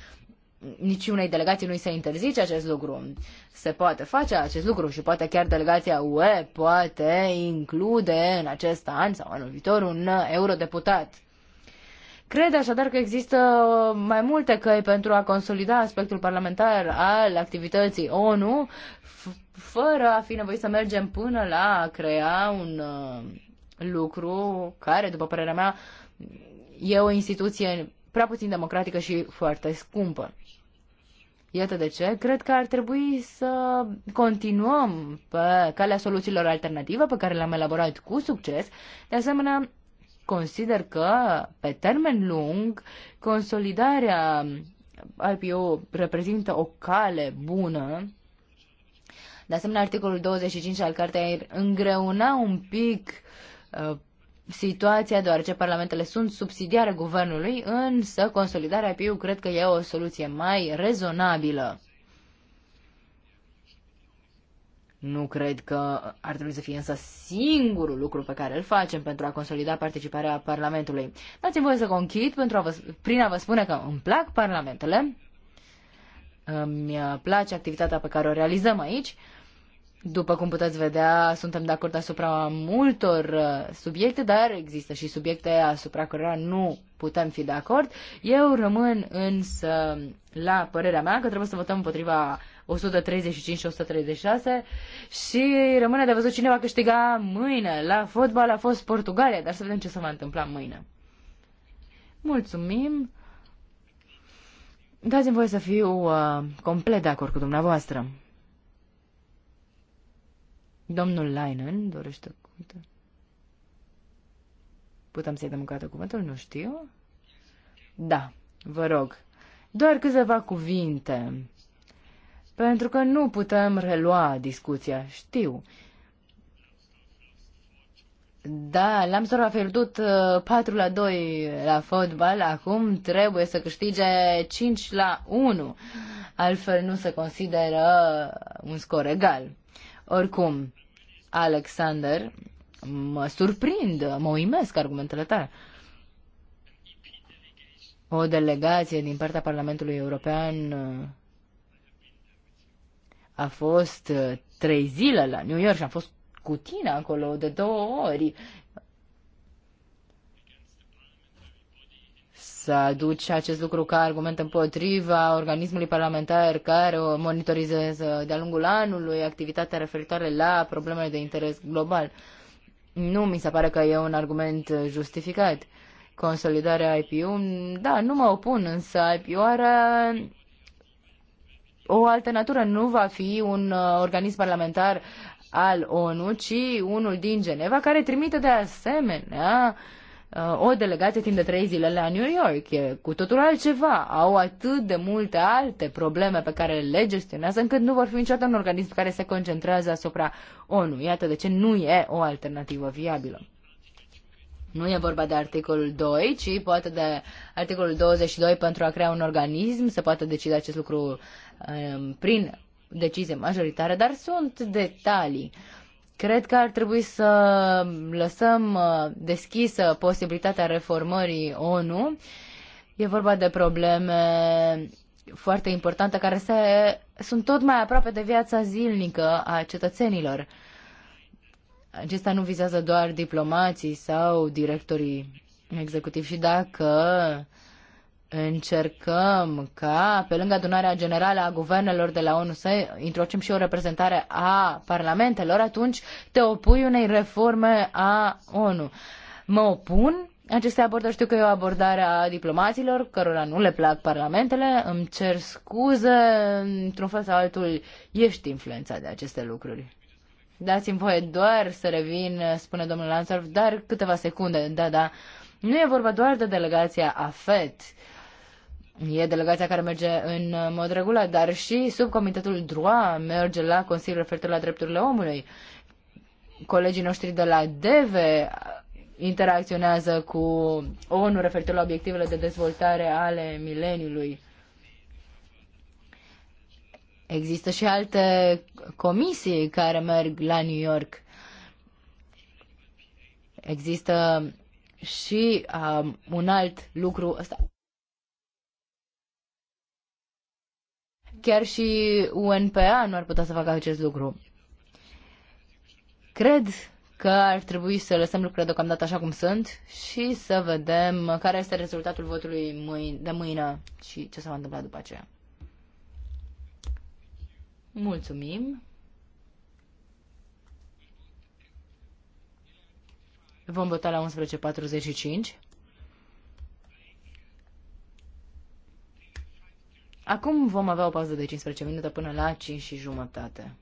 niciunei delegații nu i se interzice acest lucru. Se poate face acest lucru și poate chiar delegația UE poate include în acest an sau anul viitor un eurodeputat. Cred așadar că există mai multe căi pentru a consolida aspectul parlamentar al activității ONU, fără a fi nevoie să mergem până la a crea un uh, lucru care, după părerea mea, e o instituție prea puțin democratică și foarte scumpă. Iată de ce, cred că ar trebui să continuăm pe calea soluțiilor alternative pe care le-am elaborat cu succes. De asemenea, consider că, pe termen lung, consolidarea IPO reprezintă o cale bună de asemenea, articolul 25 al cartei îngreuna un pic uh, situația, deoarece parlamentele sunt subsidiare guvernului, însă consolidarea PIU cred că e o soluție mai rezonabilă. Nu cred că ar trebui să fie însă singurul lucru pe care îl facem pentru a consolida participarea Parlamentului. Dați-mi voie să conchid pentru a vă, prin a vă spune că îmi plac Parlamentele, îmi place activitatea pe care o realizăm aici, după cum puteți vedea, suntem de acord asupra multor uh, subiecte, dar există și subiecte asupra cărora nu putem fi de acord. Eu rămân însă la părerea mea că trebuie să votăm împotriva 135 și 136 și rămâne de văzut cine va câștiga mâine. La fotbal a fost Portugalia, dar să vedem ce se va întâmpla mâine. Mulțumim! Dați-mi voie să fiu uh, complet de acord cu dumneavoastră. Domnul Leinen dorește cuvântul. Putem să-i dăm încă cuvântul? Nu știu. Da, vă rog. Doar câteva cuvinte. Pentru că nu putem relua discuția, știu. Da, l-am a pierdut 4 la 2 la fotbal, acum trebuie să câștige 5 la 1, altfel nu se consideră un scor egal. Oricum, Alexander, mă surprind, mă uimesc argumentele tale. O delegație din partea Parlamentului European uh, a fost uh, trei zile la New York și am fost cu tine acolo de două ori. să aduci acest lucru ca argument împotriva organismului parlamentar care o monitorizează de-a lungul anului activitatea referitoare la problemele de interes global. Nu mi se pare că e un argument justificat. Consolidarea IPU, da, nu mă opun, însă IPU are o altă natură. Nu va fi un uh, organism parlamentar al ONU, ci unul din Geneva care trimite de asemenea uh, Uh, o delegație timp de trei zile la New York. E cu totul altceva. Au atât de multe alte probleme pe care le gestionează încât nu vor fi niciodată un organism care se concentrează asupra ONU. Iată de ce nu e o alternativă viabilă. Nu e vorba de articolul 2, ci poate de articolul 22 pentru a crea un organism. Se poate decide acest lucru um, prin decizie majoritară, dar sunt detalii. Uh, Cred că ar trebui să lăsăm uh, deschisă posibilitatea reformării ONU. E vorba de probleme foarte importante care se, sunt tot mai aproape de viața zilnică a cetățenilor. Acesta nu vizează doar diplomații sau directorii executivi și dacă uh, încercăm ca, pe lângă adunarea generală a guvernelor de la ONU, să introducem și o reprezentare a parlamentelor, atunci te opui unei reforme a ONU. Mă opun aceste abordări, știu că e o abordare a diplomaților, cărora nu le plac parlamentele, îmi cer scuze, într-un fel sau altul ești influențat de aceste lucruri. Dați-mi voie doar să revin, spune domnul Lansdorf, dar câteva secunde, da, da. Nu e vorba doar de delegația AFET. Uh, E delegația care merge în mod regulat, dar și subcomitetul DROA merge la Consiliul referitor la drepturile omului. Colegii noștri de la DEVE interacționează cu ONU referitor la obiectivele de dezvoltare ale mileniului. Există și alte comisii care merg la New York. Există și um, un alt lucru. ăsta. Chiar și UNPA nu ar putea să facă acest lucru. Cred că ar trebui să lăsăm lucrurile deocamdată așa cum sunt și să vedem care este rezultatul votului de mâine și ce se va întâmpla după aceea. Mulțumim! Vom vota la 11.45. Acum vom avea o pauză de 15 minute până la 5 și jumătate.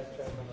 aici mai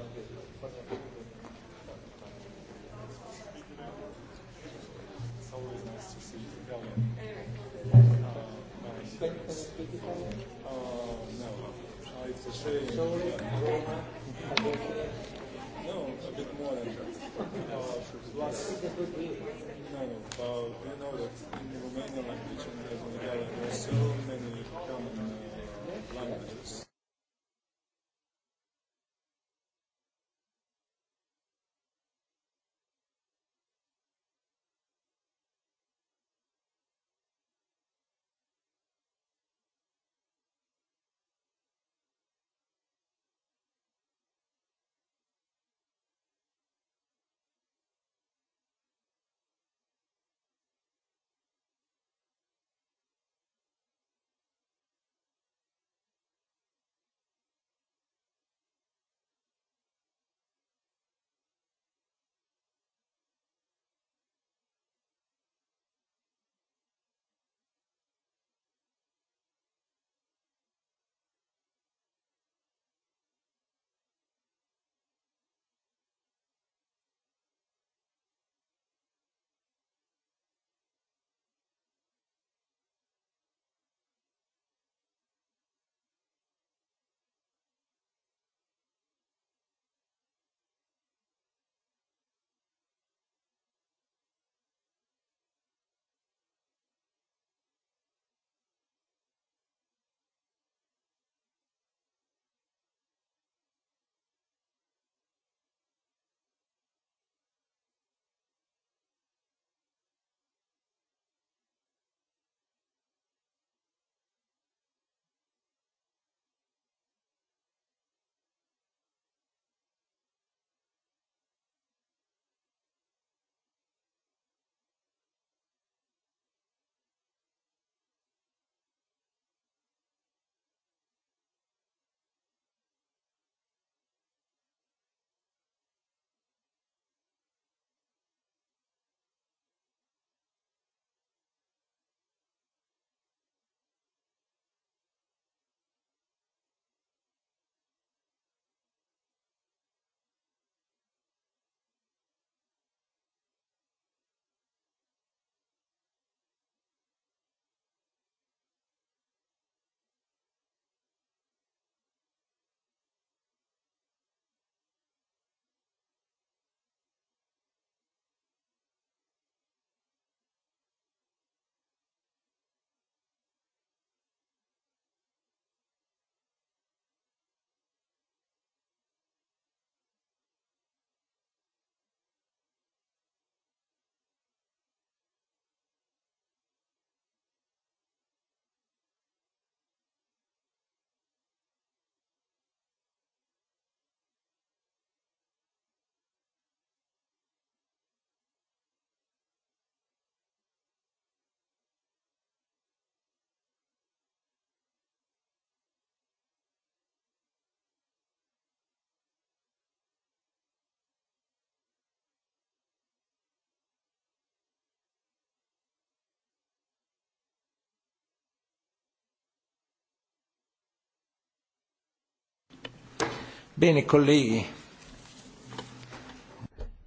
Bine, colegi.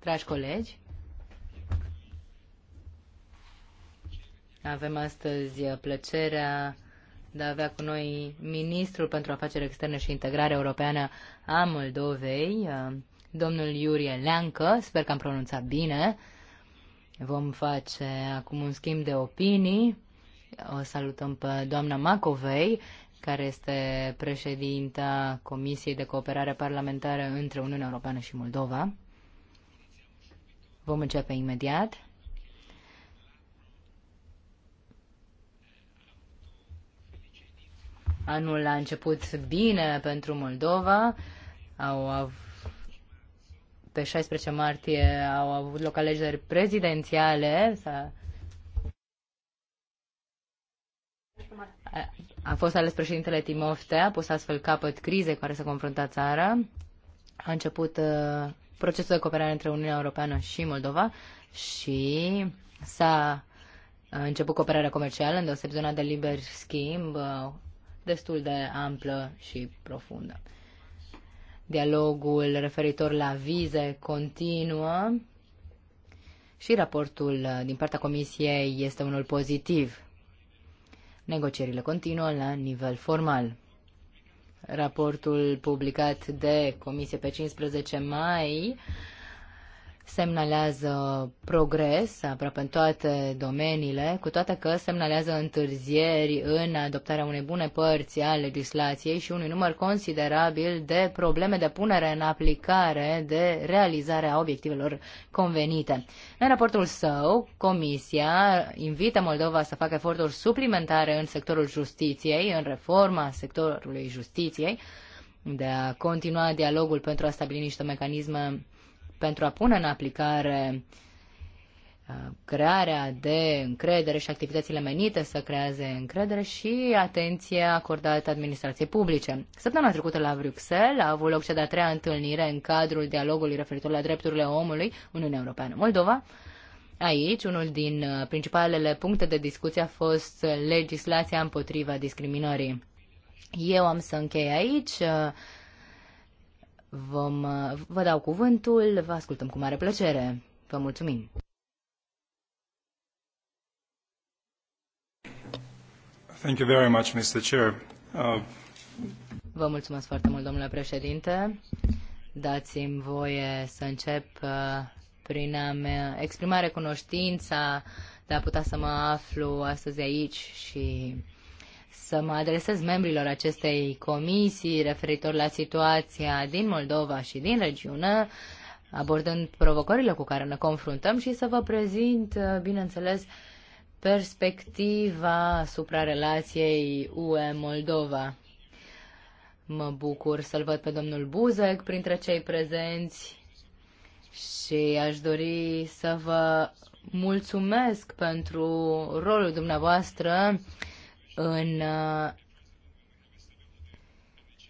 Dragi colegi, avem astăzi plăcerea de a avea cu noi ministrul pentru afaceri externe și integrare europeană a Moldovei, domnul Iurie Leancă, sper că am pronunțat bine. Vom face acum un schimb de opinii. O salutăm pe doamna Macovei, care este președinta Comisiei de Cooperare Parlamentară între Uniunea Europeană și Moldova. Vom începe imediat. Anul a început bine pentru Moldova. Au av- pe 16 martie au avut loc alegeri prezidențiale. S-a a fost ales președintele Timofte, a pus astfel capăt crizei cu care se confrunta țara, a început uh, procesul de cooperare între Uniunea Europeană și Moldova și s-a uh, început cooperarea comercială, îndeoseb zona de liber schimb, uh, destul de amplă și profundă. Dialogul referitor la vize continuă și raportul uh, din partea Comisiei este unul pozitiv Negocierile continuă la nivel formal. Raportul publicat de Comisie pe 15 mai semnalează progres aproape în toate domeniile, cu toate că semnalează întârzieri în adoptarea unei bune părți a legislației și unui număr considerabil de probleme de punere în aplicare, de realizare a obiectivelor convenite. În raportul său, Comisia invită Moldova să facă eforturi suplimentare în sectorul justiției, în reforma sectorului justiției, de a continua dialogul pentru a stabili niște mecanisme pentru a pune în aplicare uh, crearea de încredere și activitățile menite să creeze încredere și atenție acordată administrației publice. Săptămâna trecută la Bruxelles a avut loc cea de-a treia întâlnire în cadrul dialogului referitor la drepturile omului Uniunea Europeană-Moldova. Aici, unul din uh, principalele puncte de discuție a fost legislația împotriva discriminării. Eu am să închei aici. Uh, Vom, uh, vă dau cuvântul, vă ascultăm cu mare plăcere. Vă mulțumim. Thank you very much, Mr. Chair. Uh... Vă mulțumesc foarte mult, domnule președinte. Dați-mi voie să încep uh, prin a-mi exprima recunoștința de a putea să mă aflu astăzi aici și să mă adresez membrilor acestei comisii referitor la situația din Moldova și din regiune, abordând provocările cu care ne confruntăm și să vă prezint, bineînțeles, perspectiva asupra relației UE-Moldova. Mă bucur să-l văd pe domnul Buzek printre cei prezenți și aș dori să vă mulțumesc pentru rolul dumneavoastră în uh,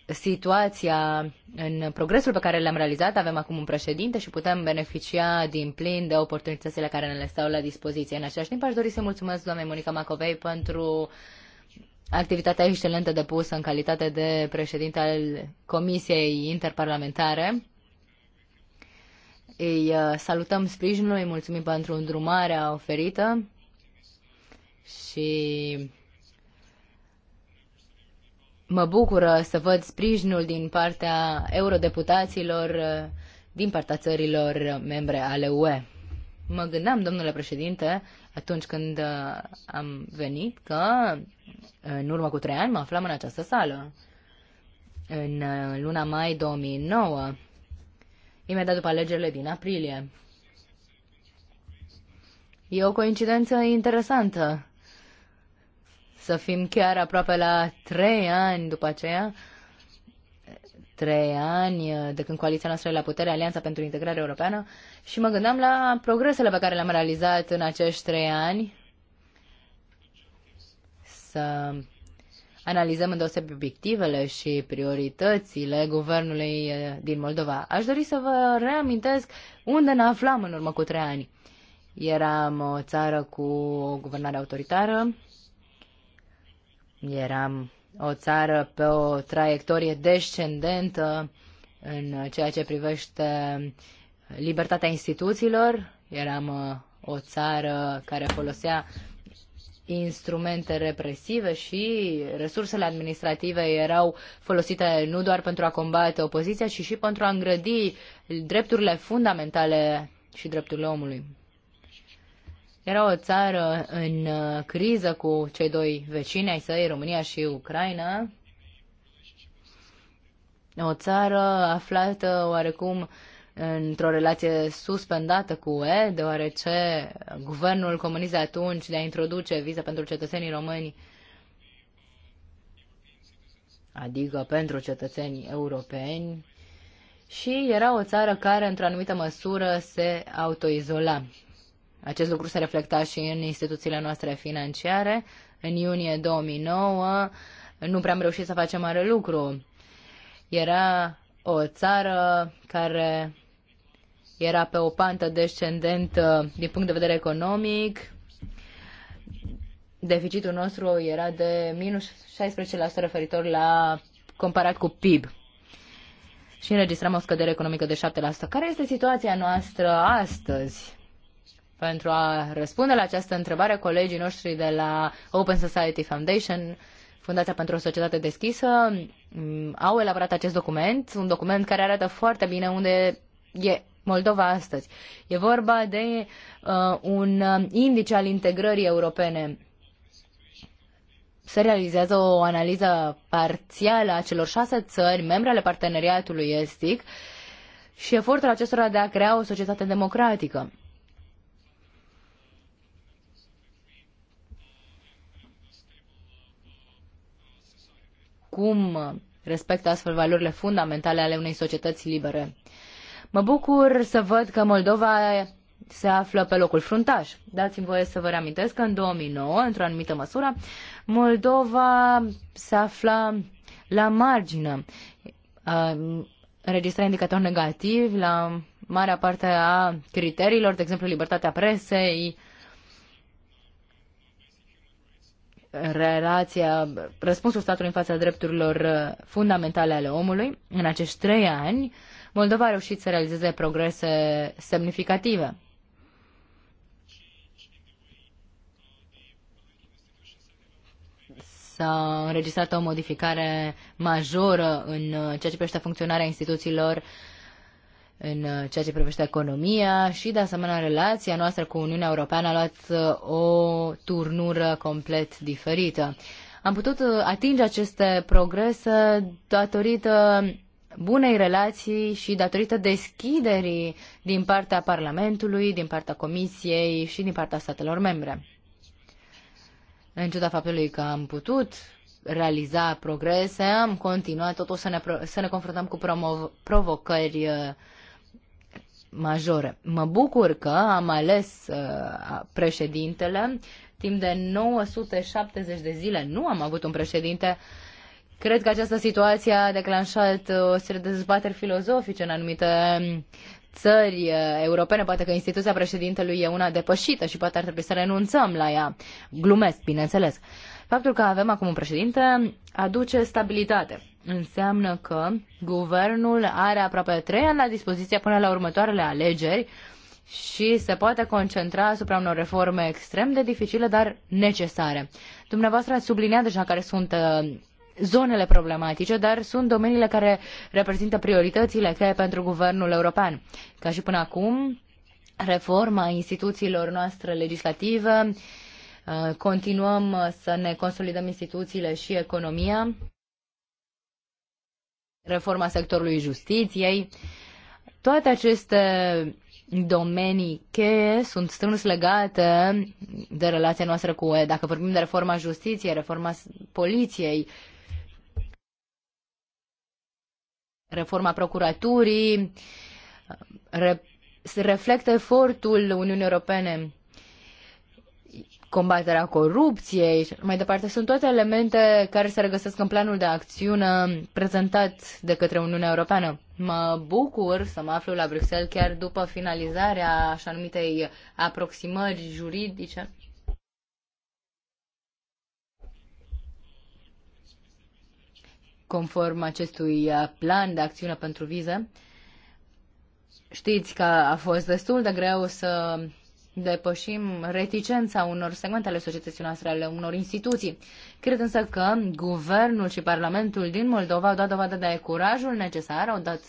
situația, în progresul pe care l-am realizat, avem acum un președinte și putem beneficia din plin de oportunitățile care ne le stau la dispoziție. În același timp, aș dori să mulțumesc doamnei Monica Macovei pentru activitatea excelentă depusă în calitate de președinte al Comisiei Interparlamentare. Îi uh, salutăm sprijinul, îi mulțumim pentru îndrumarea oferită și Mă bucură să văd sprijinul din partea eurodeputaților din partea țărilor membre ale UE. Mă gândeam, domnule președinte, atunci când uh, am venit, că uh, în urmă cu trei ani mă aflam în această sală, în uh, luna mai 2009, imediat după alegerile din aprilie. E o coincidență interesantă să fim chiar aproape la trei ani după aceea, trei ani uh, de când coaliția noastră e la putere, Alianța pentru Integrare Europeană, și mă gândeam la progresele pe care le-am realizat în acești trei ani, să analizăm îndeosebi obiectivele și prioritățile guvernului uh, din Moldova. Aș dori să vă reamintesc unde ne aflam în urmă cu trei ani. Eram o țară cu o guvernare autoritară, Eram o țară pe o traiectorie descendentă în ceea ce privește libertatea instituțiilor. Eram uh, o țară care folosea instrumente represive și resursele administrative erau folosite nu doar pentru a combate opoziția, ci și pentru a îngrădi drepturile fundamentale și drepturile omului. Era o țară în uh, criză cu cei doi vecini ai săi, România și Ucraina. O țară aflată oarecum într-o relație suspendată cu UE, deoarece guvernul comunist de atunci le a introduce viză pentru cetățenii români, adică pentru cetățenii europeni, și era o țară care, într-o anumită măsură, se autoizola. Acest lucru se reflecta și în instituțiile noastre financiare. În iunie 2009 nu prea am reușit să facem mare lucru. Era o țară care era pe o pantă descendentă din punct de vedere economic. Deficitul nostru era de minus 16% referitor la comparat cu PIB. Și înregistrăm o scădere economică de 7%. Care este situația noastră astăzi? Pentru a răspunde la această întrebare, colegii noștri de la Open Society Foundation, Fundația pentru o Societate Deschisă, mm, au elaborat acest document, un document care arată foarte bine unde e Moldova astăzi. E vorba de uh, un uh, indice al integrării europene. Se realizează o analiză parțială a celor șase țări, membre ale parteneriatului estic, și efortul acestora de a crea o societate democratică. cum respectă astfel valorile fundamentale ale unei societăți libere. Mă bucur să văd că Moldova se află pe locul fruntaș. Dați-mi voie să vă reamintesc că în 2009, într-o anumită măsură, Moldova se afla la margine. Uh, Înregistra indicator negativ la marea parte a criteriilor, de exemplu libertatea presei, relația, răspunsul statului în fața drepturilor uh, fundamentale ale omului. În acești trei ani, Moldova a reușit să realizeze progrese semnificative. S-a înregistrat o modificare majoră în uh, ceea ce privește funcționarea instituțiilor în uh, ceea ce privește economia și, de asemenea, relația noastră cu Uniunea Europeană a luat uh, o turnură complet diferită. Am putut uh, atinge aceste progrese datorită bunei relații și datorită deschiderii din partea Parlamentului, din partea Comisiei și din partea statelor membre. În ciuda faptului că am putut realiza progrese, am continuat totuși să ne, să ne confruntăm cu promov- provocări majore. Mă bucur că am ales uh, președintele. Timp de 970 de zile nu am avut un președinte. Cred că această situație a declanșat uh, o serie de dezbateri filozofice în anumite um, țări uh, europene, poate că instituția președintelui e una depășită și poate ar trebui să renunțăm la ea. Glumesc, bineînțeles. Faptul că avem acum un președinte aduce stabilitate înseamnă că guvernul are aproape trei ani la dispoziție până la următoarele alegeri și se poate concentra asupra unor reforme extrem de dificile, dar necesare. Dumneavoastră ați subliniat deja care sunt uh, zonele problematice, dar sunt domeniile care reprezintă prioritățile cheie pentru guvernul european. Ca și până acum, reforma instituțiilor noastre legislative, uh, continuăm să ne consolidăm instituțiile și economia reforma sectorului justiției. Toate aceste domenii cheie sunt strâns legate de relația noastră cu UE. Dacă vorbim de reforma justiției, reforma poliției, reforma procuraturii, re, reflectă efortul Uniunii Europene combaterea corupției și mai departe. Sunt toate elemente care se regăsesc în planul de acțiune prezentat de către Uniunea Europeană. Mă bucur să mă aflu la Bruxelles chiar după finalizarea așa numitei aproximări juridice. conform acestui plan de acțiune pentru vize. Știți că a fost destul de greu să depășim reticența unor segmente ale societății noastre, ale unor instituții. Cred însă că guvernul și parlamentul din Moldova au dat dovadă de curajul necesar, au dat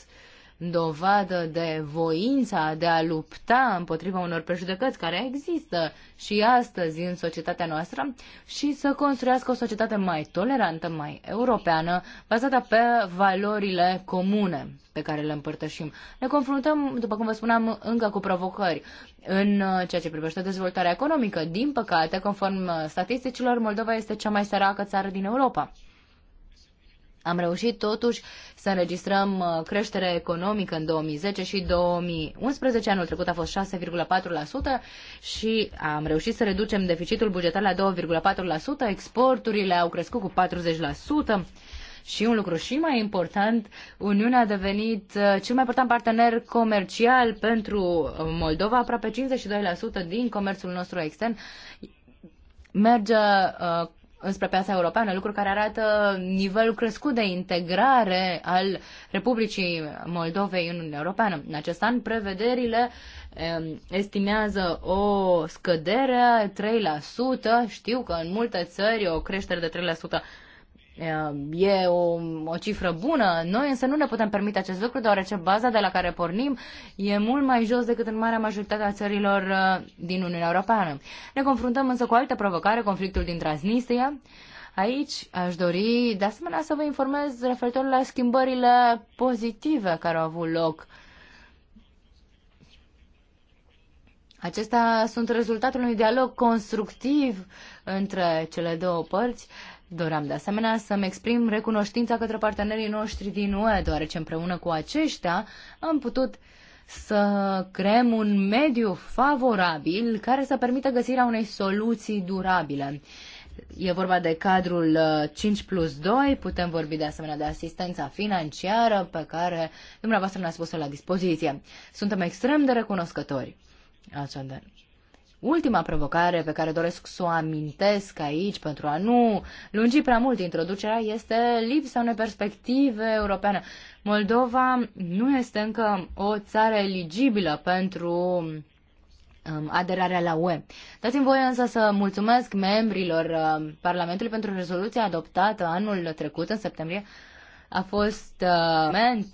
dovadă de voința de a lupta împotriva unor prejudecăți care există și astăzi în societatea noastră și să construiască o societate mai tolerantă, mai europeană, bazată pe valorile comune pe care le împărtășim. Ne confruntăm, după cum vă spuneam, încă cu provocări în ceea ce privește dezvoltarea economică. Din păcate, conform statisticilor, Moldova este cea mai săracă țară din Europa. Am reușit totuși să înregistrăm uh, creștere economică în 2010 și 2011. Anul trecut a fost 6,4% și am reușit să reducem deficitul bugetar la 2,4%. Exporturile au crescut cu 40%. Și un lucru și mai important, Uniunea a devenit uh, cel mai important partener comercial pentru uh, Moldova, aproape 52% din comerțul nostru extern merge uh, înspre piața europeană, lucru care arată nivelul crescut de integrare al Republicii Moldovei în Uniunea Europeană. În acest an, prevederile estimează o scădere 3%. Știu că în multe țări o creștere de Ehm, e o, o cifră bună, noi însă nu ne putem permite acest lucru, deoarece baza de la care pornim e mult mai jos decât în marea majoritate a țărilor eh, din Uniunea Europeană. Ne confruntăm însă cu alte provocare, conflictul din Transnistria. Aici aș dori de asemenea să vă informez referitor la schimbările pozitive care au avut loc Acestea sunt rezultatul unui dialog constructiv între cele două părți. Doream de asemenea să-mi exprim recunoștința către partenerii noștri din UE, deoarece împreună cu aceștia am putut să creăm un mediu favorabil care să permită găsirea unei soluții durabile. E vorba de cadrul 5 uh, plus 2, putem vorbi de asemenea de asistența financiară pe care dumneavoastră ne-a spus-o la dispoziție. Suntem extrem de recunoscători. Așadar, Ultima provocare pe care doresc să o amintesc aici pentru a nu lungi prea mult introducerea este lipsa unei perspective europeană. Moldova nu este încă o țară eligibilă pentru um, aderarea la UE. Dați-mi voie însă să mulțumesc membrilor um, Parlamentului pentru rezoluția adoptată anul trecut, în septembrie. A fost uh, moment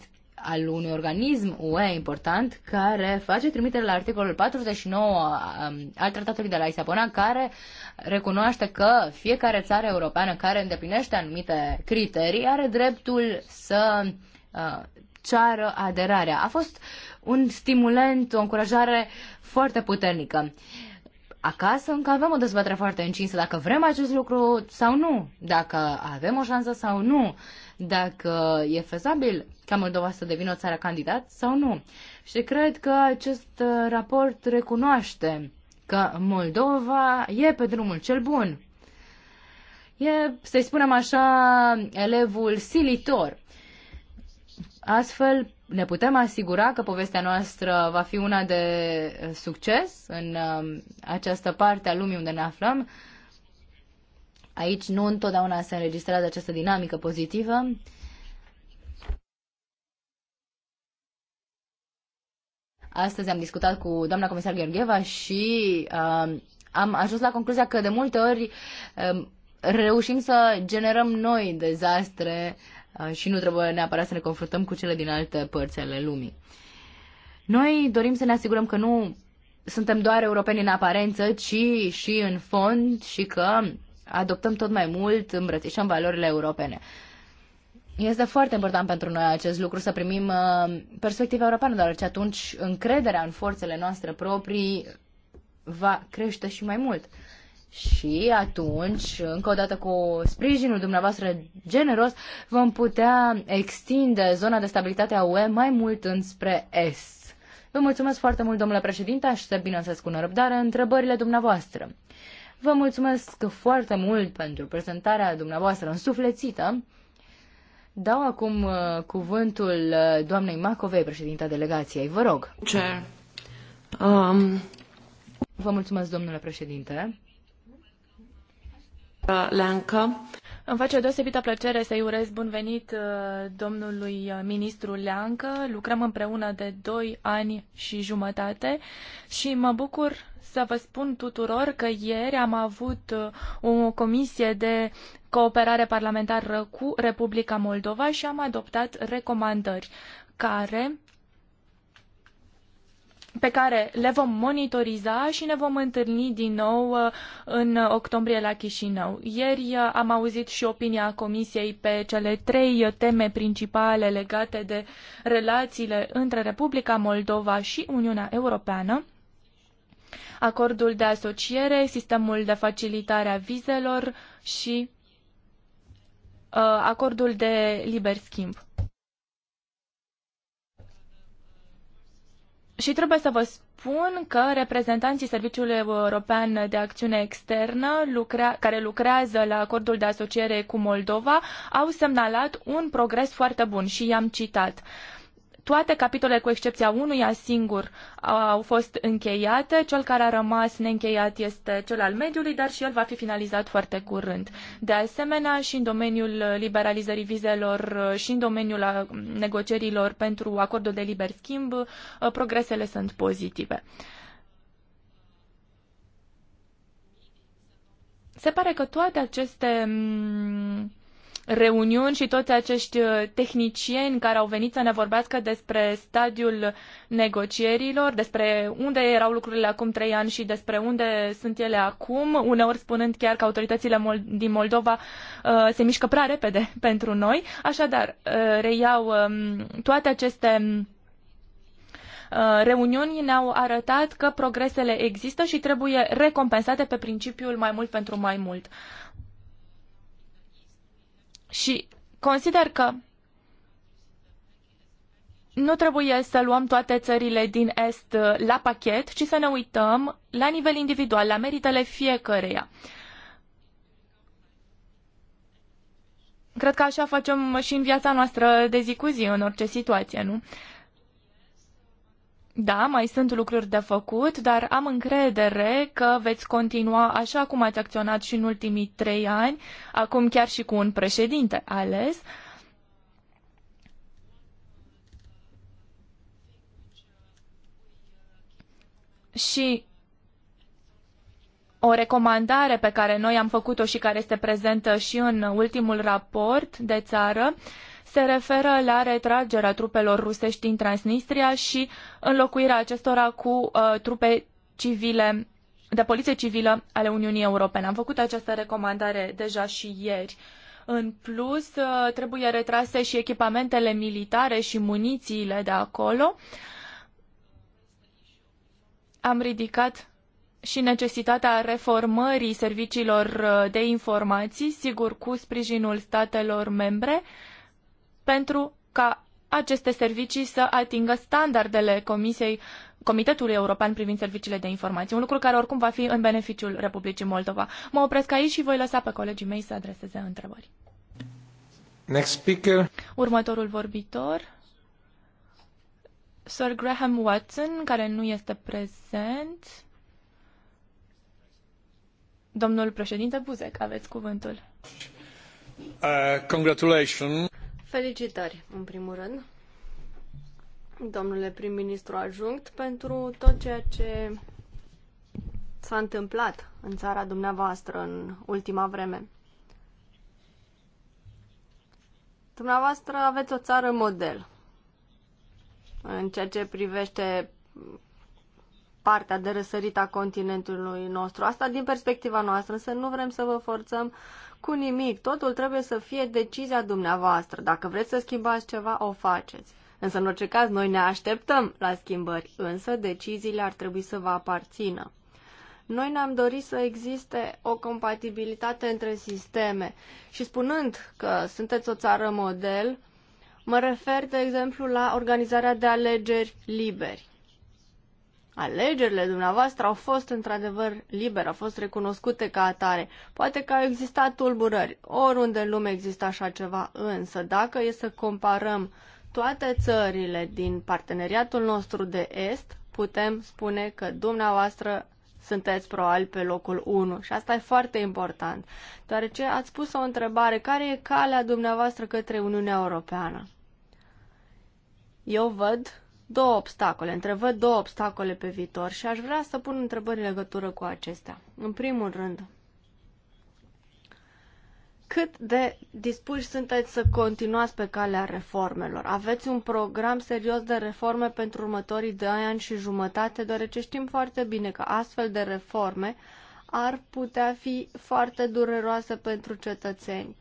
al unui organism UE important care face trimitere la articolul 49 um, al Tratatului de la Lisabona care recunoaște că fiecare țară europeană care îndeplinește anumite criterii are dreptul să uh, ceară aderarea. A fost un stimulant, o încurajare foarte puternică. Acasă încă avem o dezbatere foarte încinsă dacă vrem acest lucru sau nu, dacă avem o șansă sau nu. Uh, dacă e fezabil ca Moldova să devină o țară candidat sau nu. Și cred că acest uh, raport recunoaște că Moldova e pe drumul cel bun. E, să-i spunem așa, elevul silitor. Astfel, ne putem asigura că povestea noastră va fi una de uh, succes în um, această parte a lumii unde ne aflăm, Aici nu întotdeauna se înregistrează această dinamică pozitivă. Astăzi am discutat cu doamna comisar Gheorgheva și uh, am ajuns la concluzia că de multe ori uh, reușim să generăm noi dezastre uh, și nu trebuie neapărat să ne confruntăm cu cele din alte părți ale lumii. Noi dorim să ne asigurăm că nu suntem doar europeni în aparență, ci și în fond și că adoptăm tot mai mult, îmbrățișăm valorile europene. Este foarte important pentru noi acest lucru să primim uh, perspectiva europeană, deoarece atunci încrederea în forțele noastre proprii va crește și mai mult. Și atunci, încă o dată cu sprijinul dumneavoastră generos, vom putea extinde zona de stabilitate a UE mai mult înspre est. Vă mulțumesc foarte mult, domnule președinte, aștept bineînțeles cu nerăbdare întrebările dumneavoastră. Vă mulțumesc foarte mult pentru prezentarea dumneavoastră însuflețită. Dau acum uh, cuvântul uh, doamnei Macovei, președinta delegației. Vă rog. Ce? Um... Vă mulțumesc, domnule președinte. Leancă. Îmi face o deosebită plăcere să-i urez bun venit uh, domnului uh, ministru Leancă. Lucrăm împreună de 2 ani și jumătate și mă bucur să vă spun tuturor că ieri am avut uh, o comisie de cooperare parlamentară cu Republica Moldova și am adoptat recomandări care pe care le vom monitoriza și ne vom întâlni din nou uh, în octombrie la Chișinău. Ieri uh, am auzit și opinia Comisiei pe cele trei uh, teme principale legate de relațiile între Republica Moldova și Uniunea Europeană acordul de asociere, sistemul de facilitare a vizelor și acordul de liber schimb. Și trebuie să vă spun că reprezentanții Serviciului European de Acțiune Externă, lucrea, care lucrează la acordul de asociere cu Moldova, au semnalat un progres foarte bun și i-am citat. Uh, toate capitolele, cu excepția unuia singur, au fost încheiate. Cel care a rămas neîncheiat este cel al mediului, dar și el va fi finalizat foarte curând. De asemenea, și în domeniul liberalizării vizelor și în domeniul negocierilor pentru acordul de liber schimb, progresele sunt pozitive. Se pare că toate aceste reuniuni și toți acești uh, tehnicieni care au venit să ne vorbească despre stadiul negocierilor, despre unde erau lucrurile acum trei ani și despre unde sunt ele acum, uneori spunând chiar că autoritățile din Moldova uh, se mișcă prea repede pentru noi. Așadar, uh, reiau um, toate aceste um, reuniuni ne-au arătat că progresele există și trebuie recompensate pe principiul mai mult pentru mai mult. Și consider că nu trebuie să luăm toate țările din Est uh, la pachet, ci să ne uităm la nivel individual, la meritele fiecăreia. Cred că așa facem și în viața noastră de zi cu zi, în orice situație, nu? Da, mai sunt lucruri de făcut, dar am încredere că veți continua așa cum ați acționat și în ultimii trei ani, acum chiar și cu un președinte ales. Și o recomandare pe care noi am făcut-o și care este prezentă și în ultimul raport de țară uh, se referă la retragerea trupelor rusești din Transnistria și înlocuirea acestora cu uh, trupe civile de poliție civilă ale Uniunii Europene. Am făcut această recomandare deja și ieri. În plus, uh, trebuie retrase și echipamentele militare și munițiile de acolo. Am ridicat și necesitatea reformării serviciilor uh, de informații, sigur cu sprijinul statelor membre. Uh, pentru ca aceste servicii să atingă standardele Comisiei Comitetului European privind serviciile de informații, un lucru care oricum va fi în beneficiul Republicii Moldova. Mă opresc aici și voi lăsa pe colegii mei să adreseze întrebări. Next speaker. Următorul vorbitor, Sir Graham Watson, care nu este prezent. Domnul președinte Buzek, aveți cuvântul. Uh, congratulations. Felicitări, în primul rând, domnule prim-ministru ajunct, pentru tot ceea ce s-a întâmplat în țara dumneavoastră în ultima vreme. Dumneavoastră aveți o țară model în ceea ce privește partea de răsărit a continentului nostru. Asta din perspectiva noastră, însă nu vrem să vă forțăm cu nimic. Totul trebuie să fie decizia dumneavoastră. Dacă vreți să schimbați ceva, o faceți. Însă, în orice caz, noi ne așteptăm la schimbări, însă deciziile ar trebui să vă aparțină. Noi ne-am dorit să existe o compatibilitate între sisteme și spunând că sunteți o țară model, mă refer, de exemplu, la organizarea de alegeri liberi. Alegerile dumneavoastră au fost într-adevăr libere, au fost recunoscute ca atare. Poate că au existat tulburări, oriunde în lume există așa ceva, însă dacă e să comparăm toate țările din parteneriatul nostru de est, putem spune că dumneavoastră sunteți probabil pe locul 1 și asta e foarte important, deoarece ați pus o întrebare, care e calea dumneavoastră către Uniunea Europeană? Eu văd două obstacole, întrevăd două obstacole pe viitor și aș vrea să pun întrebări în legătură cu acestea. În primul rând, cât de dispuși sunteți să continuați pe calea reformelor? Aveți un program serios de reforme pentru următorii doi ani și jumătate, deoarece știm foarte bine că astfel de reforme ar putea fi foarte dureroase pentru cetățeni.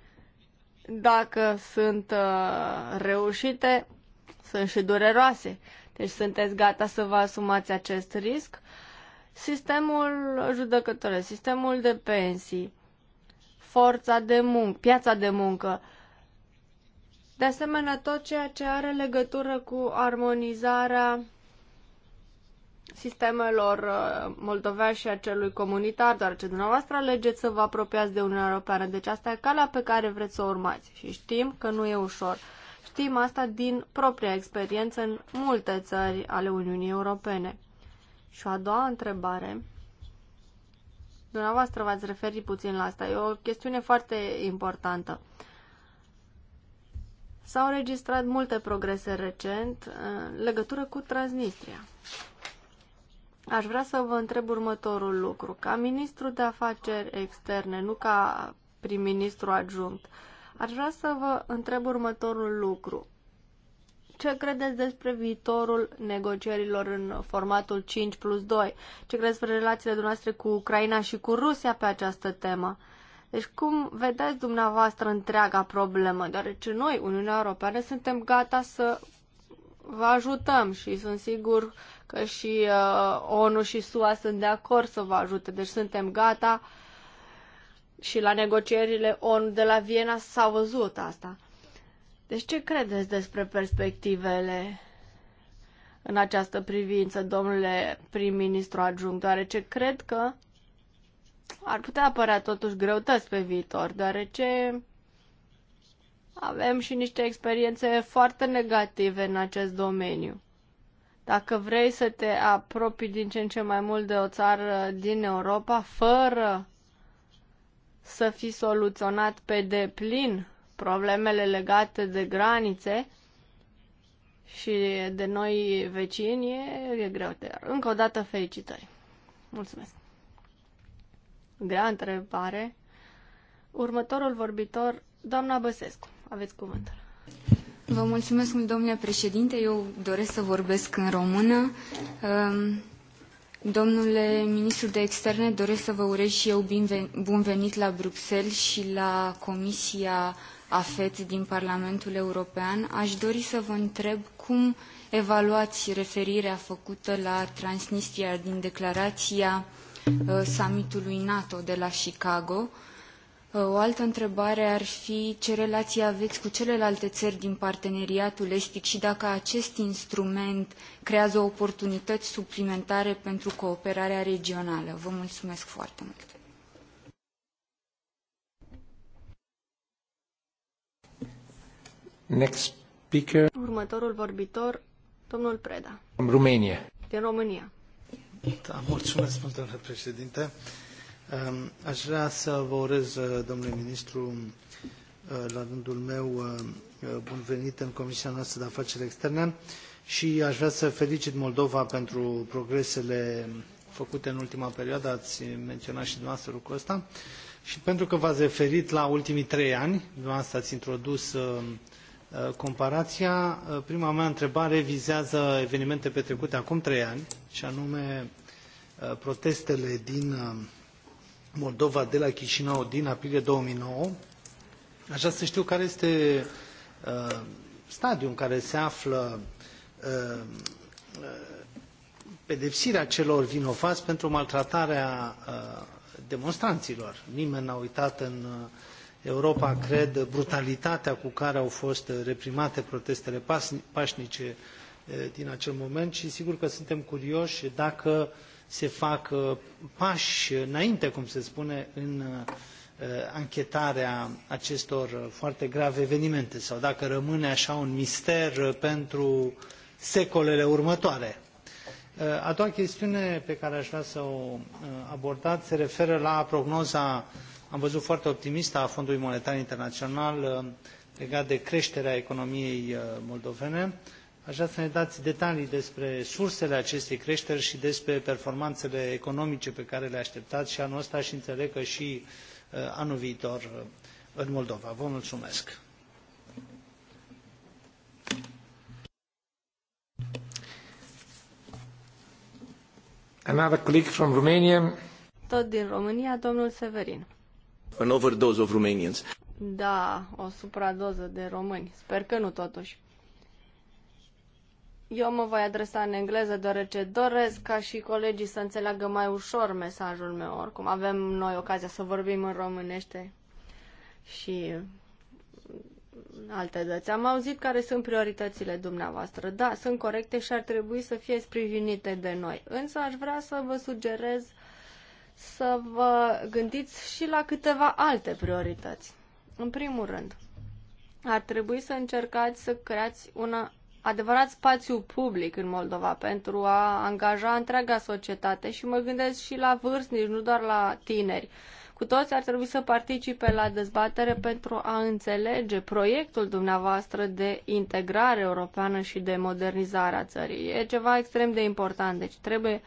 Dacă sunt uh, reușite, sunt și dureroase. Deci sunteți gata să vă asumați acest risc? Sistemul judecătoresc, sistemul de pensii, forța de muncă, piața de muncă, de asemenea tot ceea ce are legătură cu armonizarea sistemelor uh, moldovea și a celui comunitar, doar ce dumneavoastră alegeți să vă apropiați de Uniunea Europeană. Deci asta e calea pe care vreți să o urmați și știm că nu e ușor. Știm asta din propria experiență în multe țări ale Uniunii Europene. Și a doua întrebare, dumneavoastră v-ați referit puțin la asta, e o chestiune foarte importantă. S-au registrat multe progrese recent în legătură cu Transnistria. Aș vrea să vă întreb următorul lucru. Ca ministru de afaceri externe, nu ca prim-ministru adjunct, uh, Aș vrea să vă întreb următorul lucru. Ce credeți despre viitorul negocierilor în formatul 5 plus 2? Ce credeți despre relațiile dumneavoastră cu Ucraina și cu Rusia pe această temă? Deci cum vedeți dumneavoastră întreaga problemă? Deoarece noi, Uniunea Europeană, suntem gata să vă ajutăm și sunt sigur că și uh, ONU și SUA sunt de acord să vă ajute. Deci suntem gata uh, și la negocierile ONU de la Viena s-a văzut asta. Deci ce credeți despre perspectivele în această privință, domnule prim-ministru adjunct, deoarece cred că ar putea apărea totuși greutăți pe viitor, deoarece avem și niște experiențe foarte negative în acest domeniu. Dacă vrei să te apropii din ce în ce mai mult de o țară din Europa, fără să fi soluționat pe deplin problemele legate de granițe și de noi vecini e, e greu. încă o dată felicitări. Mulțumesc. Grea întrebare. Următorul vorbitor, doamna Băsescu. Aveți cuvântul. Vă mulțumesc domnule președinte. Eu doresc să vorbesc în română. Ehm, Domnule ministru de externe, doresc să vă urez și eu bun venit la Bruxelles și la Comisia AFET din Parlamentul European. Aș dori să vă întreb cum evaluați referirea făcută la Transnistria din declarația uh, summitului NATO de la Chicago, Uh, o altă întrebare ar fi ce relații aveți cu celelalte țări din parteneriatul estic și dacă acest instrument creează oportunități suplimentare pentru cooperarea regională. Vă mulțumesc foarte mult! Next speaker. Următorul vorbitor, domnul Preda. Romania. Din România. Da, mulțumesc mult, domnule președinte. Uh, Ehm, aș vrea să vă urez, eh, domnule ministru, eh, la rândul meu, eh, bun venit în Comisia noastră de Afaceri Externe și aș vrea să felicit Moldova pentru progresele făcute în ultima perioadă, ați menționat și dumneavoastră lucrul ăsta, și pentru că v-ați referit la ultimii trei ani, dumneavoastră ați introdus comparația. Prima mea întrebare vizează evenimente petrecute acum trei ani, și anume protestele din Moldova de la Chișinău din aprilie 2009. Așa vrea să știu care este uh, stadiul în care se află uh, pedepsirea celor vinovați pentru maltratarea uh, demonstranților. Nimeni n-a uitat în uh, Europa, cred, brutalitatea cu care au fost reprimate protestele pașnice uh, din acel moment și sigur că suntem curioși dacă uh, se fac uh, pași înainte, cum se spune, în uh, anchetarea acestor uh, foarte grave evenimente sau dacă rămâne așa un mister pentru secolele următoare. A doua chestiune pe care aș vrea să o abordați se referă la prognoza, am văzut foarte optimistă, a Fondului Monetar Internațional legat de creșterea economiei moldovene Aș vrea să ne dați detalii despre sursele acestei creșteri și despre performanțele economice pe care le așteptați și anul acesta și înțeleg că și uh, anul viitor uh, în Moldova. Vă mulțumesc! Another colleague from Romania. Tot din România, domnul Severin. An overdose of Romanians. Da, o supradoză de români. Sper că nu totuși. Eu mă voi adresa în engleză deoarece doresc ca și colegii să înțeleagă mai ușor mesajul meu. Oricum avem noi ocazia să vorbim în românește și alte dăți. Am auzit care sunt prioritățile dumneavoastră. Da, sunt corecte și ar trebui să fie sprijinite de noi. Însă aș vrea să vă sugerez să vă gândiți și la câteva alte priorități. În primul rând, ar trebui să încercați să creați una adevărat spațiu public în Moldova pentru a angaja întreaga societate și mă gândesc și la vârstnici, nu doar la tineri. Cu toți ar trebui să participe la dezbatere pentru a înțelege proiectul dumneavoastră de integrare europeană și de modernizare a țării. E ceva extrem de important, deci trebuie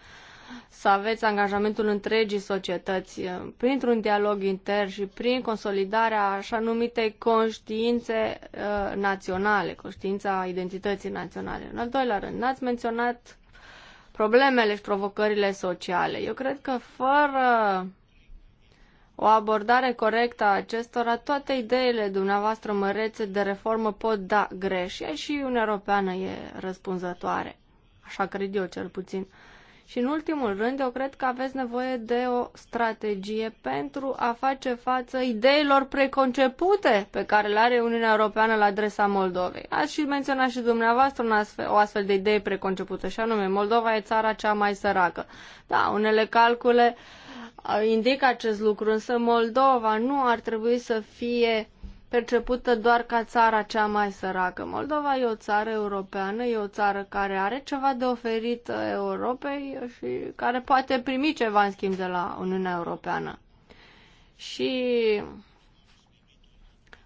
să aveți angajamentul întregii societăți eh, printr-un dialog intern și prin consolidarea așa numitei conștiințe uh, naționale, conștiința identității naționale. În al doilea rând, ați menționat problemele și provocările sociale. Eu cred că fără o abordare corectă a acestora, toate ideile dumneavoastră mărețe de reformă pot da greșe și Uniunea Europeană e răspunzătoare. Așa cred eu cel puțin. Uh, și în ultimul rând, eu cred că aveți nevoie de o strategie pentru a face față ideilor preconcepute pe care le are Uniunea Europeană la adresa Moldovei. Ați și menționat și dumneavoastră un astfel, o astfel de idee preconcepută, și anume, Moldova e țara cea mai săracă. Da, unele calcule uh, indică acest lucru, însă Moldova nu ar trebui să fie percepută doar ca țara cea mai săracă. Moldova e o țară europeană, e o țară care are ceva de oferit Europei și care poate primi ceva în schimb de la Uniunea Europeană. Și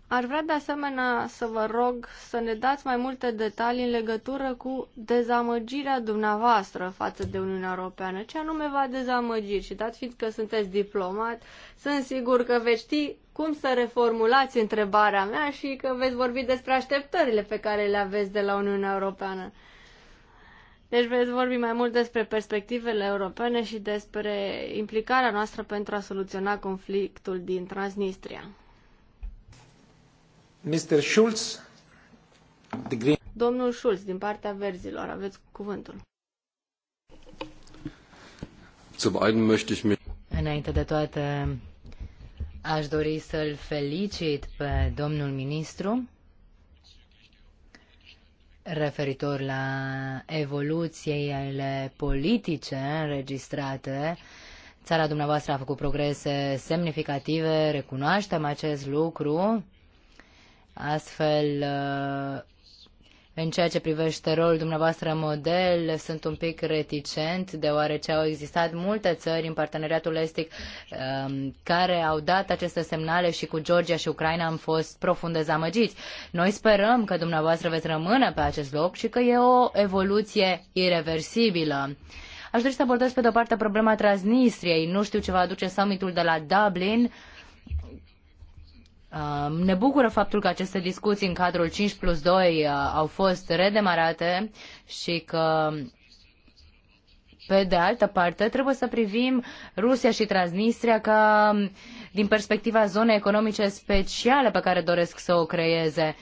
Aș vrea de asemenea să vă rog să ne dați mai multe detalii în legătură cu dezamăgirea dumneavoastră față de Uniunea Europeană. Ce anume va dezamăgi? și dat fiind că sunteți diplomat, sunt sigur că veți ști cum să reformulați întrebarea mea și că veți vorbi despre așteptările pe care le aveți de la Uniunea Europeană. Deci veți vorbi mai mult despre perspectivele europene și despre implicarea noastră pentru a soluționa conflictul din Transnistria. Mr. Schulz, the Green... Domnul Schulz, din partea verzilor, aveți cuvântul. Zum einen möchte ich mich... Înainte de toate, Aș dori să-l felicit pe domnul ministru referitor la evoluției politice înregistrate. Țara dumneavoastră a făcut progrese semnificative, recunoaștem acest lucru. Astfel, în ceea ce privește rolul dumneavoastră model, sunt un pic reticent, deoarece au existat multe țări în parteneriatul estic um, care au dat aceste semnale și cu Georgia și Ucraina am fost profund dezamăgiți. Noi sperăm că dumneavoastră veți rămâne pe acest loc și că e o evoluție irreversibilă. Aș dori să abordez pe de-o parte problema Transnistriei. Nu știu ce va aduce summitul de la Dublin, uh, Um, ne bucură faptul că aceste discuții în cadrul 5 plus 2 uh, au fost redemarate și că pe de altă parte, trebuie să privim Rusia și Transnistria ca um, din perspectiva zonei economice speciale pe care doresc să o creeze.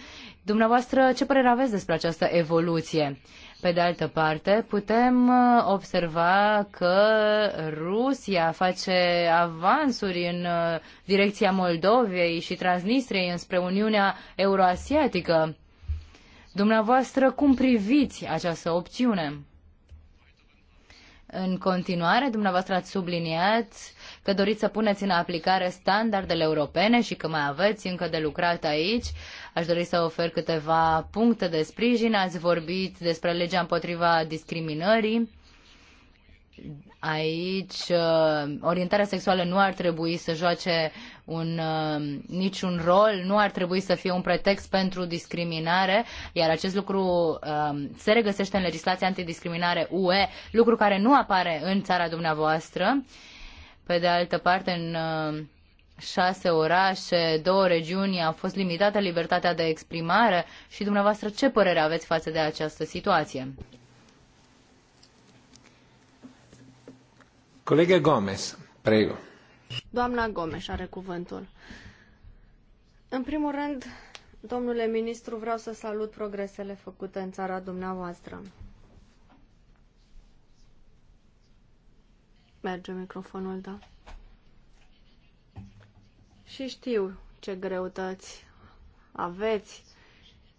Dumneavoastră, ce părere aveți despre această evoluție? Pe de altă parte, putem uh, observa că Rusia face avansuri în uh, direcția Moldovei și Transnistriei înspre Uniunea Euroasiatică. Dumneavoastră, cum priviți această opțiune? În continuare, dumneavoastră ați subliniat că doriți să puneți în aplicare standardele europene și că mai aveți încă de lucrat aici. Aș dori să ofer câteva puncte de sprijin. Ați vorbit despre legea împotriva discriminării. Aici, uh, orientarea sexuală nu ar trebui să joace un, uh, niciun rol, nu ar trebui să fie un pretext pentru discriminare, iar acest lucru um, se regăsește în legislația antidiscriminare UE, lucru care nu apare în țara dumneavoastră. Pe de altă parte, în uh, șase orașe, două regiuni a fost limitată libertatea de exprimare și dumneavoastră ce părere aveți față de această situație? Colegă Gomes, prego. Doamna Gomes are cuvântul. În primul rând, domnule ministru, vreau să salut progresele făcute în țara dumneavoastră. Merge microfonul, da. Și știu ce greutăți aveți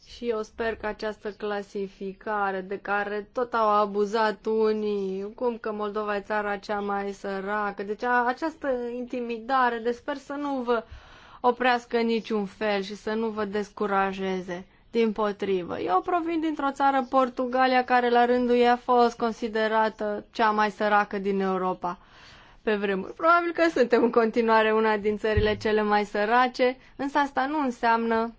și eu sper că această clasificare de care tot au abuzat unii, cum că Moldova e țara cea mai săracă, deci această intimidare, de sper să nu vă oprească niciun fel și să nu vă descurajeze. Din potrivă, eu provin dintr-o țară, Portugalia, care la rândul ei a fost considerată cea mai săracă din Europa pe vremuri. Probabil că suntem în continuare una din țările cele mai sărace, însă asta nu înseamnă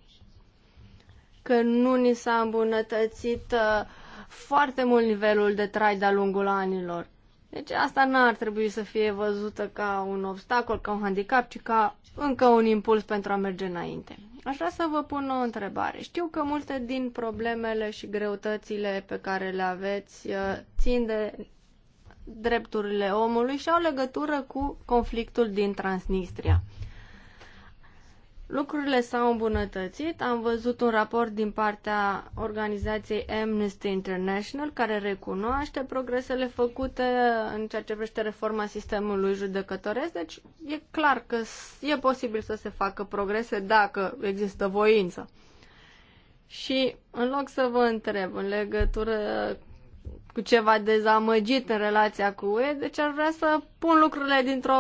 că nu ni s-a îmbunătățit uh, foarte mult nivelul de trai de-a lungul anilor. Deci asta nu ar trebui să fie văzută ca un obstacol, ca un handicap, ci ca încă un impuls pentru a merge înainte. Aș vrea să vă pun o întrebare. Știu că multe din problemele și greutățile pe care le aveți uh, țin de drepturile omului și au legătură cu conflictul din Transnistria. Lucrurile s-au îmbunătățit. Am văzut un raport din partea organizației Amnesty International care recunoaște progresele făcute în ceea ce privește reforma sistemului judecătoresc. Deci e clar că e posibil să se facă progrese dacă există voință. Și în loc să vă întreb în legătură cu ceva dezamăgit în relația cu UE, deci ar vrea să pun lucrurile dintr-o,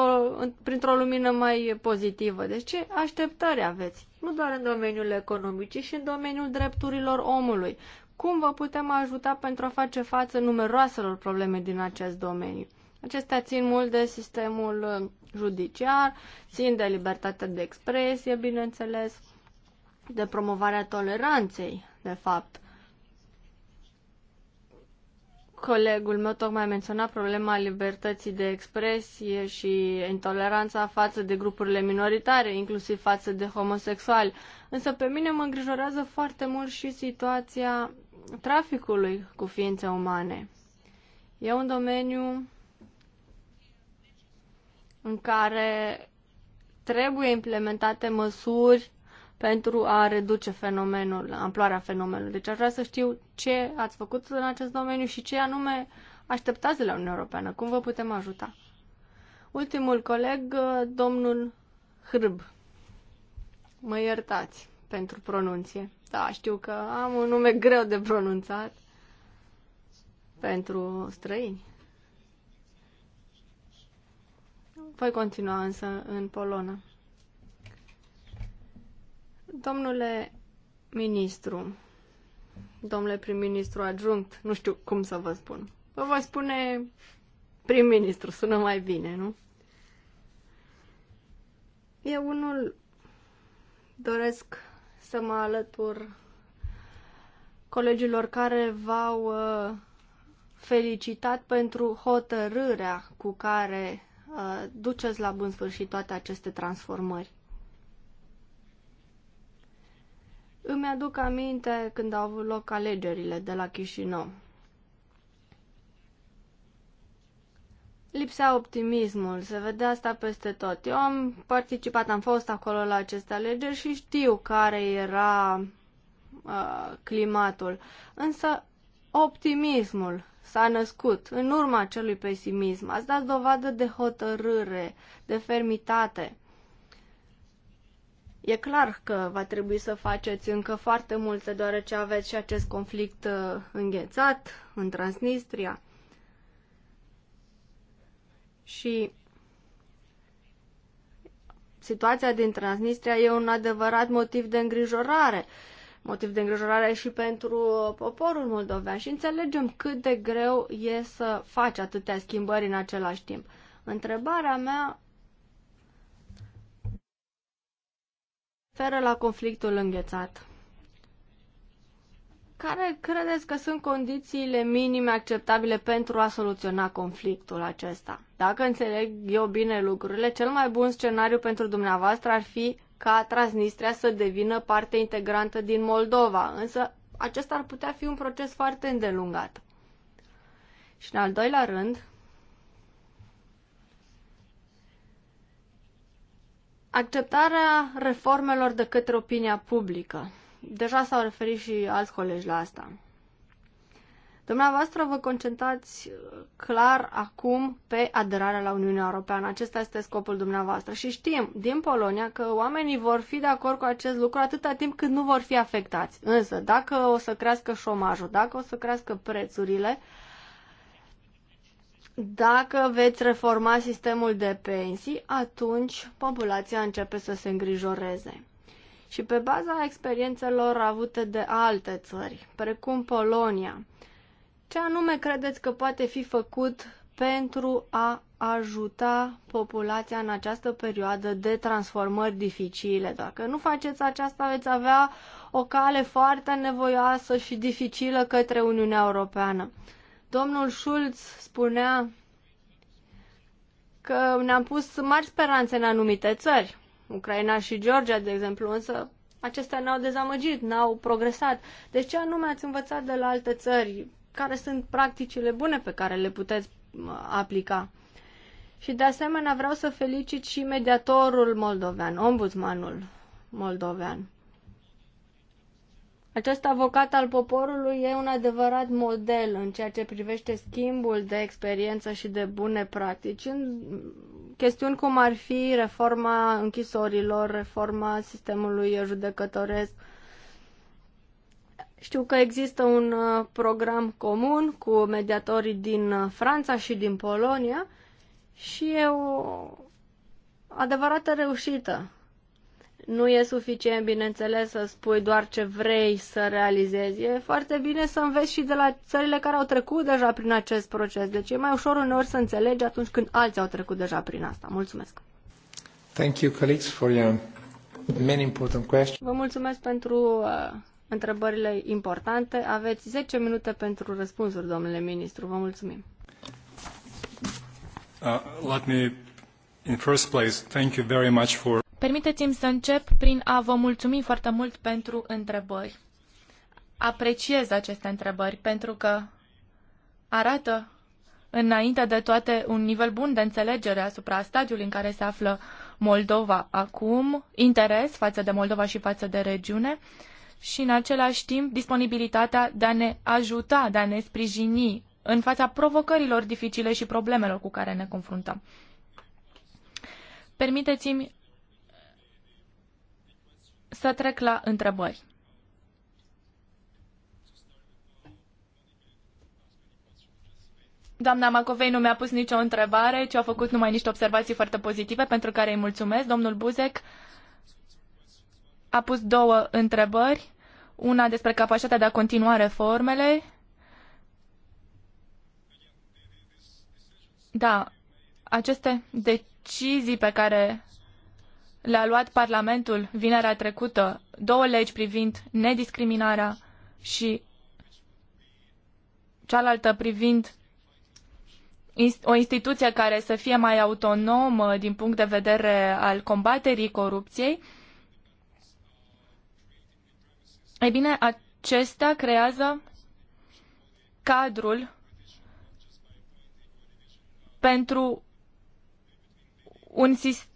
printr-o lumină mai pozitivă. Deci ce așteptări aveți? Nu doar în domeniul economic, ci și în domeniul drepturilor omului. Cum vă putem ajuta pentru a face față numeroaselor probleme din acest domeniu? Acestea țin mult de sistemul uh, judiciar, țin de libertatea de expresie, bineînțeles, de promovarea toleranței, de fapt. Colegul meu tocmai a menționat problema libertății de expresie și intoleranța față de grupurile minoritare, inclusiv față de homosexuali. Însă pe mine mă îngrijorează foarte mult și situația traficului cu ființe umane. E un domeniu în care trebuie implementate măsuri pentru a reduce fenomenul, amploarea fenomenului. Deci aș vrea să știu ce ați făcut în acest domeniu și ce anume așteptați de la Uniunea Europeană, cum vă putem ajuta. Ultimul coleg, uh, domnul Hrb. Mă iertați pentru pronunție. Da, știu că am un nume greu de pronunțat pentru străini. Voi continua însă în polonă. Domnule ministru, domnule prim-ministru adjunct, nu știu cum să vă spun. Vă voi spune prim-ministru, sună mai bine, nu? Eu unul doresc să mă alătur colegilor care v-au uh, felicitat pentru hotărârea cu care uh, duceți la bun sfârșit toate aceste transformări. Îmi aduc aminte când au avut loc alegerile de la Chișinău. Lipsea optimismul, se vedea asta peste tot. Eu am participat, am fost acolo la aceste alegeri și știu care era uh, climatul. Însă optimismul s-a născut în urma acelui pesimism. Ați dat dovadă de hotărâre, de fermitate. E clar că va trebui să faceți încă foarte multe, deoarece aveți și acest conflict uh, înghețat în Transnistria. Și situația din Transnistria e un adevărat motiv de îngrijorare. Motiv de îngrijorare și pentru uh, poporul moldovean și înțelegem cât de greu e să faci atâtea schimbări în același timp. Întrebarea mea referă la conflictul înghețat. Care credeți că sunt condițiile minime acceptabile pentru a soluționa conflictul acesta? Dacă înțeleg eu bine lucrurile, cel mai bun scenariu pentru dumneavoastră ar fi ca Transnistria să devină parte integrantă din Moldova, însă acesta ar putea fi un proces foarte îndelungat. Și în al doilea rând, Acceptarea reformelor de către opinia publică. Deja s-au referit și alți colegi la asta. Dumneavoastră vă concentrați uh, clar acum pe aderarea la Uniunea Europeană. Acesta este scopul dumneavoastră. Și știm din Polonia că oamenii vor fi de acord cu acest lucru atâta timp cât nu vor fi afectați. Însă, dacă o să crească șomajul, dacă o să crească prețurile, uh, dacă veți reforma sistemul de pensii, atunci populația începe să se îngrijoreze. Și pe baza experiențelor avute de alte țări, precum Polonia, ce anume credeți că poate fi făcut pentru a ajuta populația în această perioadă de transformări dificile? Dacă nu faceți aceasta, veți avea o cale foarte nevoioasă și dificilă către Uniunea Europeană. Domnul Schulz spunea că ne-am pus mari speranțe în anumite țări, Ucraina și Georgia, de exemplu, însă acestea ne-au dezamăgit, n-au progresat. Deci ce anume ați învățat de la alte țări? Care sunt practicile bune pe care le puteți aplica? Și de asemenea vreau să felicit și mediatorul moldovean, ombudsmanul moldovean. Acest avocat al poporului e un adevărat model în ceea ce privește schimbul de experiență și de bune practici în chestiuni cum ar fi reforma închisorilor, reforma sistemului judecătoresc. Știu că există un uh, program comun cu mediatorii din uh, Franța și din Polonia și e o adevărată reușită nu e suficient, bineînțeles, să spui doar ce vrei să realizezi. E foarte bine să înveți și de la țările care au trecut deja prin acest proces. Deci e mai ușor uneori să înțelegi atunci când alții au trecut deja prin asta. Mulțumesc! Thank you, colleagues, for your many important questions. Vă mulțumesc pentru uh, întrebările importante. Aveți 10 minute pentru răspunsuri, domnule ministru. Vă mulțumim. Uh, let me, in first place, thank you very much for Permiteți-mi să încep prin a vă mulțumi foarte mult pentru întrebări. Apreciez aceste întrebări pentru că arată înainte de toate un nivel bun de înțelegere asupra stadiului în care se află Moldova acum, interes față de Moldova și față de regiune și în același timp disponibilitatea de a ne ajuta, de a ne sprijini în fața provocărilor dificile și problemelor cu care ne confruntăm. Permiteți-mi să trec la întrebări. Doamna Macovei nu mi-a pus nicio întrebare, ci a făcut numai niște observații foarte pozitive, pentru care îi mulțumesc. Domnul Buzek a pus două întrebări, una despre capacitatea de a continua reformele. Da, aceste decizii pe care le-a luat Parlamentul vinerea trecută două legi privind nediscriminarea și cealaltă privind o instituție care să fie mai autonomă din punct de vedere al combaterii corupției, e bine, acestea creează cadrul pentru un sistem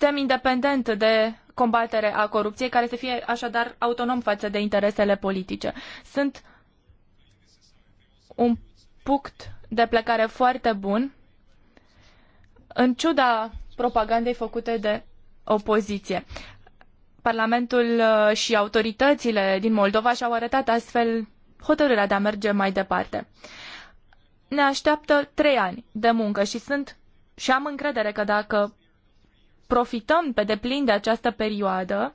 sistem independent de combatere a corupției, care să fie așadar autonom față de interesele politice. Sunt un punct de plecare foarte bun, în ciuda propagandei făcute de opoziție. Parlamentul uh, și autoritățile din Moldova și-au arătat astfel hotărârea de a merge mai departe. Ne așteaptă trei ani de muncă și sunt și am încredere că dacă profităm pe deplin de această perioadă,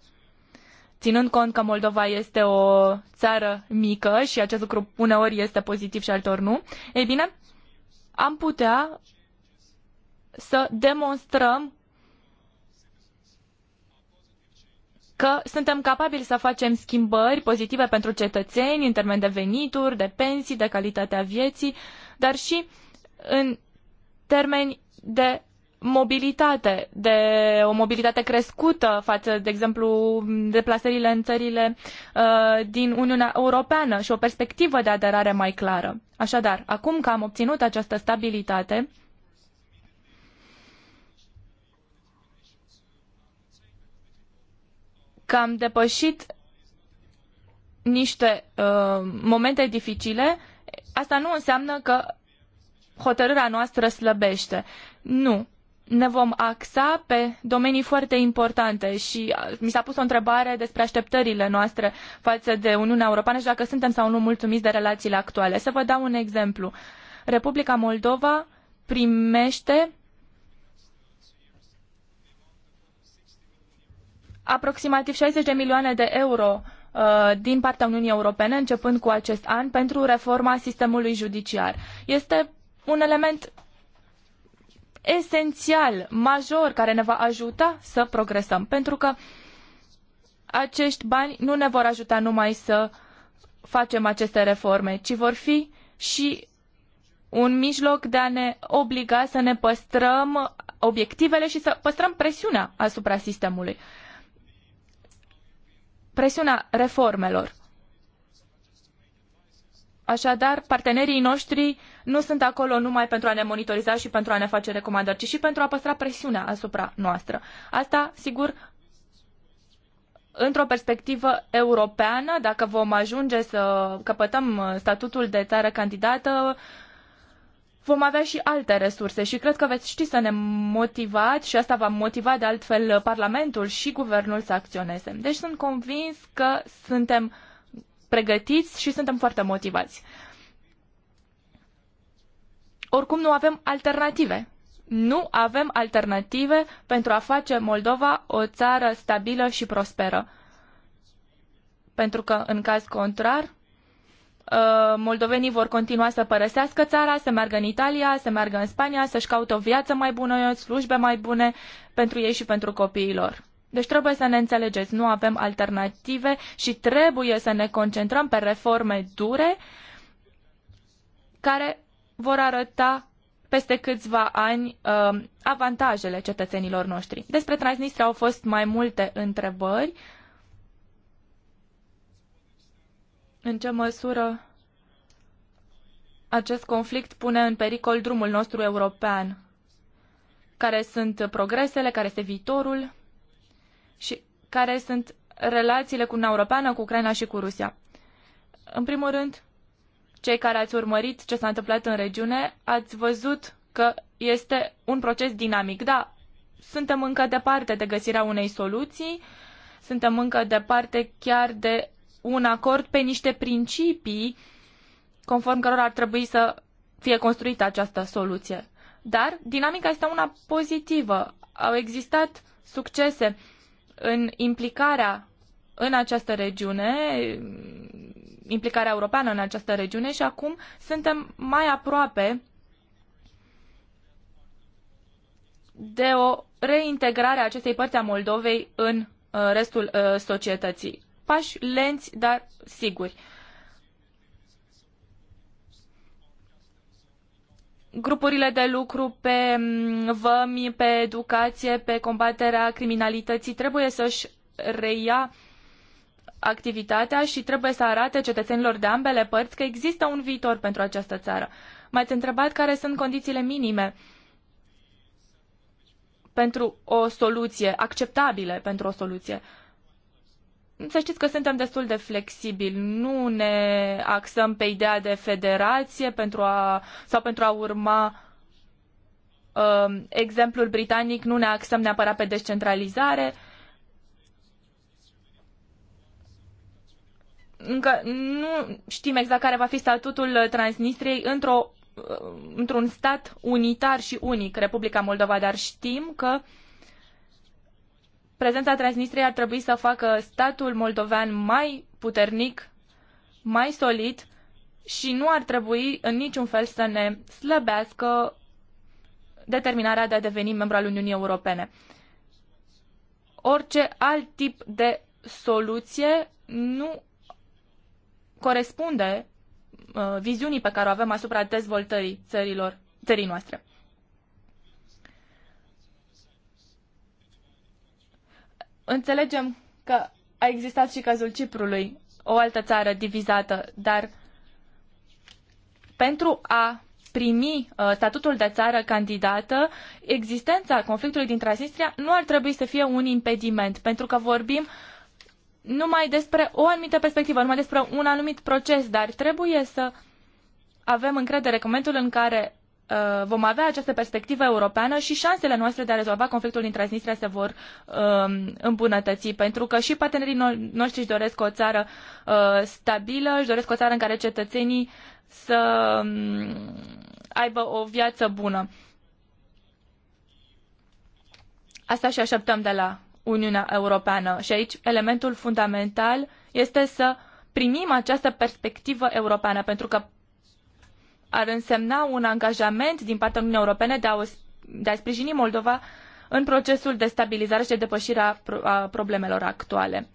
ținând cont că Moldova este o țară mică și acest lucru uneori este pozitiv și altor nu, ei bine, am putea să demonstrăm că suntem capabili să facem schimbări pozitive pentru cetățeni în termen de venituri, de pensii, de calitatea vieții, dar și în termeni de mobilitate, de o mobilitate crescută față, de exemplu, deplasările în țările uh, din Uniunea Europeană și o perspectivă de aderare mai clară. Așadar, acum că am obținut această stabilitate, că am depășit niște uh, momente dificile, asta nu înseamnă că hotărârea noastră slăbește. Nu ne vom axa pe domenii foarte importante și mi s-a pus o întrebare despre așteptările noastre față de Uniunea Europeană și dacă suntem sau nu mulțumiți de relațiile actuale. Să vă dau un exemplu. Republica Moldova primește aproximativ 60 de milioane de euro uh, din partea Uniunii Europene, începând cu acest an, pentru reforma sistemului judiciar. Este un element esențial, major, care ne va ajuta să progresăm. Pentru că acești bani nu ne vor ajuta numai să facem aceste reforme, ci vor fi și un mijloc de a ne obliga să ne păstrăm obiectivele și să păstrăm presiunea asupra sistemului. Presiunea reformelor. Așadar, partenerii noștri nu sunt acolo numai pentru a ne monitoriza și pentru a ne face recomandări, ci și pentru a păstra presiunea asupra noastră. Asta, sigur, într-o perspectivă europeană, dacă vom ajunge să căpătăm statutul de țară candidată, vom avea și alte resurse și cred că veți ști să ne motivați și asta va motiva de altfel Parlamentul și Guvernul să acționeze. Deci sunt convins că suntem pregătiți și suntem foarte motivați. Oricum nu avem alternative. Nu avem alternative pentru a face Moldova o țară stabilă și prosperă. Pentru că, în caz contrar, uh, moldovenii vor continua să părăsească țara, să meargă în Italia, să meargă în Spania, să-și caute o viață mai bună, slujbe mai bune pentru ei și pentru copiii lor. Deci trebuie să ne înțelegeți, nu avem alternative și trebuie să ne concentrăm pe reforme dure care vor arăta peste câțiva ani uh, avantajele cetățenilor noștri. Despre Transnistria au fost mai multe întrebări. În ce măsură acest conflict pune în pericol drumul nostru european? Care sunt progresele? Care este viitorul? și care sunt relațiile cu Uniunea Europeană, cu Ucraina și cu Rusia. În primul rând, cei care ați urmărit ce s-a întâmplat în regiune, ați văzut că este un proces dinamic. Da, suntem încă departe de găsirea unei soluții, suntem încă departe chiar de un acord pe niște principii conform cărora ar trebui să fie construită această soluție. Dar dinamica este una pozitivă. Au existat succese în implicarea în această regiune, implicarea europeană în această regiune și acum suntem mai aproape de o reintegrare a acestei părți a Moldovei în uh, restul uh, societății. Pași lenți, dar siguri. grupurile de lucru pe mm, vămi, pe educație, pe combaterea criminalității trebuie să-și reia activitatea și trebuie să arate cetățenilor de ambele părți că există un viitor pentru această țară. M-ați întrebat care sunt condițiile minime pentru o soluție, acceptabile pentru o soluție să știți că suntem destul de flexibili. Nu ne axăm pe ideea de federație pentru a, sau pentru a urma uh, exemplul britanic, nu ne axăm neapărat pe descentralizare. Încă nu știm exact care va fi statutul Transnistriei într-o, uh, într-un stat unitar și unic, Republica Moldova, dar știm că uh, prezența Transnistriei ar trebui să facă statul moldovean mai puternic, mai solid și nu ar trebui în niciun fel să ne slăbească determinarea de a deveni membru al Uniunii Europene. Orice alt tip de soluție nu corespunde uh, viziunii pe care o avem asupra dezvoltării țărilor, țării noastre. Înțelegem că a existat și cazul Ciprului, o altă țară divizată, dar pentru a primi uh, statutul de țară candidată, existența conflictului din Transnistria nu ar trebui să fie un impediment, pentru că vorbim numai despre o anumită perspectivă, numai despre un anumit proces, dar trebuie să avem încredere că momentul în care Uh, vom avea această perspectivă europeană și șansele noastre de a rezolva conflictul din Transnistria se vor um, îmbunătăți, pentru că și partenerii no- noștri își doresc o țară uh, stabilă, își doresc o țară în care cetățenii să um, aibă o viață bună. Asta și așteptăm de la Uniunea Europeană. Și aici elementul fundamental este să primim această perspectivă europeană, pentru că ar însemna un angajament din partea Uniunii Europene de a, de a sprijini Moldova în procesul de stabilizare și de depășire a, a problemelor actuale.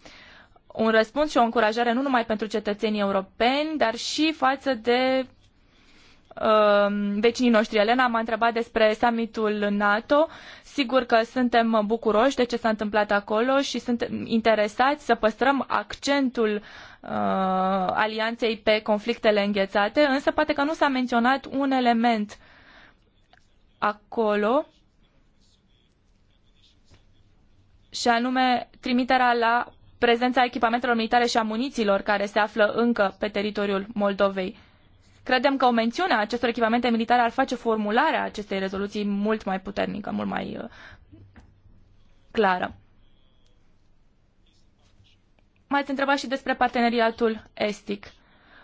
Un răspuns și o încurajare nu numai pentru cetățenii europeni, dar și față de Um, vecinii noștri. Elena m-a întrebat despre summitul NATO. Sigur că suntem bucuroși de ce s-a întâmplat acolo și suntem interesați să păstrăm accentul uh, alianței pe conflictele înghețate, însă poate că nu s-a menționat un element acolo și anume trimiterea la prezența echipamentelor militare și a muniților care se află încă pe teritoriul Moldovei Credem că o mențiune a acestor echipamente militare ar face formularea acestei rezoluții mult mai puternică, mult mai uh, clară. M-ați întrebat și despre parteneriatul estic.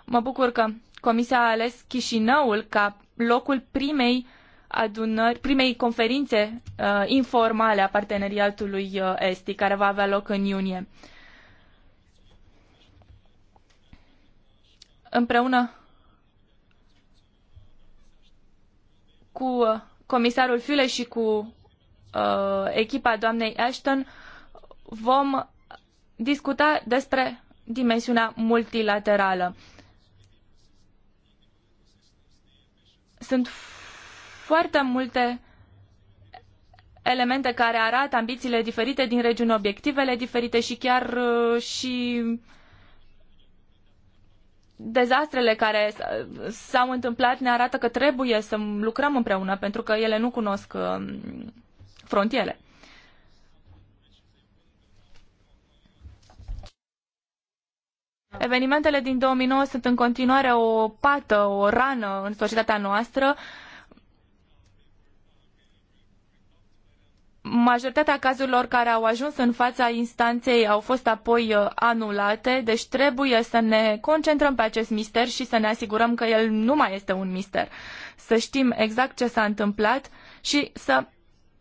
Mă bucur că Comisia a ales Chișinăul ca locul primei adunări, primei conferințe uh, informale a parteneriatului uh, estic, care va avea loc în iunie. Împreună cu uh, comisarul Fiule și cu uh, echipa doamnei Ashton vom discuta despre dimensiunea multilaterală. Sunt foarte multe elemente care arată ambițiile diferite din regiune, obiectivele diferite și chiar uh, și dezastrele care s-au întâmplat ne arată că trebuie să lucrăm împreună pentru că ele nu cunosc um, frontiere. Evenimentele din 2009 sunt în continuare o pată, o rană în societatea noastră. Uh, Majoritatea cazurilor care au ajuns în fața instanței au fost apoi uh, anulate, deci trebuie să ne concentrăm pe acest mister și să ne asigurăm că el nu mai este un mister. Să știm exact ce s-a întâmplat și să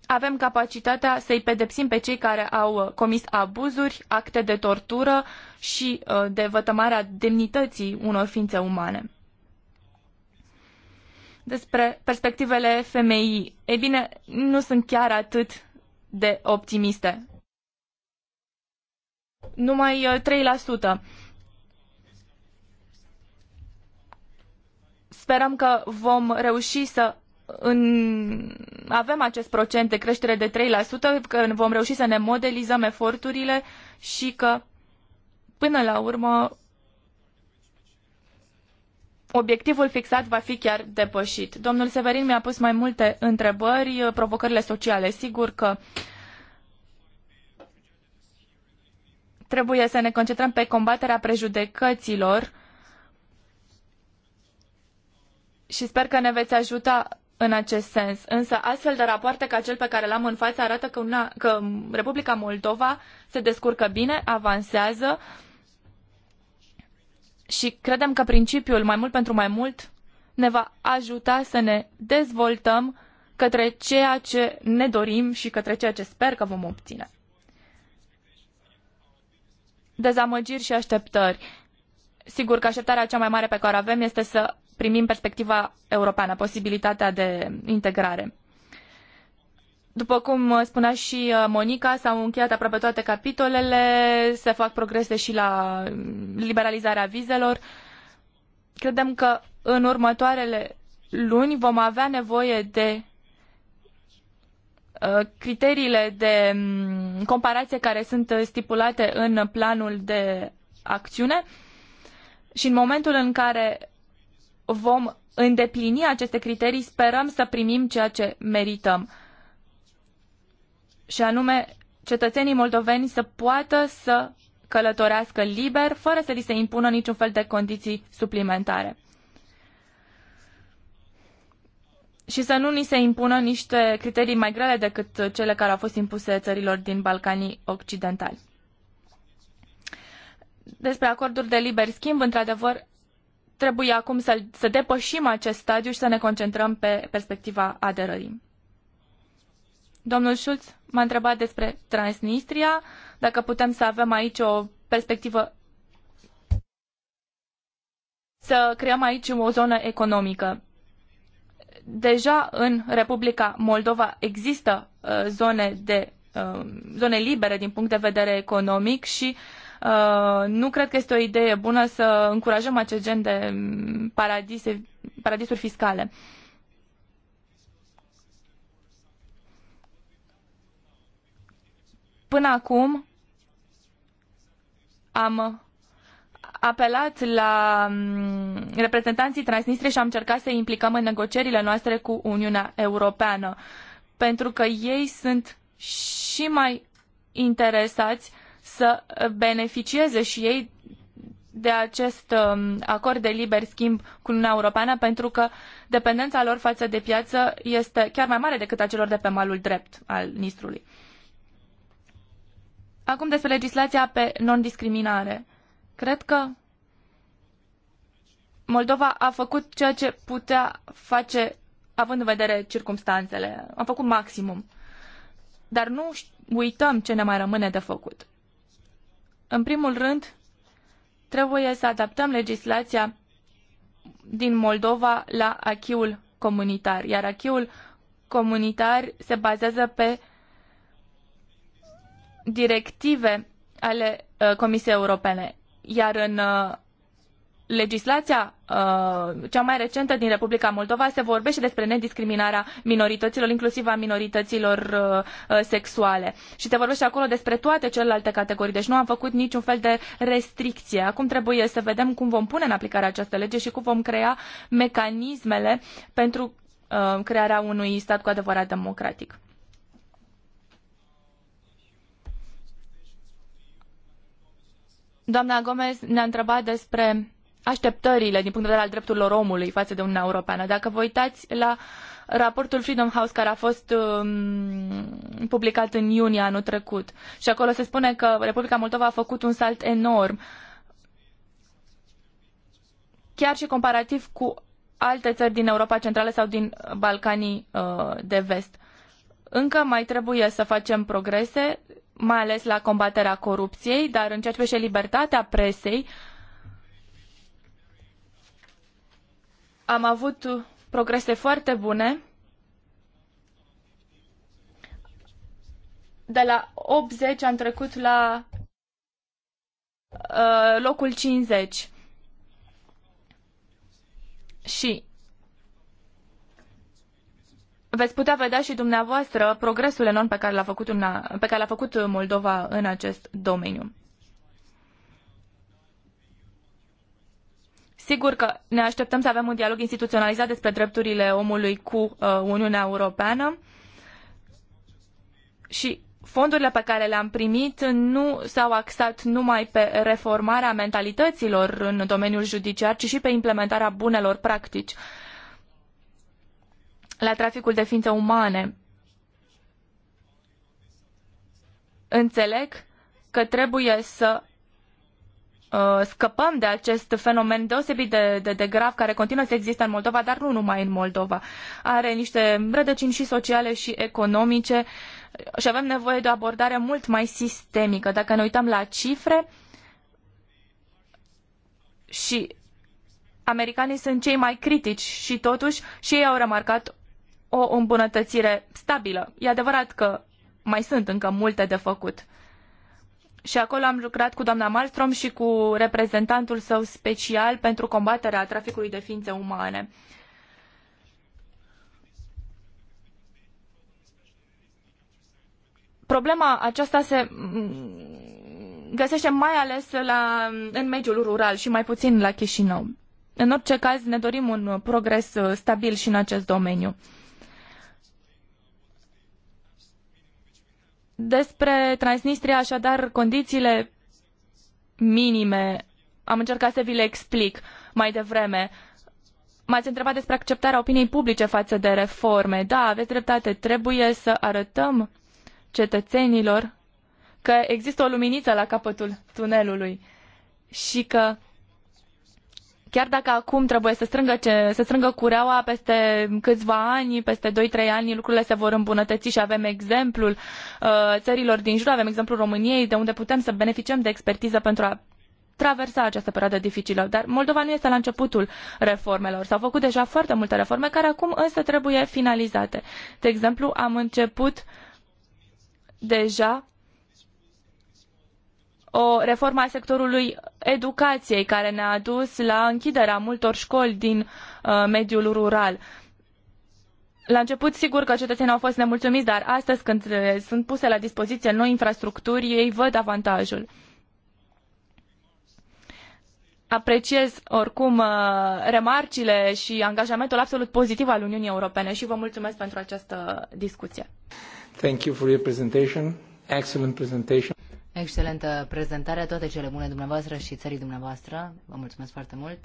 avem capacitatea să-i pedepsim pe cei care au uh, comis abuzuri, acte de tortură și uh, de vătămarea demnității unor ființe umane. Despre perspectivele femeii, e bine, nu sunt chiar atât de optimiste. Numai 3%. Uh, Sperăm că vom reuși să în... avem acest procent de creștere de 3%, că vom reuși să ne modelizăm eforturile și că până la urmă obiectivul fixat va fi chiar depășit. Domnul Severin mi-a pus mai multe întrebări, uh, provocările sociale. Sigur că trebuie să ne concentrăm pe combaterea prejudecăților și sper că ne veți ajuta în acest sens. Însă astfel de rapoarte ca cel pe care l-am în față arată că, una, că Republica Moldova se descurcă bine, avansează, uh, și credem că principiul mai mult pentru mai mult ne va ajuta să ne dezvoltăm către ceea ce ne dorim și către ceea ce sper că vom obține. Dezamăgiri și așteptări. Sigur că așteptarea cea mai mare pe care o avem este să primim perspectiva europeană, posibilitatea de integrare. După cum uh, spunea și uh, Monica, s-au încheiat aproape toate capitolele, se fac progrese și la mm, liberalizarea vizelor. Credem că în următoarele luni vom avea nevoie de uh, criteriile de mm, comparație care sunt stipulate în planul de acțiune și în momentul în care vom îndeplini aceste criterii, sperăm să primim ceea ce merităm și anume cetățenii moldoveni să poată să călătorească liber, fără să li se impună niciun fel de condiții suplimentare. Și să nu ni se impună niște criterii mai grele decât cele care au fost impuse țărilor din Balcanii Occidentali. Despre acorduri de liber schimb, într-adevăr, trebuie acum să, să depășim acest stadiu și să ne concentrăm pe perspectiva aderării. Domnul Schulz m-a întrebat despre Transnistria, dacă putem să avem aici o perspectivă să creăm aici o zonă economică. Deja în Republica Moldova există uh, zone, de, uh, zone libere din punct de vedere economic și uh, nu cred că este o idee bună să încurajăm acest gen de mm, paradise, paradisuri fiscale. Uh, Până acum am apelat la mm, reprezentanții Transnistriei și am încercat să implicăm în negocierile noastre cu Uniunea Europeană, pentru că ei sunt și mai interesați să beneficieze și ei de acest mm, acord de liber schimb cu Uniunea Europeană, pentru că dependența lor față de piață este chiar mai mare decât a celor de pe malul drept al Nistrului. Acum despre legislația pe non-discriminare. Cred că Moldova a făcut ceea ce putea face având în vedere circumstanțele. A făcut maximum. Dar nu uităm ce ne mai rămâne de făcut. În primul rând, trebuie să adaptăm legislația din Moldova la achiul comunitar, iar achiul comunitar se bazează pe directive ale uh, Comisiei Europene, iar în uh, legislația uh, cea mai recentă din Republica Moldova se vorbește despre nediscriminarea minorităților, inclusiv a minorităților sexuale. Și se vorbește acolo despre toate celelalte categorii, deci nu am făcut niciun fel de restricție. Acum trebuie să vedem cum vom pune în aplicare această lege și cum vom crea mecanismele pentru crearea unui stat cu adevărat democratic. Doamna Gomez ne-a întrebat despre așteptările din punct de vedere al drepturilor omului față de Uniunea Europeană. Dacă vă uitați la raportul Freedom House care a fost um, publicat în iunie anul trecut și acolo se spune că Republica Moldova a făcut un salt enorm chiar și comparativ cu alte țări din Europa Centrală sau din Balcanii uh, de Vest. Încă mai trebuie să facem progrese mai ales la combaterea corupției, dar în ceea ce privește libertatea presei, am avut progrese foarte bune de la 80 am trecut la uh, locul 50. Și veți putea vedea și dumneavoastră progresul enorm pe care l-a făcut, una, pe care l-a făcut Moldova în acest domeniu. Sigur că ne așteptăm să avem un dialog instituționalizat despre drepturile omului cu uh, Uniunea Europeană și fondurile pe care le-am primit nu s-au axat numai pe reformarea mentalităților în domeniul judiciar, ci și pe implementarea bunelor practici. Uh, la traficul de ființe umane. Înțeleg că trebuie să uh, scăpăm de acest fenomen deosebit de, de, de grav care continuă să existe în Moldova, dar nu numai în Moldova. Are niște rădăcini și sociale și economice și avem nevoie de o abordare mult mai sistemică. Dacă ne uităm la cifre și americanii sunt cei mai critici și totuși și ei au remarcat o îmbunătățire stabilă. E adevărat că mai sunt încă multe de făcut. Și acolo am lucrat cu doamna Malmström și cu reprezentantul său special pentru combaterea traficului de ființe umane. Problema aceasta se mm, găsește mai ales la, în mediul rural și mai puțin la Chișinău. În orice caz, ne dorim un progres uh, stabil și în acest domeniu. Despre Transnistria, așadar, condițiile minime, am încercat să vi le explic mai devreme. M-ați întrebat despre acceptarea opiniei publice față de reforme. Da, aveți dreptate, trebuie să arătăm cetățenilor că există o luminiță la capătul tunelului și că Chiar dacă acum trebuie să strângă, ce, să strângă cureaua peste câțiva ani, peste 2-3 ani, lucrurile se vor îmbunătăți și avem exemplul uh, țărilor din jur, avem exemplul României, de unde putem să beneficiem de expertiză pentru a traversa această perioadă dificilă. Dar Moldova nu este la începutul reformelor. S-au făcut deja foarte multe reforme care acum însă trebuie finalizate. De exemplu, am început deja o reformă a sectorului educației care ne-a adus la închiderea multor școli din uh, mediul rural. La început, sigur că cetățenii au fost nemulțumiți, dar astăzi, când uh, sunt puse la dispoziție noi infrastructuri, ei văd avantajul. Apreciez oricum uh, remarcile și angajamentul absolut pozitiv al Uniunii Europene și vă mulțumesc pentru această discuție. Thank you for your presentation. Excellent presentation. Excelentă prezentare, toate cele bune dumneavoastră și țării dumneavoastră. Vă mulțumesc foarte mult.